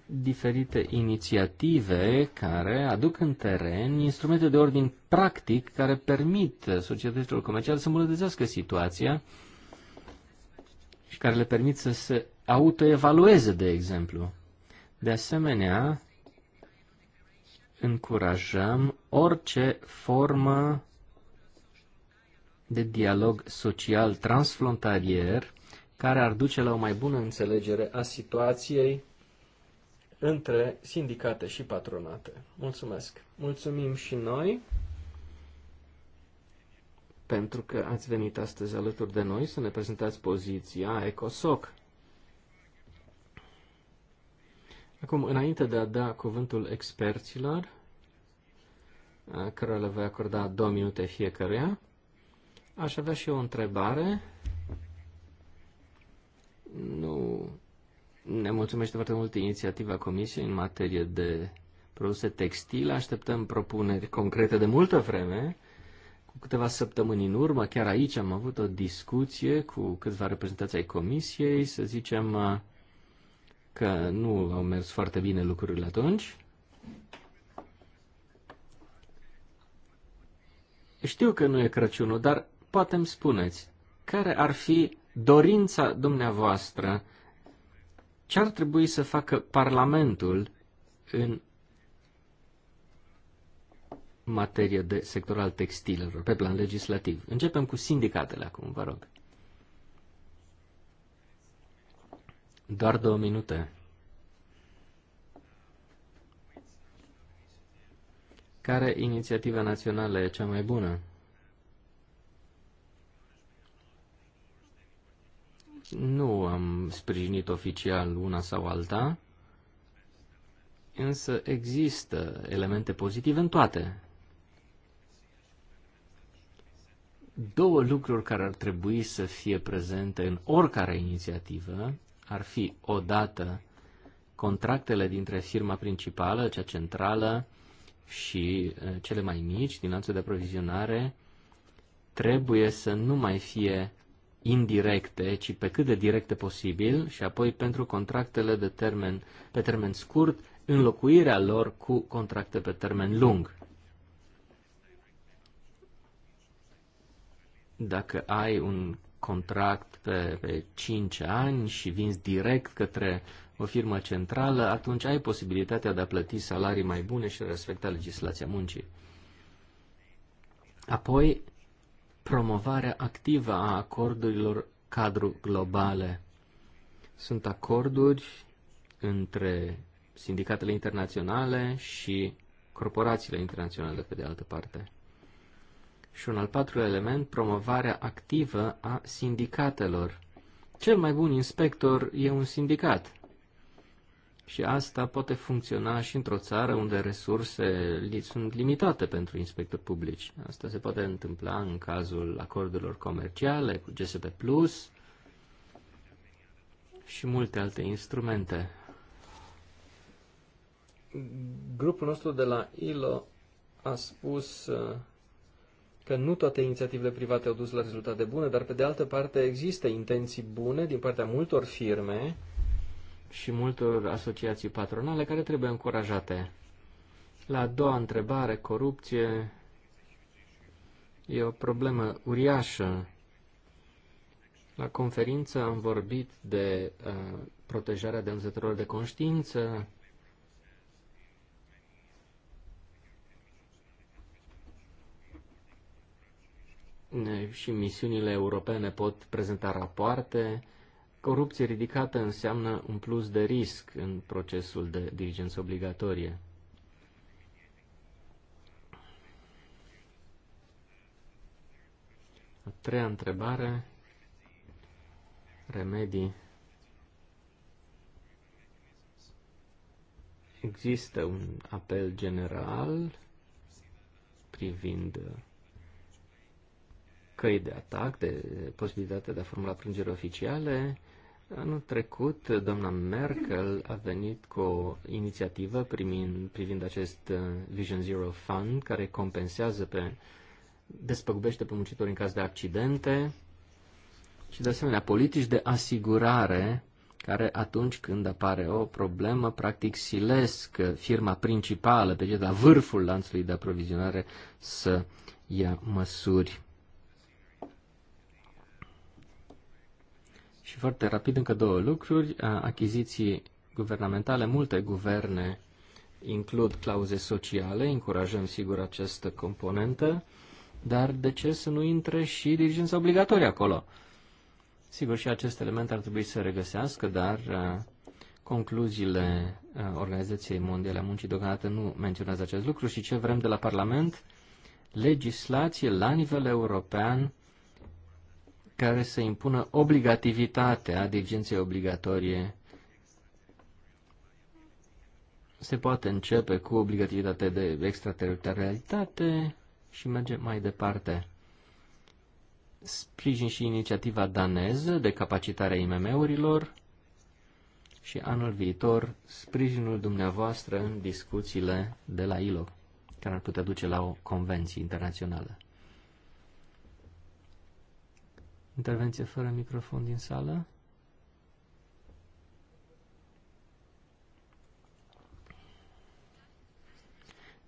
diferite inițiative care aduc în teren instrumente de ordin practic care permit societăților comerciale să îmbunătățească situația și care le permit să se autoevalueze, de exemplu. De asemenea, încurajăm orice formă de dialog social transfrontalier care ar duce la o mai bună înțelegere a situației între sindicate și patronate. Mulțumesc! Mulțumim și noi pentru că ați venit astăzi alături de noi să ne prezentați poziția ECOSOC. Acum, înainte de a da cuvântul experților, cărora le voi acorda două minute fiecăruia, aș avea și eu o întrebare. Nu ne mulțumește foarte mult inițiativa Comisiei în materie de produse textile. Așteptăm propuneri concrete de multă vreme. Cu câteva săptămâni în urmă, chiar aici am avut o discuție cu câțiva reprezentanți ai Comisiei, să zicem, că nu au mers foarte bine lucrurile atunci. Știu că nu e Crăciunul, dar poate îmi spuneți, care ar fi dorința dumneavoastră ce ar trebui să facă Parlamentul în materie de sectoral textilelor, pe plan legislativ. Începem cu sindicatele acum, vă rog. Doar două minute. Care inițiativă națională e cea mai bună? Nu am sprijinit oficial una sau alta, însă există elemente pozitive în toate. Două lucruri care ar trebui să fie prezente în oricare inițiativă ar fi odată contractele dintre firma principală, cea centrală, și cele mai mici din lanțul de aprovizionare trebuie să nu mai fie indirecte, ci pe cât de directe posibil și apoi pentru contractele de termen, pe termen scurt, înlocuirea lor cu contracte pe termen lung. Dacă ai un contract pe, pe 5 ani și vinzi direct către o firmă centrală, atunci ai posibilitatea de a plăti salarii mai bune și respecta legislația muncii. Apoi, promovarea activă a acordurilor cadru globale. Sunt acorduri între sindicatele internaționale și corporațiile internaționale, pe de altă parte. Și un al patrulea element, promovarea activă a sindicatelor. Cel mai bun inspector e un sindicat. Și asta poate funcționa și într-o țară unde resurse sunt limitate pentru inspectori publici. Asta se poate întâmpla în cazul acordurilor comerciale cu GSP Plus și multe alte instrumente. Grupul nostru de la ILO a spus uh, că nu toate inițiativele private au dus la rezultate bune, dar pe de altă parte există intenții bune din partea multor firme și multor asociații patronale care trebuie încurajate. La a doua întrebare, corupție e o problemă uriașă. La conferință am vorbit de uh, protejarea denunțătorilor de conștiință, și misiunile europene pot prezenta rapoarte. Corupție ridicată înseamnă un plus de risc în procesul de dirigență obligatorie. A treia întrebare, remedii. Există un apel general privind căi de atac, de posibilitatea de a formula plângeri oficiale. Anul trecut, doamna Merkel a venit cu o inițiativă privind, privind acest uh, Vision Zero Fund, care compensează pe, despăgubește pe muncitori în caz de accidente și, de asemenea, politici de asigurare care atunci când apare o problemă, practic silesc firma principală, pe de la vârful lanțului de aprovizionare, să ia măsuri. Și foarte rapid încă două lucruri, achiziții guvernamentale, multe guverne includ clauze sociale, încurajăm sigur această componentă, dar de ce să nu intre și dirigența obligatorie acolo? Sigur, și acest element ar trebui să regăsească, dar concluziile Organizației Mondiale a Muncii deocamdată nu menționează acest lucru și ce vrem de la Parlament? Legislație la nivel european care să impună obligativitatea diligenței obligatorie. Se poate începe cu obligativitatea de extraterritorialitate și merge mai departe. Sprijin și inițiativa daneză de capacitare a IMM-urilor și anul viitor sprijinul dumneavoastră în discuțiile de la ILO, care ar putea duce la o convenție internațională. Intervenție fără microfon din sală.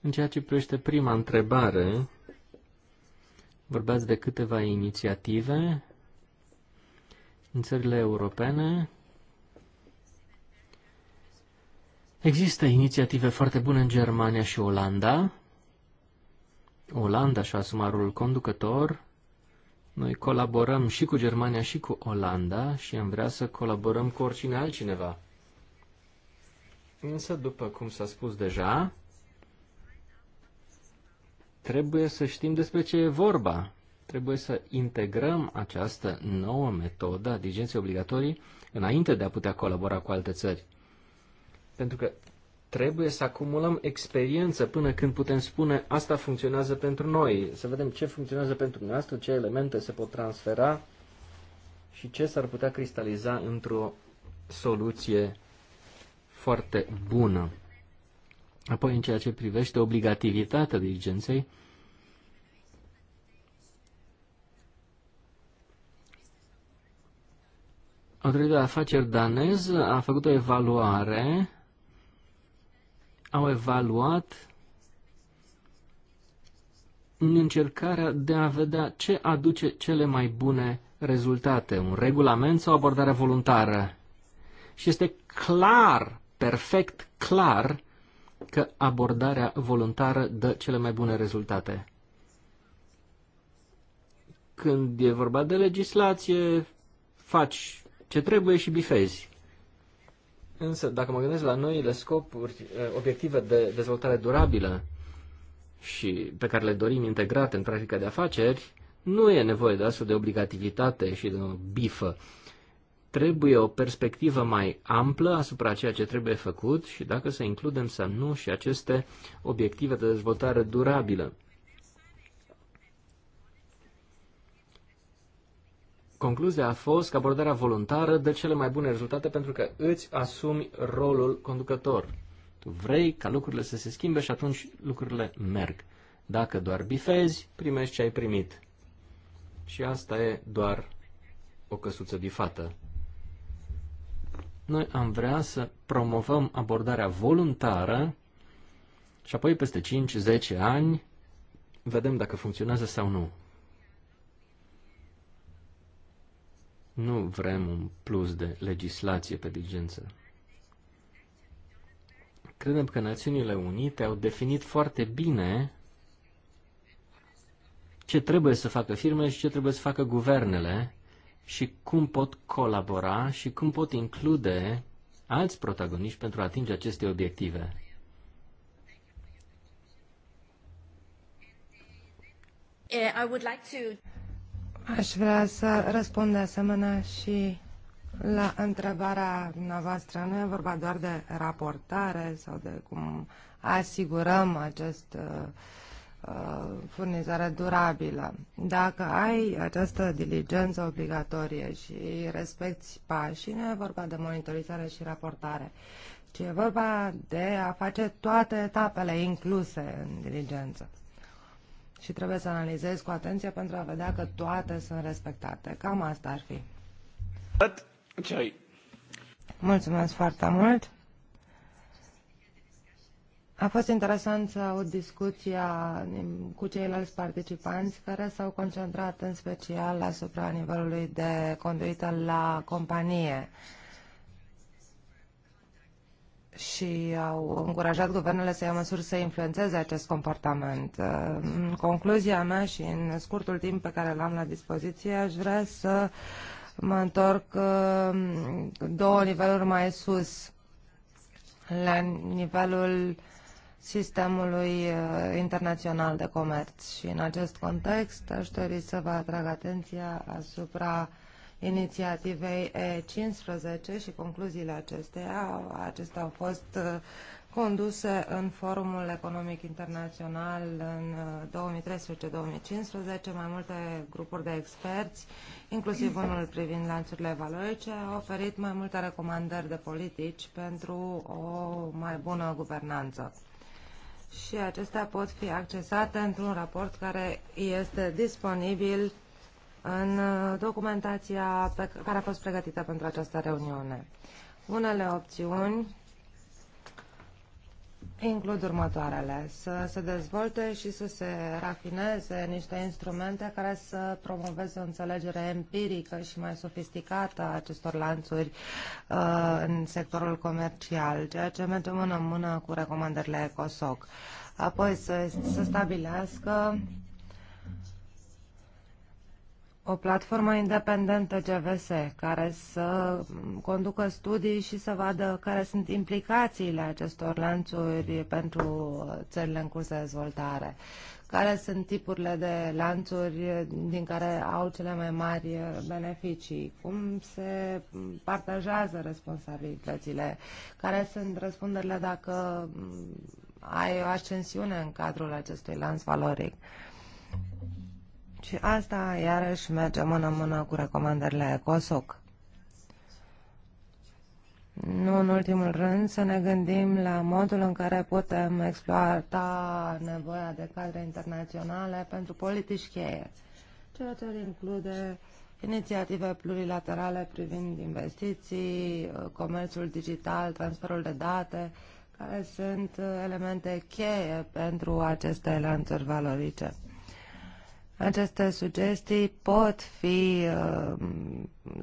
În ceea ce privește prima întrebare, vorbeați de câteva inițiative în țările europene. Există inițiative foarte bune în Germania și Olanda. Olanda și-a asumat rolul conducător noi colaborăm și cu Germania și cu Olanda și am vrea să colaborăm cu oricine altcineva. Însă, după cum s-a spus deja, trebuie să știm despre ce e vorba. Trebuie să integrăm această nouă metodă a obligatorii înainte de a putea colabora cu alte țări. Pentru că Trebuie să acumulăm experiență până când putem spune asta funcționează pentru noi, să vedem ce funcționează pentru noastră, ce elemente se pot transfera și ce s-ar putea cristaliza într-o soluție foarte bună. Apoi, în ceea ce privește obligativitatea diligenței, Autoritatea de afaceri daneză a făcut o evaluare au evaluat în încercarea de a vedea ce aduce cele mai bune rezultate, un regulament sau o abordare voluntară. Și este clar, perfect clar, că abordarea voluntară dă cele mai bune rezultate. Când e vorba de legislație, faci ce trebuie și bifezi. Însă, dacă mă gândesc la noile scopuri, eh, obiective de dezvoltare durabilă și pe care le dorim integrate în practica de afaceri, nu e nevoie de astfel de obligativitate și de o bifă. Trebuie o perspectivă mai amplă asupra ceea ce trebuie făcut și dacă să includem sau nu și aceste obiective de dezvoltare durabilă. concluzia a fost că abordarea voluntară dă cele mai bune rezultate pentru că îți asumi rolul conducător. Tu vrei ca lucrurile să se schimbe și atunci lucrurile merg. Dacă doar bifezi, primești ce ai primit. Și asta e doar o căsuță difată. Noi am vrea să promovăm abordarea voluntară și apoi peste 5-10 ani vedem dacă funcționează sau nu. Nu vrem un plus de legislație pe diligență. Credem că Națiunile Unite au definit foarte bine ce trebuie să facă firmele și ce trebuie să facă guvernele și cum pot colabora și cum pot include alți protagoniști pentru a atinge aceste obiective. Eh, I would like to... Aș vrea să răspund de asemenea și la întrebarea noastră. Nu e vorba doar de raportare sau de cum asigurăm acest uh, uh, furnizare durabilă. Dacă ai această diligență obligatorie și respecti pașii, nu e vorba de monitorizare și raportare, ci e vorba de a face toate etapele incluse în diligență și trebuie să analizezi cu atenție pentru a vedea că toate sunt respectate. Cam asta ar fi. Mulțumesc foarte mult! A fost interesant să aud discuția cu ceilalți participanți care s-au concentrat în special asupra nivelului de conduită la companie și au încurajat guvernele să ia măsuri să influențeze acest comportament. În concluzia mea și în scurtul timp pe care l-am la dispoziție, aș vrea să mă întorc uh, două niveluri mai sus, la nivelul sistemului uh, internațional de comerț. Și în acest context aș dori să vă atrag atenția asupra inițiativei E15 și concluziile acesteia. Acestea au fost uh, conduse în Forumul Economic Internațional în 2013-2015. Uh, mai multe grupuri de experți, inclusiv unul privind lanțurile valorice, au oferit mai multe recomandări de politici pentru o mai bună guvernanță și acestea pot fi accesate într-un raport care este disponibil în uh, documentația pe care a fost pregătită pentru această reuniune. Unele opțiuni includ următoarele. Să se dezvolte și să se rafineze niște instrumente care să promoveze o înțelegere empirică și mai sofisticată a acestor lanțuri uh, în sectorul comercial, ceea ce merge mână în mână cu recomandările ECOSOC. Apoi să, să stabilească uh, o platformă independentă GVS care să conducă studii și să vadă care sunt implicațiile acestor lanțuri pentru țările în curs de dezvoltare, care sunt tipurile de lanțuri din care au cele mai mari beneficii, cum se partajează responsabilitățile, care sunt răspunderile dacă ai o ascensiune în cadrul acestui lanț valoric. Și asta iarăși merge mână-mână cu recomandările COSOC. Nu în ultimul rând să ne gândim la modul în care putem exploata nevoia de cadre internaționale pentru politici cheie, ceea ce include inițiative plurilaterale privind investiții, comerțul digital, transferul de date, care sunt elemente cheie pentru aceste lanțuri valorice. Aceste sugestii pot fi uh,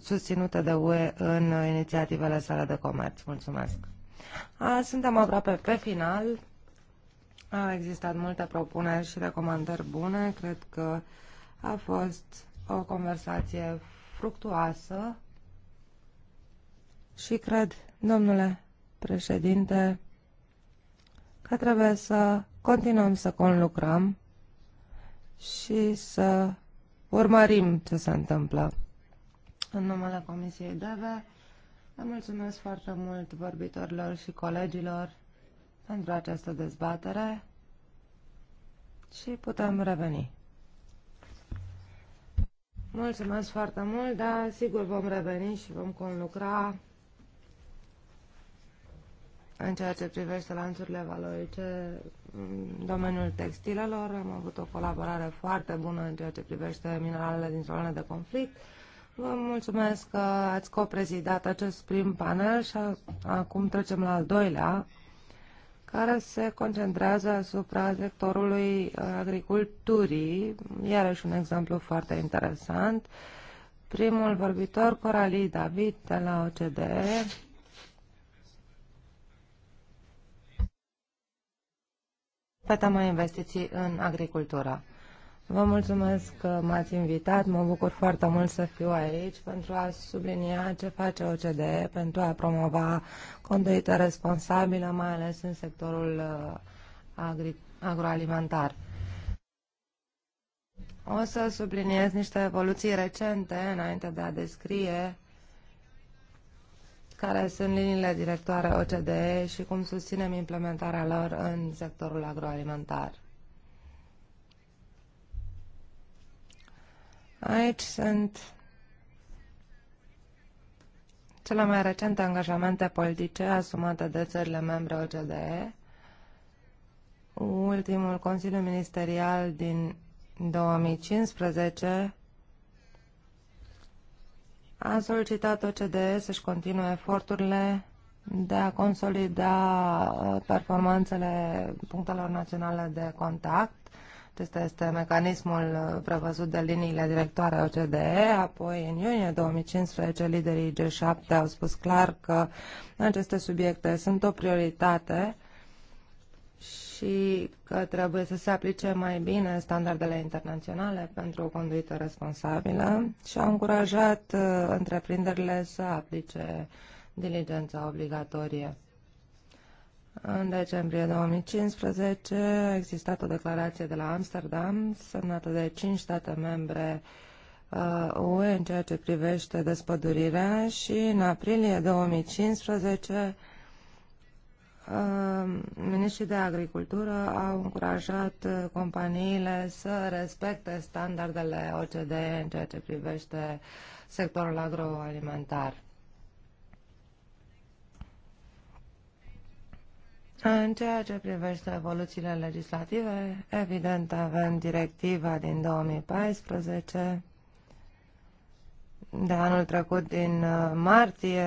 susținute de UE în inițiativele sale de comerț. Mulțumesc! A, suntem aproape pe final. Au existat multe propuneri și recomandări bune. Cred că a fost o conversație fructuoasă și cred, domnule președinte, că trebuie să continuăm să conlucrăm și să urmărim ce se întâmplă. În numele Comisiei DEVE, le mulțumesc foarte mult vorbitorilor și colegilor pentru această dezbatere și putem reveni. Mulțumesc foarte mult, da, sigur vom reveni și vom conlucra în ceea ce privește lanțurile valorice, în domeniul textilelor am avut o colaborare foarte bună în ceea ce privește mineralele din zonele de conflict. Vă mulțumesc că ați coprezidat acest prim panel și acum trecem la al doilea, care se concentrează asupra sectorului agriculturii, iarăși un exemplu foarte interesant. Primul vorbitor, Coralie David, de la OCDE, pe tema investiții în agricultură. Vă mulțumesc că m-ați invitat, mă bucur foarte mult să fiu aici pentru a sublinia ce face OCDE pentru a promova conduită responsabilă, mai ales în sectorul uh, agri- agroalimentar. O să subliniez niște evoluții recente înainte de a descrie care sunt liniile directoare OCDE și cum susținem implementarea lor în sectorul agroalimentar. Aici sunt cele mai recente angajamente politice asumate de țările membre OCDE, ultimul Consiliu Ministerial din 2015 a solicitat OCDE să-și continue eforturile de a consolida uh, performanțele punctelor naționale de contact. Acesta este mecanismul uh, prevăzut de liniile directoare OCDE. Apoi, în iunie 2015, liderii G7 au spus clar că aceste subiecte sunt o prioritate și că trebuie să se aplice mai bine standardele internaționale pentru o conduită responsabilă și au încurajat uh, întreprinderile să aplice diligența obligatorie. În decembrie 2015 a existat o declarație de la Amsterdam, semnată de cinci state membre UE uh, în ceea ce privește despădurirea și în aprilie 2015 Uh, Ministrii de agricultură au încurajat uh, companiile să respecte standardele OCDE în ceea ce privește sectorul agroalimentar. În ceea ce privește evoluțiile legislative, evident avem directiva din 2014, de anul trecut din uh, martie,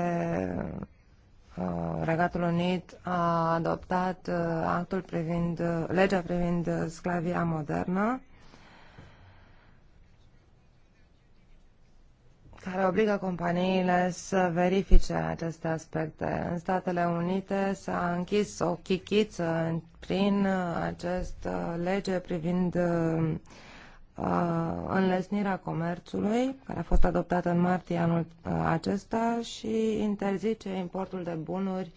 Uh, Regatul Unit a adoptat uh, actul privind, uh, legea privind sclavia modernă, care obligă companiile să verifice aceste aspecte. În Statele Unite s-a închis o chichiță prin această lege privind Uh, înlesnirea comerțului, care a fost adoptată în martie anul uh, acesta și interzice importul de bunuri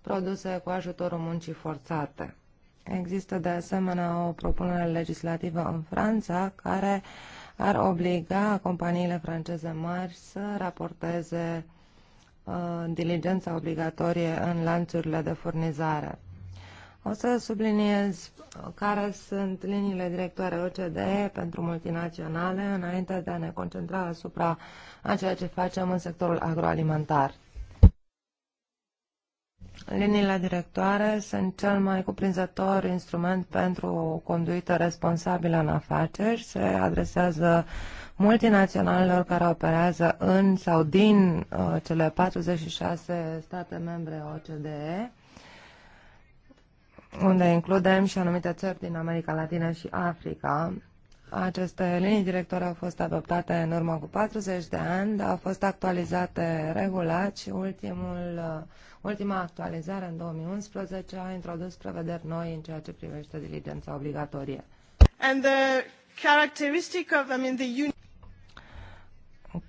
produse cu ajutorul muncii forțate. Există de asemenea o propunere legislativă în Franța care ar obliga companiile franceze mari să raporteze uh, diligența obligatorie în lanțurile de furnizare. O să subliniez care sunt liniile directoare OCDE pentru multinaționale înainte de a ne concentra asupra a ceea ce facem în sectorul agroalimentar. Liniile directoare sunt cel mai cuprinzător instrument pentru o conduită responsabilă în afaceri. Se adresează multinaționalelor care operează în sau din uh, cele 46 state membre OCDE unde includem și anumite țări din America Latină și Africa. Aceste linii directoare au fost adoptate în urmă cu 40 de ani, dar au fost actualizate regulat și ultimul, uh, ultima actualizare în 2011 a introdus prevederi noi în ceea ce privește diligența obligatorie. And the characteristic of, I mean, the un-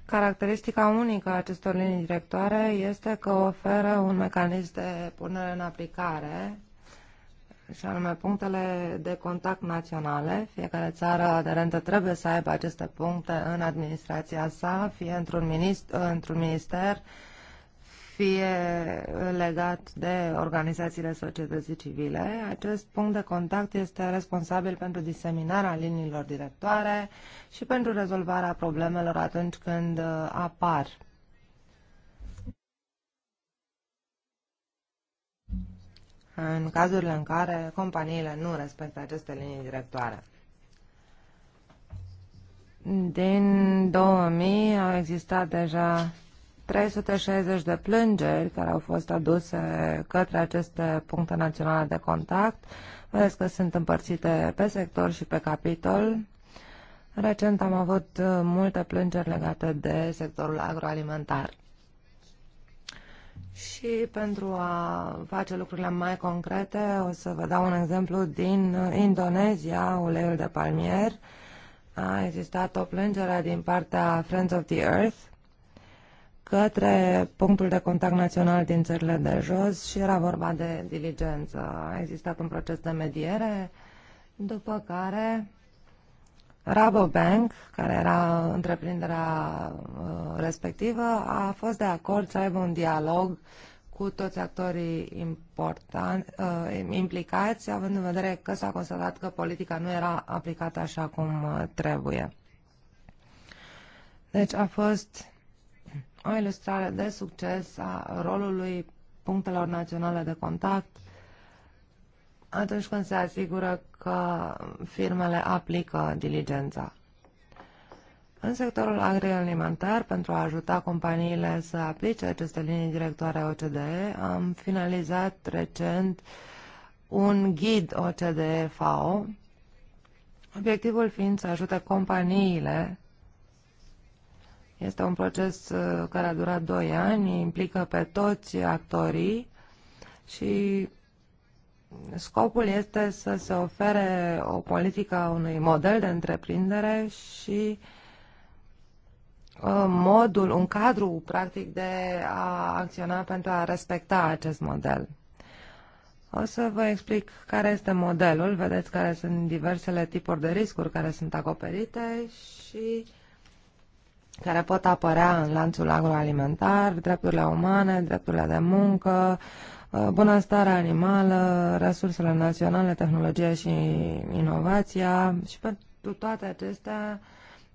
Caracteristica unică a acestor linii directoare este că oferă un mecanism de punere în aplicare și anume punctele de contact naționale. Fiecare țară aderentă trebuie să aibă aceste puncte în administrația sa, fie într-un minister, într minister, fie legat de organizațiile societății civile. Acest punct de contact este responsabil pentru diseminarea liniilor directoare și pentru rezolvarea problemelor atunci când uh, apar în cazurile în care companiile nu respectă aceste linii directoare. Din 2000 au existat deja 360 de plângeri care au fost aduse către aceste puncte naționale de contact. Vedeți că sunt împărțite pe sector și pe capitol. Recent am avut uh, multe plângeri legate de sectorul agroalimentar. Și pentru a face lucrurile mai concrete, o să vă dau un exemplu din uh, Indonezia, uleiul de palmier. A existat o plângere din partea Friends of the Earth către punctul de contact național din țările de jos și era vorba de diligență. A existat un proces de mediere, după care Rabobank, care era întreprinderea uh, respectivă, a fost de acord să aibă un dialog cu toți actorii important, uh, implicați, având în vedere că s-a constatat că politica nu era aplicată așa cum uh, trebuie. Deci a fost o ilustrare de succes a rolului punctelor naționale de contact atunci când se asigură că firmele aplică diligența. În sectorul agroalimentar, pentru a ajuta companiile să aplice aceste linii directoare OCDE, am finalizat recent un ghid OCDE-FAO, obiectivul fiind să ajute companiile este un proces uh, care a durat 2 ani, implică pe toți actorii și Scopul este să se ofere o politică a unui model de întreprindere și uh, modul, un cadru practic de a acționa pentru a respecta acest model. O să vă explic care este modelul, vedeți care sunt diversele tipuri de riscuri care sunt acoperite și care pot apărea în lanțul agroalimentar, drepturile umane, drepturile de muncă, Uh, bunăstarea animală, resursele naționale, tehnologia și inovația și pentru toate acestea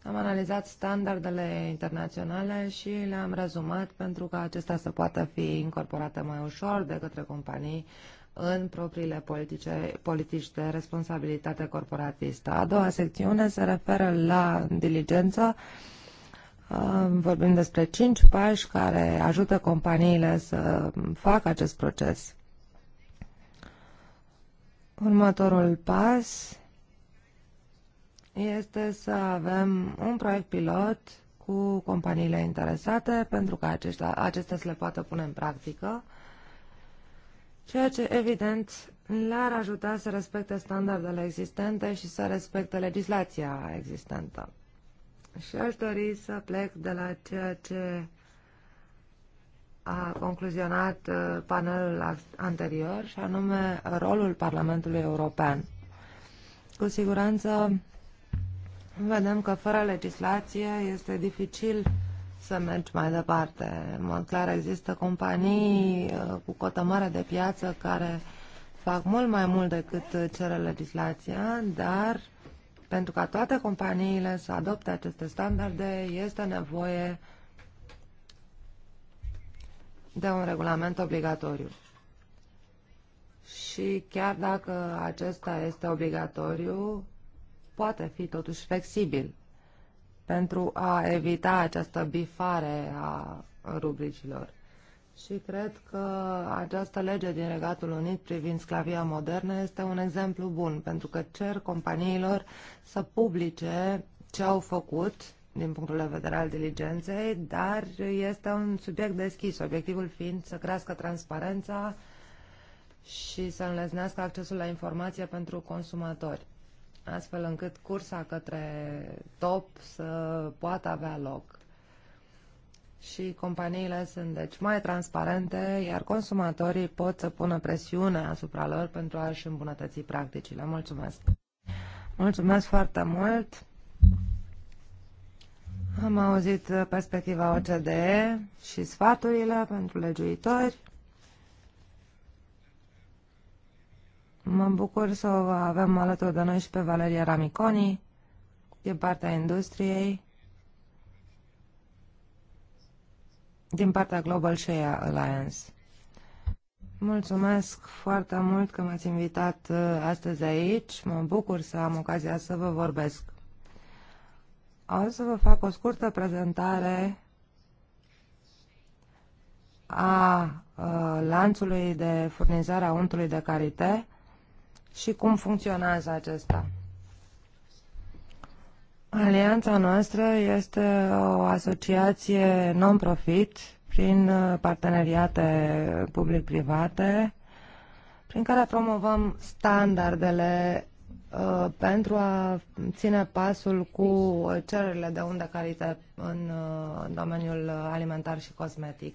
am analizat standardele internaționale și le-am rezumat pentru că acestea să poată fi incorporate mai ușor de către companii în propriile politice, politici de responsabilitate corporatistă. A doua secțiune se referă la diligență, uh, Vorbim despre cinci pași care ajută companiile să facă acest proces. Următorul pas este să avem un proiect pilot cu companiile interesate pentru ca aceștia, acestea să le poată pune în practică, ceea ce evident le-ar ajuta să respecte standardele existente și să respecte legislația existentă. Și aș dori să plec de la ceea ce a concluzionat uh, panelul anterior, și anume rolul Parlamentului European. Cu siguranță vedem că fără legislație este dificil să mergi mai departe. În mod clar există companii uh, cu cotă mare de piață care fac mult mai mult decât cere legislația, dar pentru ca toate companiile să adopte aceste standarde, este nevoie de un regulament obligatoriu. Și chiar dacă acesta este obligatoriu, poate fi totuși flexibil pentru a evita această bifare a rubricilor. Și cred că această lege din Regatul Unit privind sclavia modernă este un exemplu bun, pentru că cer companiilor să publice ce au făcut din punctul de vedere al diligenței, dar este un subiect deschis, obiectivul fiind să crească transparența și să înleznească accesul la informație pentru consumatori, astfel încât cursa către top să poată avea loc și companiile sunt deci mai transparente, iar consumatorii pot să pună presiune asupra lor pentru a-și îmbunătăți practicile. Mulțumesc! Mulțumesc foarte mult! Am auzit perspectiva OCDE și sfaturile pentru legiuitori. Mă bucur să o avem alături de noi și pe Valeria Ramiconi din partea industriei din partea Global Share Alliance. Mulțumesc foarte mult că m-ați invitat uh, astăzi aici. Mă bucur să am ocazia să vă vorbesc. O să vă fac o scurtă prezentare a uh, lanțului de furnizare a untului de carite și cum funcționează acesta. Alianța noastră este o asociație non-profit prin uh, parteneriate public-private prin care promovăm standardele uh, pentru a ține pasul cu cererile de undă calitate în uh, domeniul alimentar și cosmetic.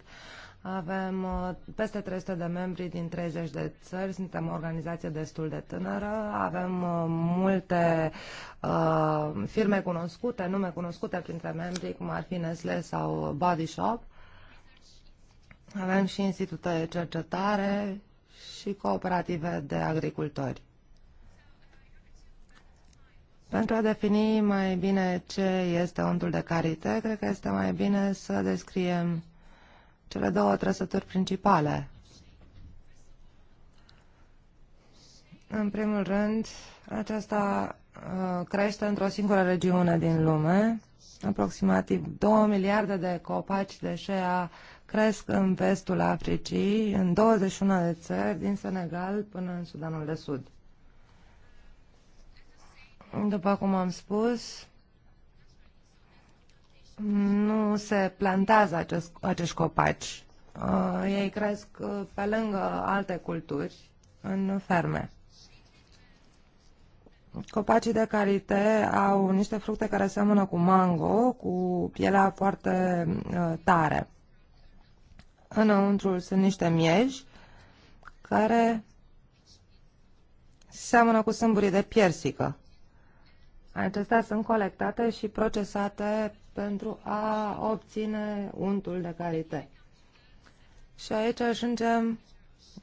Avem uh, peste 300 de membri din 30 de țări, suntem o organizație destul de tânără, avem uh, multe uh, firme cunoscute, nume cunoscute printre membri, cum ar fi Nestle sau Body Shop. Avem și institute de cercetare și cooperative de agricultori. Pentru a defini mai bine ce este ontul de carite, cred că este mai bine să descriem cele două trăsături principale. În primul rând, aceasta uh, crește într-o singură regiune din lume. Aproximativ 2 miliarde de copaci de șea cresc în vestul Africii, în 21 de țări, din Senegal până în Sudanul de Sud. După cum am spus, nu se plantează acest, acești copaci. Uh, ei cresc uh, pe lângă alte culturi în ferme. Copacii de carite au niște fructe care seamănă cu mango, cu pielea foarte uh, tare. Înăuntru sunt niște mieji care seamănă cu sâmburii de piersică. Acestea sunt colectate și procesate pentru a obține untul de calitate. Și aici ajungem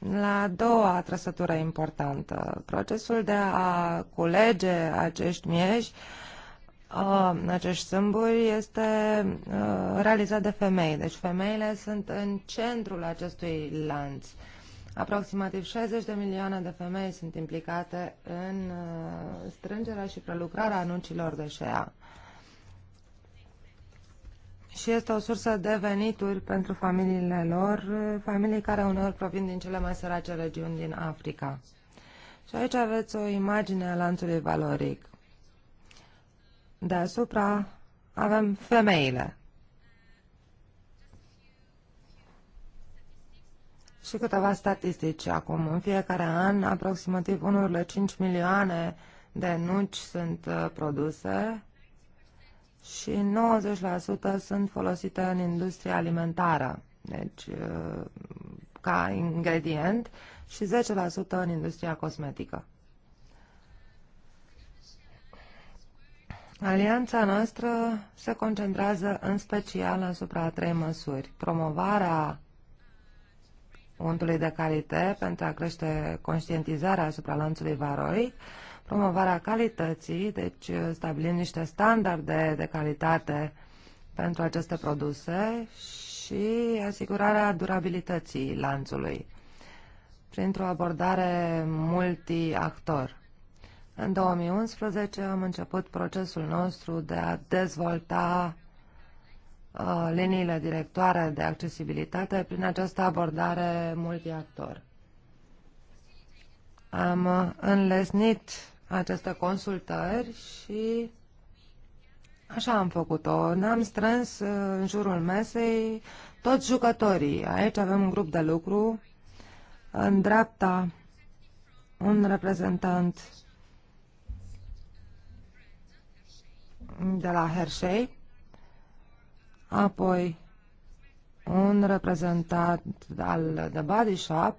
la a doua trăsătură importantă. Procesul de a culege acești mieși, uh, acești sâmburi, este uh, realizat de femei. Deci femeile sunt în centrul acestui lanț. Aproximativ 60 de milioane de femei sunt implicate în uh, strângerea și prelucrarea anuncilor de șea și este o sursă de venituri pentru familiile lor, familii care uneori provin din cele mai sărace regiuni din Africa. Și aici aveți o imagine a lanțului valoric. Deasupra avem femeile. Și câteva statistici acum. În fiecare an, aproximativ 1,5 milioane de nuci sunt uh, produse și 90% sunt folosite în industria alimentară, deci uh, ca ingredient, și 10% în industria cosmetică. Alianța noastră se concentrează în special asupra trei măsuri. Promovarea untului de calitate pentru a crește conștientizarea asupra lanțului valoric, promovarea calității, deci uh, stabilim niște standarde de calitate pentru aceste produse și asigurarea durabilității lanțului printr-o abordare multi-actor. În 2011 am început procesul nostru de a dezvolta uh, liniile directoare de accesibilitate prin această abordare multi-actor. Am înlesnit aceste consultări și așa am făcut-o. Ne-am strâns uh, în jurul mesei toți jucătorii. Aici avem un grup de lucru. În dreapta un reprezentant de la Hershey, apoi un reprezentant al The Body Shop,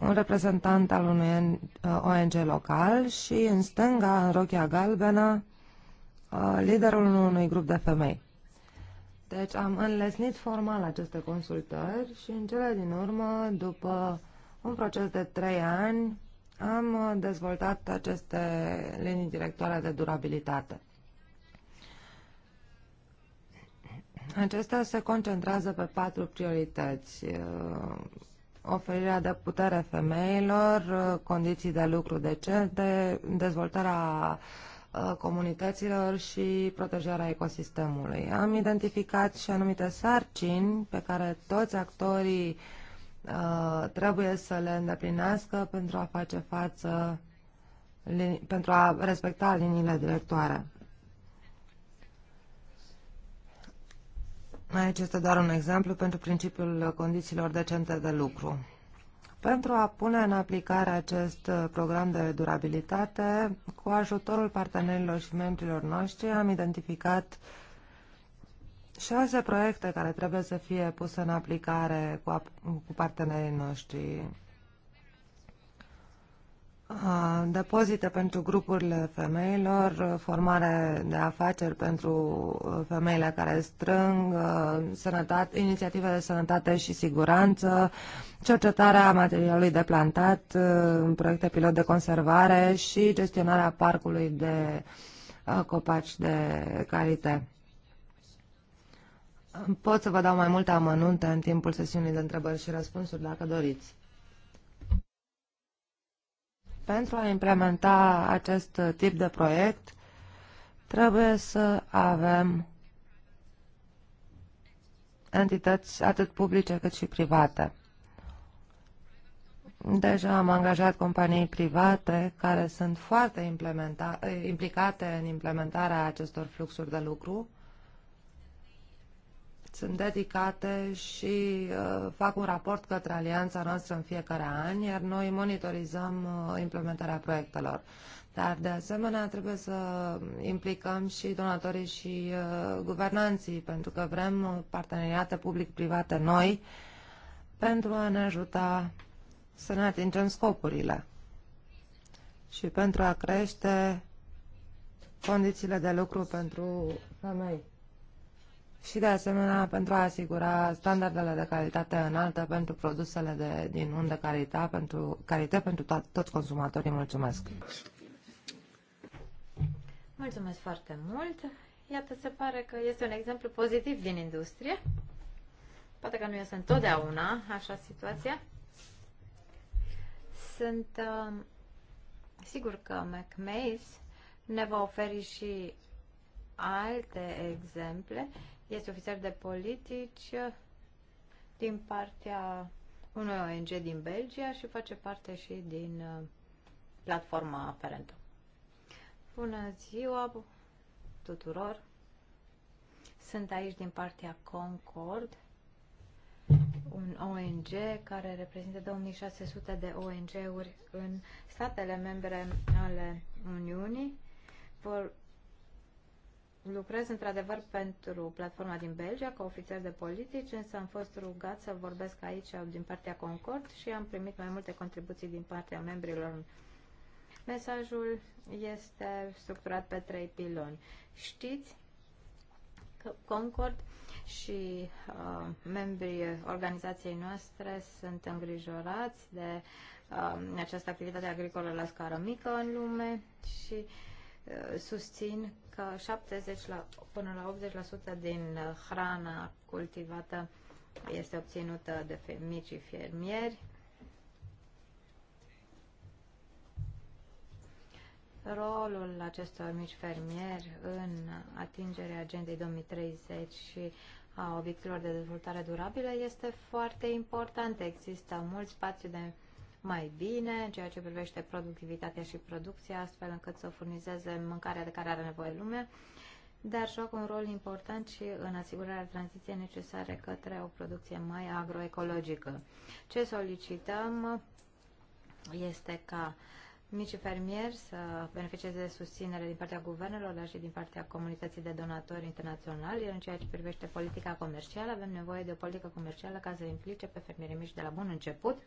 un reprezentant al unui uh, ONG local și în stânga, în rochia galbenă, uh, liderul unui grup de femei. Deci am înlesnit formal aceste consultări și în cele din urmă, după un proces de trei ani, am uh, dezvoltat aceste linii directoare de durabilitate. Acestea se concentrează pe patru priorități oferirea de putere femeilor, condiții de lucru decente, dezvoltarea uh, comunităților și protejarea ecosistemului. Am identificat și anumite sarcini pe care toți actorii uh, trebuie să le îndeplinească pentru a face față, pentru a respecta liniile directoare. Aici este doar un exemplu pentru principiul condițiilor decente de lucru. Pentru a pune în aplicare acest program de durabilitate, cu ajutorul partenerilor și membrilor noștri, am identificat șase proiecte care trebuie să fie puse în aplicare cu, cu partenerii noștri Ah, depozite pentru grupurile femeilor, formare de afaceri pentru uh, femeile care strâng, uh, sănătate, inițiative de sănătate și siguranță, cercetarea materialului de plantat, uh, proiecte pilot de conservare și gestionarea parcului de copaci de carite. Pot să vă dau mai multe amănunte în timpul sesiunii de întrebări și răspunsuri, dacă doriți. Pentru a implementa acest tip de proiect, trebuie să avem entități atât publice cât și private. Deja am angajat companii private care sunt foarte implicate în implementarea acestor fluxuri de lucru sunt dedicate și uh, fac un raport către alianța noastră în fiecare an, iar noi monitorizăm uh, implementarea proiectelor. Dar, de asemenea, trebuie să implicăm și donatorii și uh, guvernanții, pentru că vrem parteneriate public-private noi pentru a ne ajuta să ne atingem scopurile și pentru a crește condițiile de lucru pentru femei și de asemenea pentru a asigura standardele de calitate înaltă pentru produsele de, din unde calitate pentru, carite pentru to- toți consumatorii. Mulțumesc! Mulțumesc foarte mult! Iată, se pare că este un exemplu pozitiv din industrie. Poate că nu este întotdeauna așa situația. Sunt uh, sigur că McMays ne va oferi și alte exemple este ofițer de politici din partea unui ONG din Belgia și face parte și din uh, platforma aferentă. Bună ziua tuturor! Sunt aici din partea Concord, un ONG care reprezintă 2600 de ONG-uri în statele membre ale Uniunii. Vor Lucrez într-adevăr pentru platforma din Belgia ca ofițer de politici, însă am fost rugat să vorbesc aici din partea Concord și am primit mai multe contribuții din partea membrilor. Mesajul este structurat pe trei piloni. Știți că Concord și uh, membrii organizației noastre sunt îngrijorați de uh, această activitate agricolă la scară mică în lume și uh, susțin că 70 la, până la 80% din uh, hrana cultivată este obținută de mici fermieri. Rolul acestor mici fermieri în atingerea agendei 2030 și a obiectivelor de dezvoltare durabilă este foarte important. Există mult spațiu de mai bine în ceea ce privește productivitatea și producția, astfel încât să furnizeze mâncarea de care are nevoie lumea, dar joacă un rol important și în asigurarea tranziției necesare către o producție mai agroecologică. Ce solicităm este ca mici fermieri să beneficieze de susținere din partea guvernelor, dar și din partea comunității de donatori internaționali. Iar în ceea ce privește politica comercială, avem nevoie de o politică comercială ca să implice pe fermierii mici de la bun început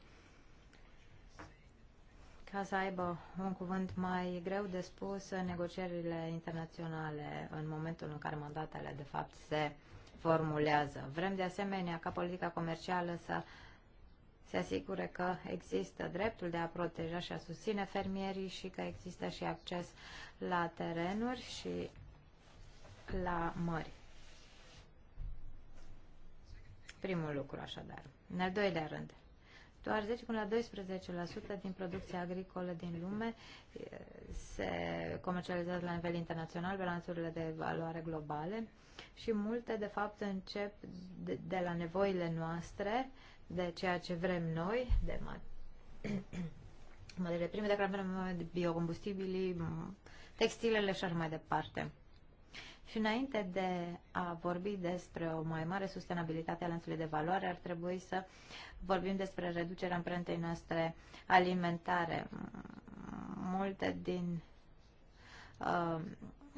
ca să aibă un cuvânt mai greu de spus în negocierile internaționale în momentul în care mandatele de fapt se formulează. Vrem de asemenea ca politica comercială să se asigure că există dreptul de a proteja și a susține fermierii și că există și acces la terenuri și la mări. Primul lucru, așadar. În al doilea rând, doar 10 până la 12% din producția agricolă din lume se comercializează la nivel internațional, pe lanțurile de valoare globale și multe, de fapt, încep de, de la nevoile noastre, de ceea ce vrem noi, de materiile prime, de care avem biocombustibilii, textilele și așa mai departe. Și înainte de a vorbi despre o mai mare sustenabilitate a lanțului de valoare, ar trebui să vorbim despre reducerea amprentei noastre alimentare. Multe din uh,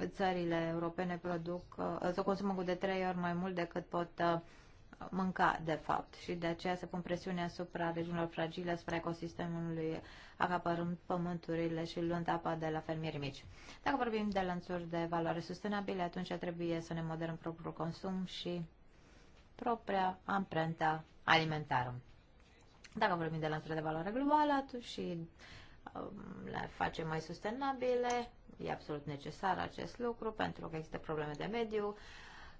țările europene produc, uh, consumă cu de trei ori mai mult decât pot uh, mânca, de fapt, și de aceea se pun presiune asupra regiunilor fragile, asupra ecosistemului, acapărând pământurile și luând apa de la fermieri mici. Dacă vorbim de lanțuri de valoare sustenabile, atunci trebuie să ne moderăm propriul consum și propria amprenta alimentară. Dacă vorbim de lanțuri de valoare globală, atunci și um, le facem mai sustenabile, e absolut necesar acest lucru pentru că există probleme de mediu,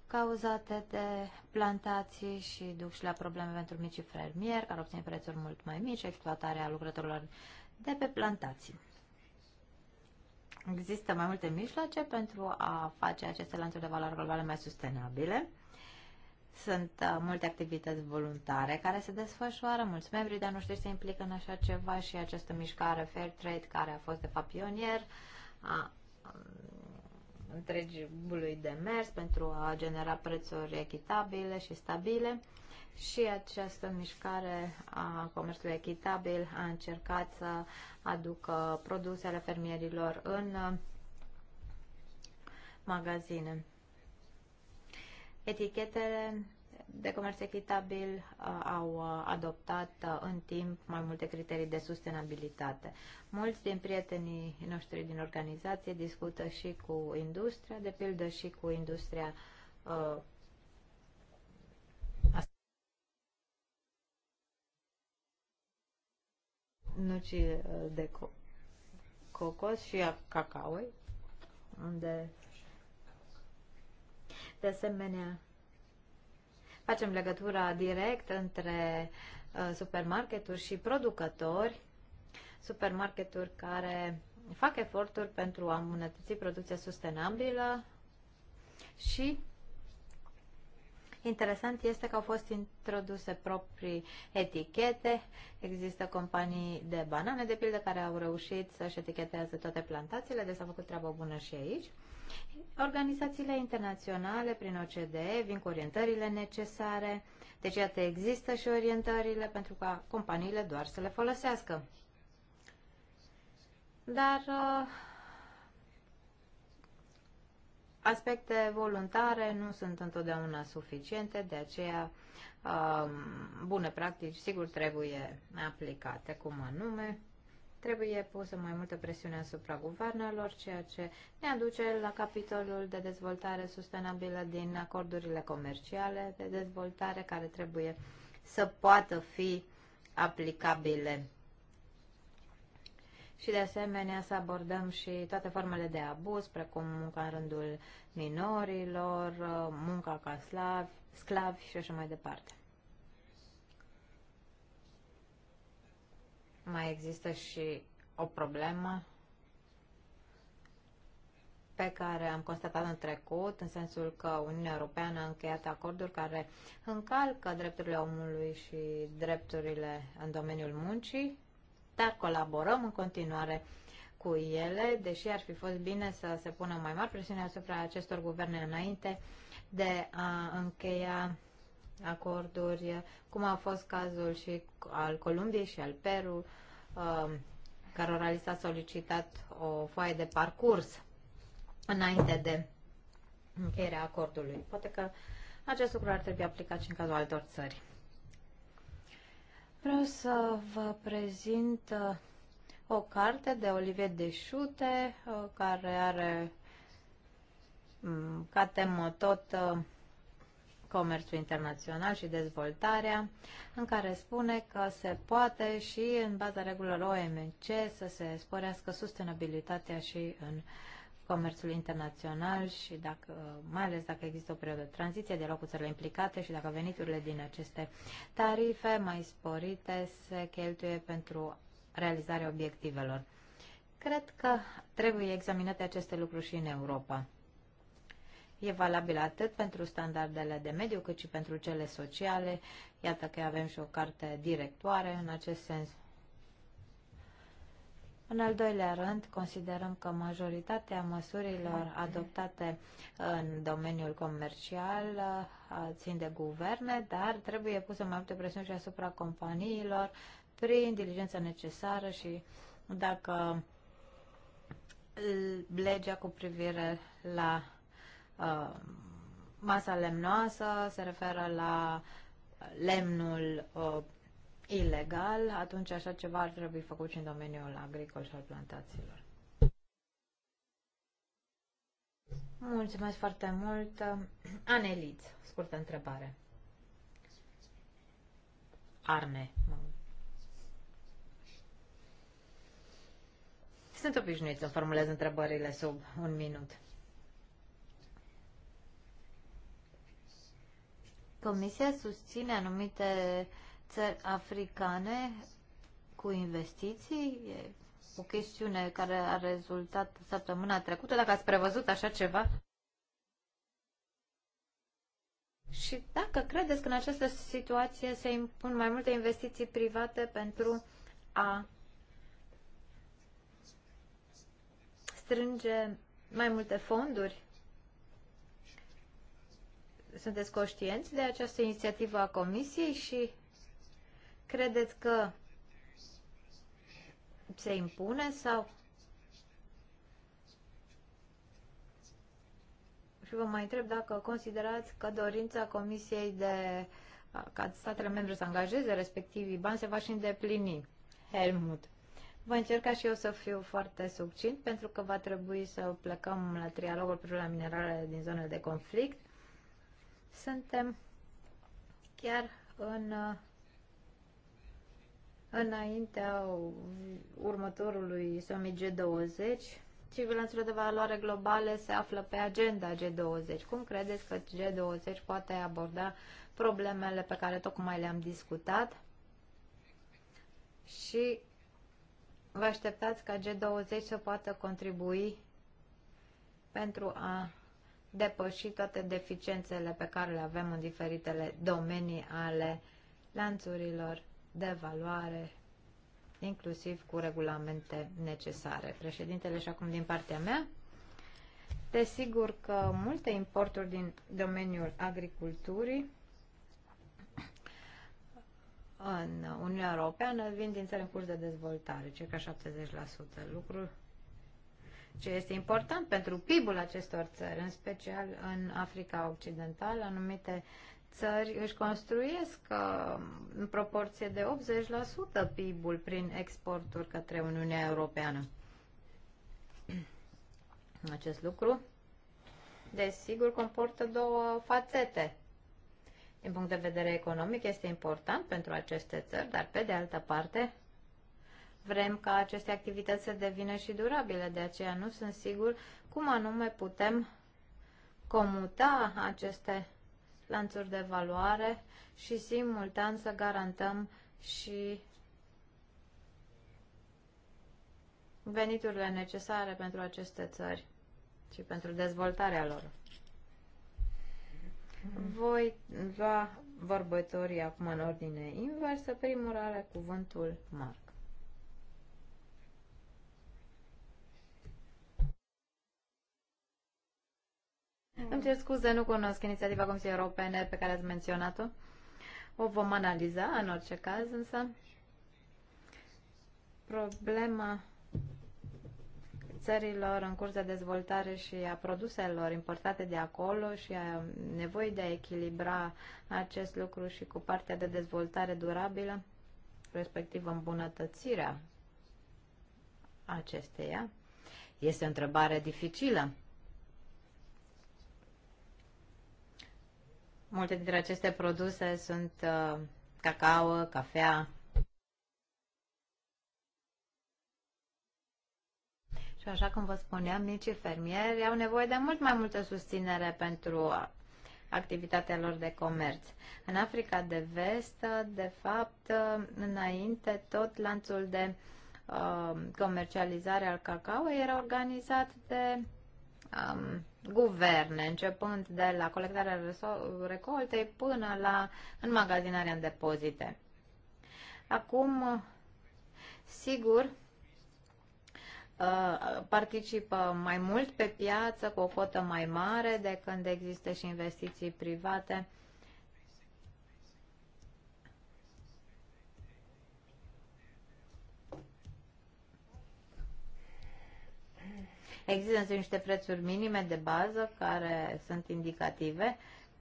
cauzate de plantații și duc și la probleme pentru micii fermieri, care obțin prețuri mult mai mici, exploatarea lucrătorilor de pe plantații. Există mai multe mijloace pentru a face aceste lanțuri de valoare globale mai sustenabile. Sunt uh, multe activități voluntare care se desfășoară, mulți membri de anuștri se implică în așa ceva și această mișcare Fair Trade, care a fost de fapt pionier, a, întregului demers pentru a genera prețuri echitabile și stabile și această mișcare a comerțului echitabil a încercat să aducă produsele fermierilor în uh, magazine. Etichetele de comerț echitabil uh, au uh, adoptat uh, în timp mai multe criterii de sustenabilitate. Mulți din prietenii noștri din organizație discută și cu industria, de pildă și cu industria nuci de co cocos și a cacaoi, unde de asemenea Facem legătura direct între uh, supermarketuri și producători, supermarketuri care fac eforturi pentru a îmbunătăți producția sustenabilă și Interesant este că au fost introduse proprii etichete. Există companii de banane, de pildă, care au reușit să-și etichetează toate plantațiile, deci s-a făcut treabă bună și aici. Organizațiile internaționale prin OCDE vin cu orientările necesare, deci iată există și orientările pentru ca companiile doar să le folosească. Dar uh, aspecte voluntare nu sunt întotdeauna suficiente, de aceea uh, bune practici sigur trebuie aplicate cum anume. Trebuie pusă mai multă presiune asupra guvernelor, ceea ce ne aduce la capitolul de dezvoltare sustenabilă din acordurile comerciale de dezvoltare care trebuie să poată fi aplicabile. Și de asemenea să abordăm și toate formele de abuz, precum munca în rândul minorilor, munca ca slavi, sclavi și așa mai departe. mai există și o problemă pe care am constatat în trecut, în sensul că Uniunea Europeană a încheiat acorduri care încalcă drepturile omului și drepturile în domeniul muncii, dar colaborăm în continuare cu ele, deși ar fi fost bine să se pună mai mare presiune asupra acestor guverne înainte de a încheia acorduri, cum a fost cazul și al Columbiei și al Peru, um, cărora li s-a solicitat o foaie de parcurs înainte de încheierea acordului. Poate că acest lucru ar trebui aplicat și în cazul altor țări. Vreau să vă prezint uh, o carte de Olivier Deschute, uh, care are mm, ca temă tot uh, Comerțul Internațional și Dezvoltarea, în care spune că se poate și în baza regulilor OMC să se sporească sustenabilitatea și în comerțul internațional și dacă, mai ales dacă există o perioadă de tranziție, de cu țările implicate și dacă veniturile din aceste tarife mai sporite se cheltuie pentru realizarea obiectivelor. Cred că trebuie examinate aceste lucruri și în Europa. E valabil atât pentru standardele de mediu, cât și pentru cele sociale. Iată că avem și o carte directoare în acest sens. În al doilea rând, considerăm că majoritatea măsurilor adoptate în domeniul comercial uh, țin de guverne, dar trebuie pusă mai multe presiuni și asupra companiilor prin diligența necesară și dacă uh, legea cu privire la Uh, masa lemnoasă, se referă la lemnul uh, ilegal, atunci așa ceva ar trebui făcut și în domeniul agricol și al plantațiilor. Mulțumesc foarte mult. Uh, Anelit, scurtă întrebare. Arne. Sunt obișnuit să formulez întrebările sub un minut. Comisia susține anumite țări africane cu investiții? E o chestiune care a rezultat săptămâna trecută, dacă ați prevăzut așa ceva? Și dacă credeți că în această situație se impun mai multe investiții private pentru a strânge mai multe fonduri sunteți conștienți de această inițiativă a Comisiei și credeți că se impune sau Și vă mai întreb dacă considerați că dorința Comisiei de ca statele membre să angajeze respectivii bani se va și îndeplini. Helmut. Vă încerca și eu să fiu foarte succint pentru că va trebui să plecăm la trialogul privind la minerale din zonele de conflict. Suntem chiar în înaintea următorului summit G20 și de valoare globale se află pe agenda G20. Cum credeți că G20 poate aborda problemele pe care tocmai le-am discutat? Și vă așteptați ca G20 să poată contribui pentru a depăși toate deficiențele pe care le avem în diferitele domenii ale lanțurilor de valoare, inclusiv cu regulamente necesare. Președintele și acum din partea mea, desigur că multe importuri din domeniul agriculturii în Uniunea Europeană vin din țări în curs de dezvoltare, circa 70%, Lucruri ce este important pentru PIB-ul acestor țări, în special în Africa Occidentală, anumite țări își construiesc uh, în proporție de 80% PIB-ul prin exporturi către Uniunea Europeană. Acest lucru, desigur, comportă două fațete. Din punct de vedere economic este important pentru aceste țări, dar pe de altă parte vrem ca aceste activități să devină și durabile. De aceea nu sunt sigur cum anume putem comuta aceste lanțuri de valoare și simultan să garantăm și veniturile necesare pentru aceste țări și pentru dezvoltarea lor. Voi lua vorbătorii acum în ordine inversă. Primul are cuvântul Marc. Mm. Îmi cer scuze, nu cunosc inițiativa Comisiei Europene pe care ați menționat-o. O vom analiza în orice caz, însă problema țărilor în curs de dezvoltare și a produselor importate de acolo și a nevoii de a echilibra acest lucru și cu partea de dezvoltare durabilă, respectiv îmbunătățirea acesteia, este o întrebare dificilă. Multe dintre aceste produse sunt uh, cacao, cafea. Și așa cum vă spuneam, micii fermieri au nevoie de mult mai multă susținere pentru activitatea lor de comerț. În Africa de Vest, uh, de fapt, uh, înainte, tot lanțul de uh, comercializare al cacao era organizat de um, guverne, începând de la colectarea recoltei până la înmagazinarea în depozite. Acum, sigur, uh, participă mai mult pe piață cu o cotă mai mare de când există și investiții private Există niște prețuri minime de bază care sunt indicative,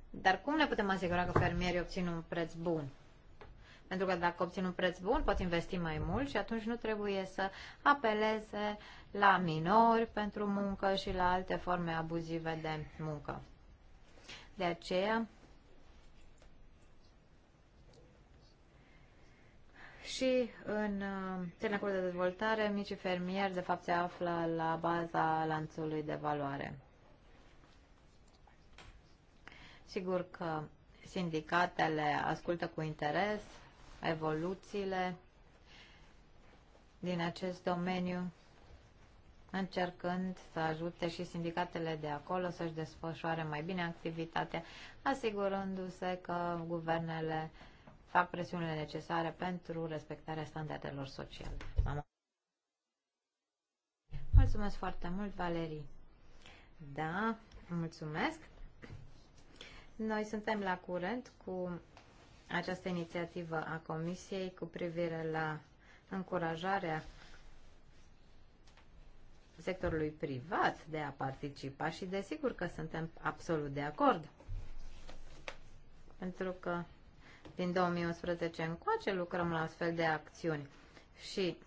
dar cum ne putem asigura că fermierii obțin un preț bun? Pentru că dacă obțin un preț bun, pot investi mai mult și atunci nu trebuie să apeleze la minori pentru muncă și la alte forme abuzive de muncă. De aceea, Și în uh, țările de dezvoltare, micii fermieri, de fapt, se află la baza lanțului de valoare. Sigur că sindicatele ascultă cu interes evoluțiile din acest domeniu, încercând să ajute și sindicatele de acolo să-și desfășoare mai bine activitatea, asigurându-se că guvernele uh, fac presiunile necesare pentru respectarea standardelor sociale. Mulțumesc foarte mult, Valerii. Da, mulțumesc. Noi suntem la curent cu această inițiativă a Comisiei cu privire la încurajarea sectorului privat de a participa și desigur că suntem absolut de acord. Pentru că din 2011 încoace lucrăm la astfel de acțiuni și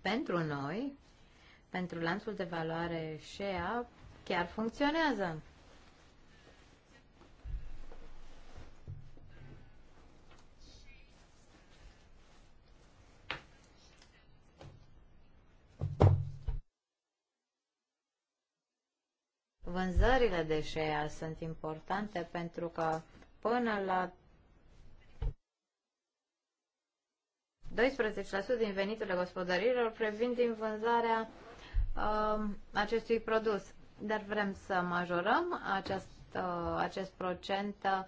pentru noi, pentru lanțul de valoare SHEA, chiar funcționează. Vânzările de share sunt importante pentru că până la 12% din veniturile gospodărilor previn din vânzarea uh, acestui produs. Dar vrem să majorăm acest, uh, acest procent uh,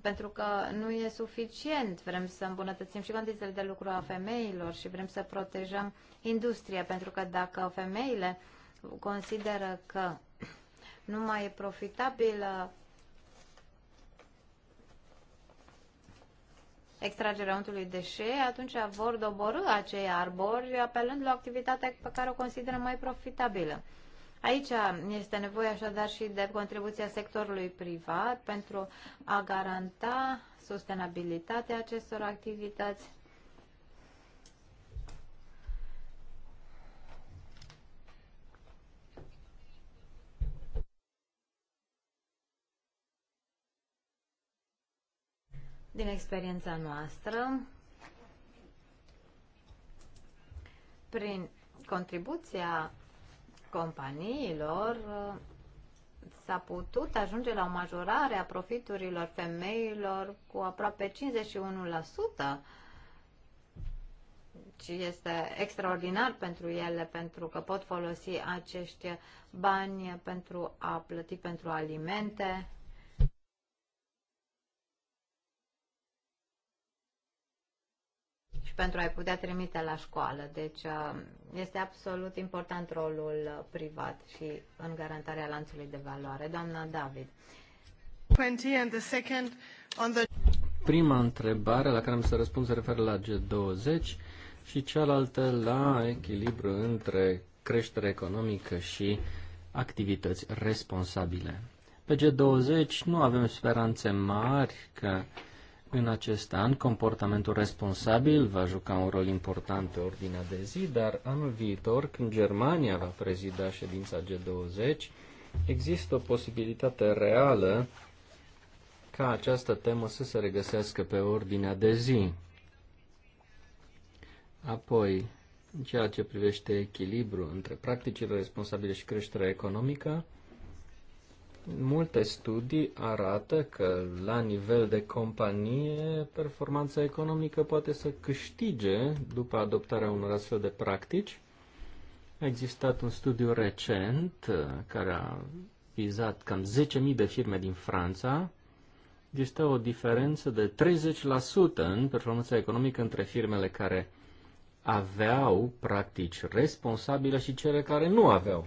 pentru că nu e suficient. Vrem să îmbunătățim și condițiile de lucru a femeilor și vrem să protejăm industria, pentru că dacă femeile consideră că nu mai e profitabilă extragerea untului deșe, atunci vor doborâ acei arbori apelând la activitatea pe care o consideră mai profitabilă. Aici este nevoie așadar și de contribuția sectorului privat pentru a garanta sustenabilitatea acestor activități din experiența noastră, prin contribuția companiilor s-a putut ajunge la o majorare a profiturilor femeilor cu aproape 51%, și este extraordinar pentru ele pentru că pot folosi acești bani pentru a plăti pentru alimente, pentru a-i putea trimite la școală. Deci uh, este absolut important rolul privat și în garantarea lanțului de valoare. Doamna David. Prima întrebare la care am să răspund se referă la G20 și cealaltă la echilibru între creștere economică și activități responsabile. Pe G20 nu avem speranțe mari că în acest an, comportamentul responsabil va juca un rol important pe ordinea de zi, dar anul viitor, când Germania va prezida ședința G20, există o posibilitate reală ca această temă să se regăsească pe ordinea de zi. Apoi, în ceea ce privește echilibru între practicile responsabile și creșterea economică, Multe studii arată că la nivel de companie performanța economică poate să câștige după adoptarea unor astfel de practici. A existat un studiu recent uh, care a vizat cam 10.000 de firme din Franța. Există o diferență de 30% în performanța economică între firmele care aveau practici responsabile și cele care nu aveau.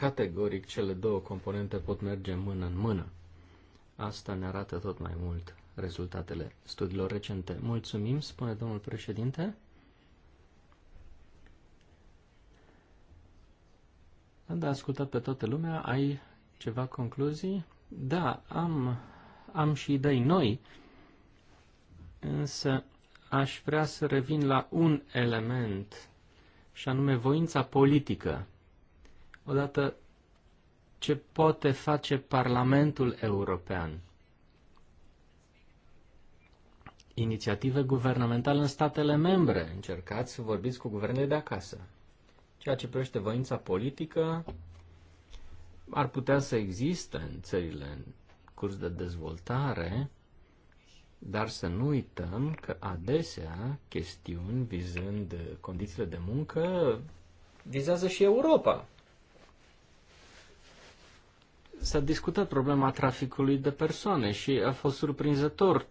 Categoric, cele două componente pot merge mână în mână. Asta ne arată tot mai mult rezultatele studiilor recente. Mulțumim, spune domnul președinte. Da, ascultat pe toată lumea. Ai ceva concluzii? Da, am, am și idei noi, însă aș vrea să revin la un element, și anume voința politică odată ce poate face Parlamentul European. Inițiative guvernamentale în statele membre. Încercați să vorbiți cu guvernele de acasă. Ceea ce privește voința politică, ar putea să existe în țările în curs de dezvoltare, dar să nu uităm că adesea chestiuni vizând condițiile de muncă vizează și Europa s-a discutat problema traficului de persoane și a fost surprinzător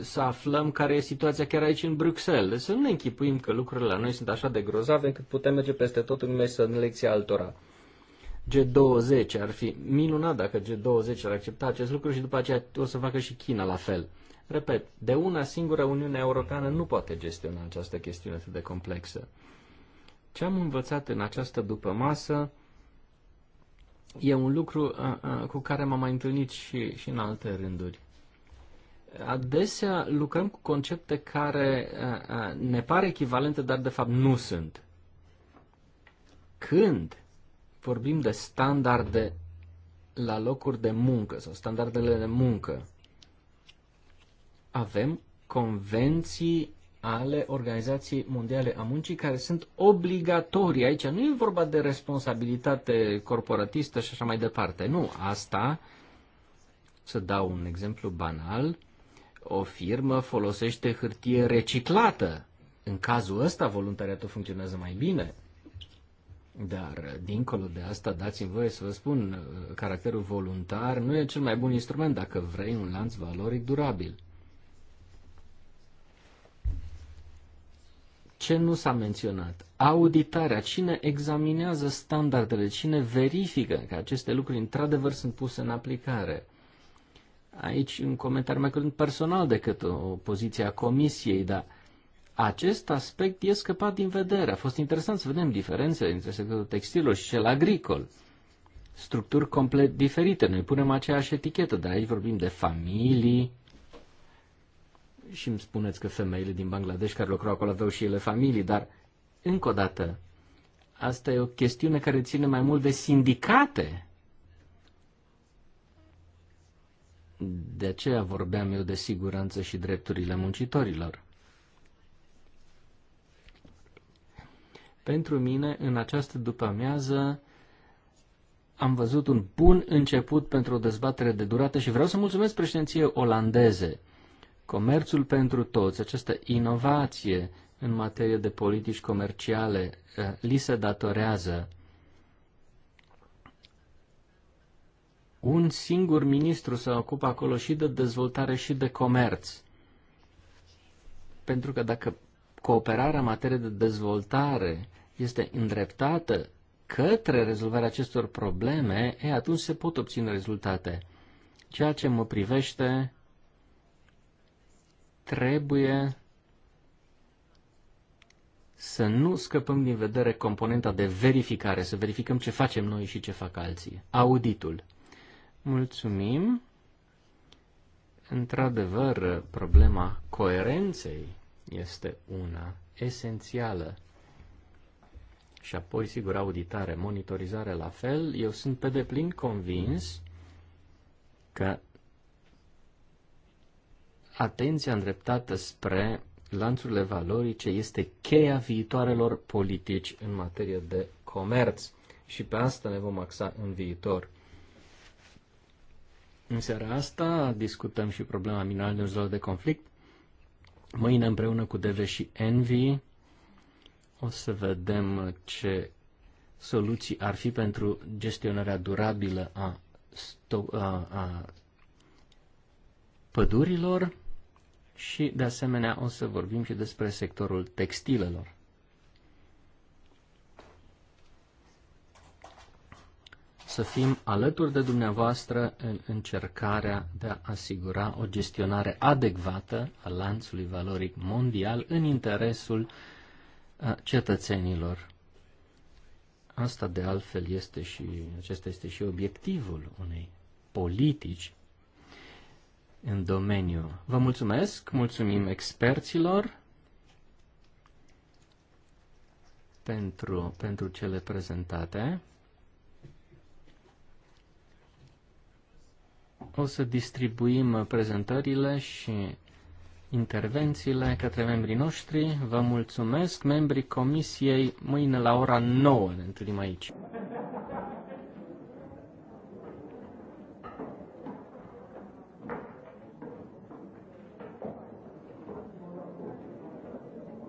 să aflăm care e situația chiar aici în Bruxelles. să nu ne închipuim că lucrurile la noi sunt așa de grozave încât putem merge peste tot în să în lecția altora. G20 ar fi minunat dacă G20 ar accepta acest lucru și după aceea o să facă și China la fel. Repet, de una singură Uniunea Europeană nu poate gestiona această chestiune atât de complexă. Ce am învățat în această dupămasă e un lucru cu care m-am mai întâlnit și, și în alte rânduri. Adesea lucrăm cu concepte care ne par echivalente, dar de fapt nu sunt. Când vorbim de standarde la locuri de muncă sau standardele de muncă, avem convenții ale Organizației Mondiale a Muncii, care sunt obligatorii. Aici nu e vorba de responsabilitate corporatistă și așa mai departe. Nu, asta, să dau un exemplu banal, o firmă folosește hârtie reciclată. În cazul ăsta, voluntariatul funcționează mai bine. Dar, dincolo de asta, dați-mi voie să vă spun, caracterul voluntar nu e cel mai bun instrument dacă vrei un lanț valoric durabil. Ce nu s-a menționat? Auditarea. Cine examinează standardele? Cine verifică că aceste lucruri într-adevăr sunt puse în aplicare? Aici un comentariu mai curând personal decât o poziție a comisiei, dar acest aspect e scăpat din vedere. A fost interesant să vedem diferențele dintre sectorul textilor și cel agricol. Structuri complet diferite. Noi punem aceeași etichetă, dar aici vorbim de familii, și îmi spuneți că femeile din Bangladesh care lucrau acolo aveau și ele familii, dar încă o dată, asta e o chestiune care ține mai mult de sindicate. De aceea vorbeam eu de siguranță și drepturile muncitorilor. Pentru mine, în această după-amiază, am văzut un bun început pentru o dezbatere de durată și vreau să mulțumesc președinției olandeze Comerțul pentru toți, această inovație în materie de politici comerciale, eh, li se datorează un singur ministru se ocupă acolo și de dezvoltare și de comerț. Pentru că dacă cooperarea în materie de dezvoltare este îndreptată către rezolvarea acestor probleme, e, atunci se pot obține rezultate. Ceea ce mă privește, trebuie să nu scăpăm din vedere componenta de verificare, să verificăm ce facem noi și ce fac alții. Auditul. Mulțumim. Într-adevăr, problema coerenței este una esențială. Și apoi, sigur, auditare, monitorizare la fel. Eu sunt pe deplin convins că atenția îndreptată spre lanțurile valorice este cheia viitoarelor politici în materie de comerț și pe asta ne vom axa în viitor. În seara asta discutăm și problema minerală în zona de conflict. Mâine împreună cu Deve și Envy o să vedem ce soluții ar fi pentru gestionarea durabilă a, a, a pădurilor și, de asemenea, o să vorbim și despre sectorul textilelor. Să fim alături de dumneavoastră în încercarea de a asigura o gestionare adecvată a lanțului valoric mondial în interesul cetățenilor. Asta, de altfel, este și, acesta este și obiectivul unei politici în domeniu. Vă mulțumesc, mulțumim experților pentru, pentru cele prezentate. O să distribuim prezentările și intervențiile către membrii noștri. Vă mulțumesc, membrii comisiei, mâine la ora 9 ne întâlnim aici.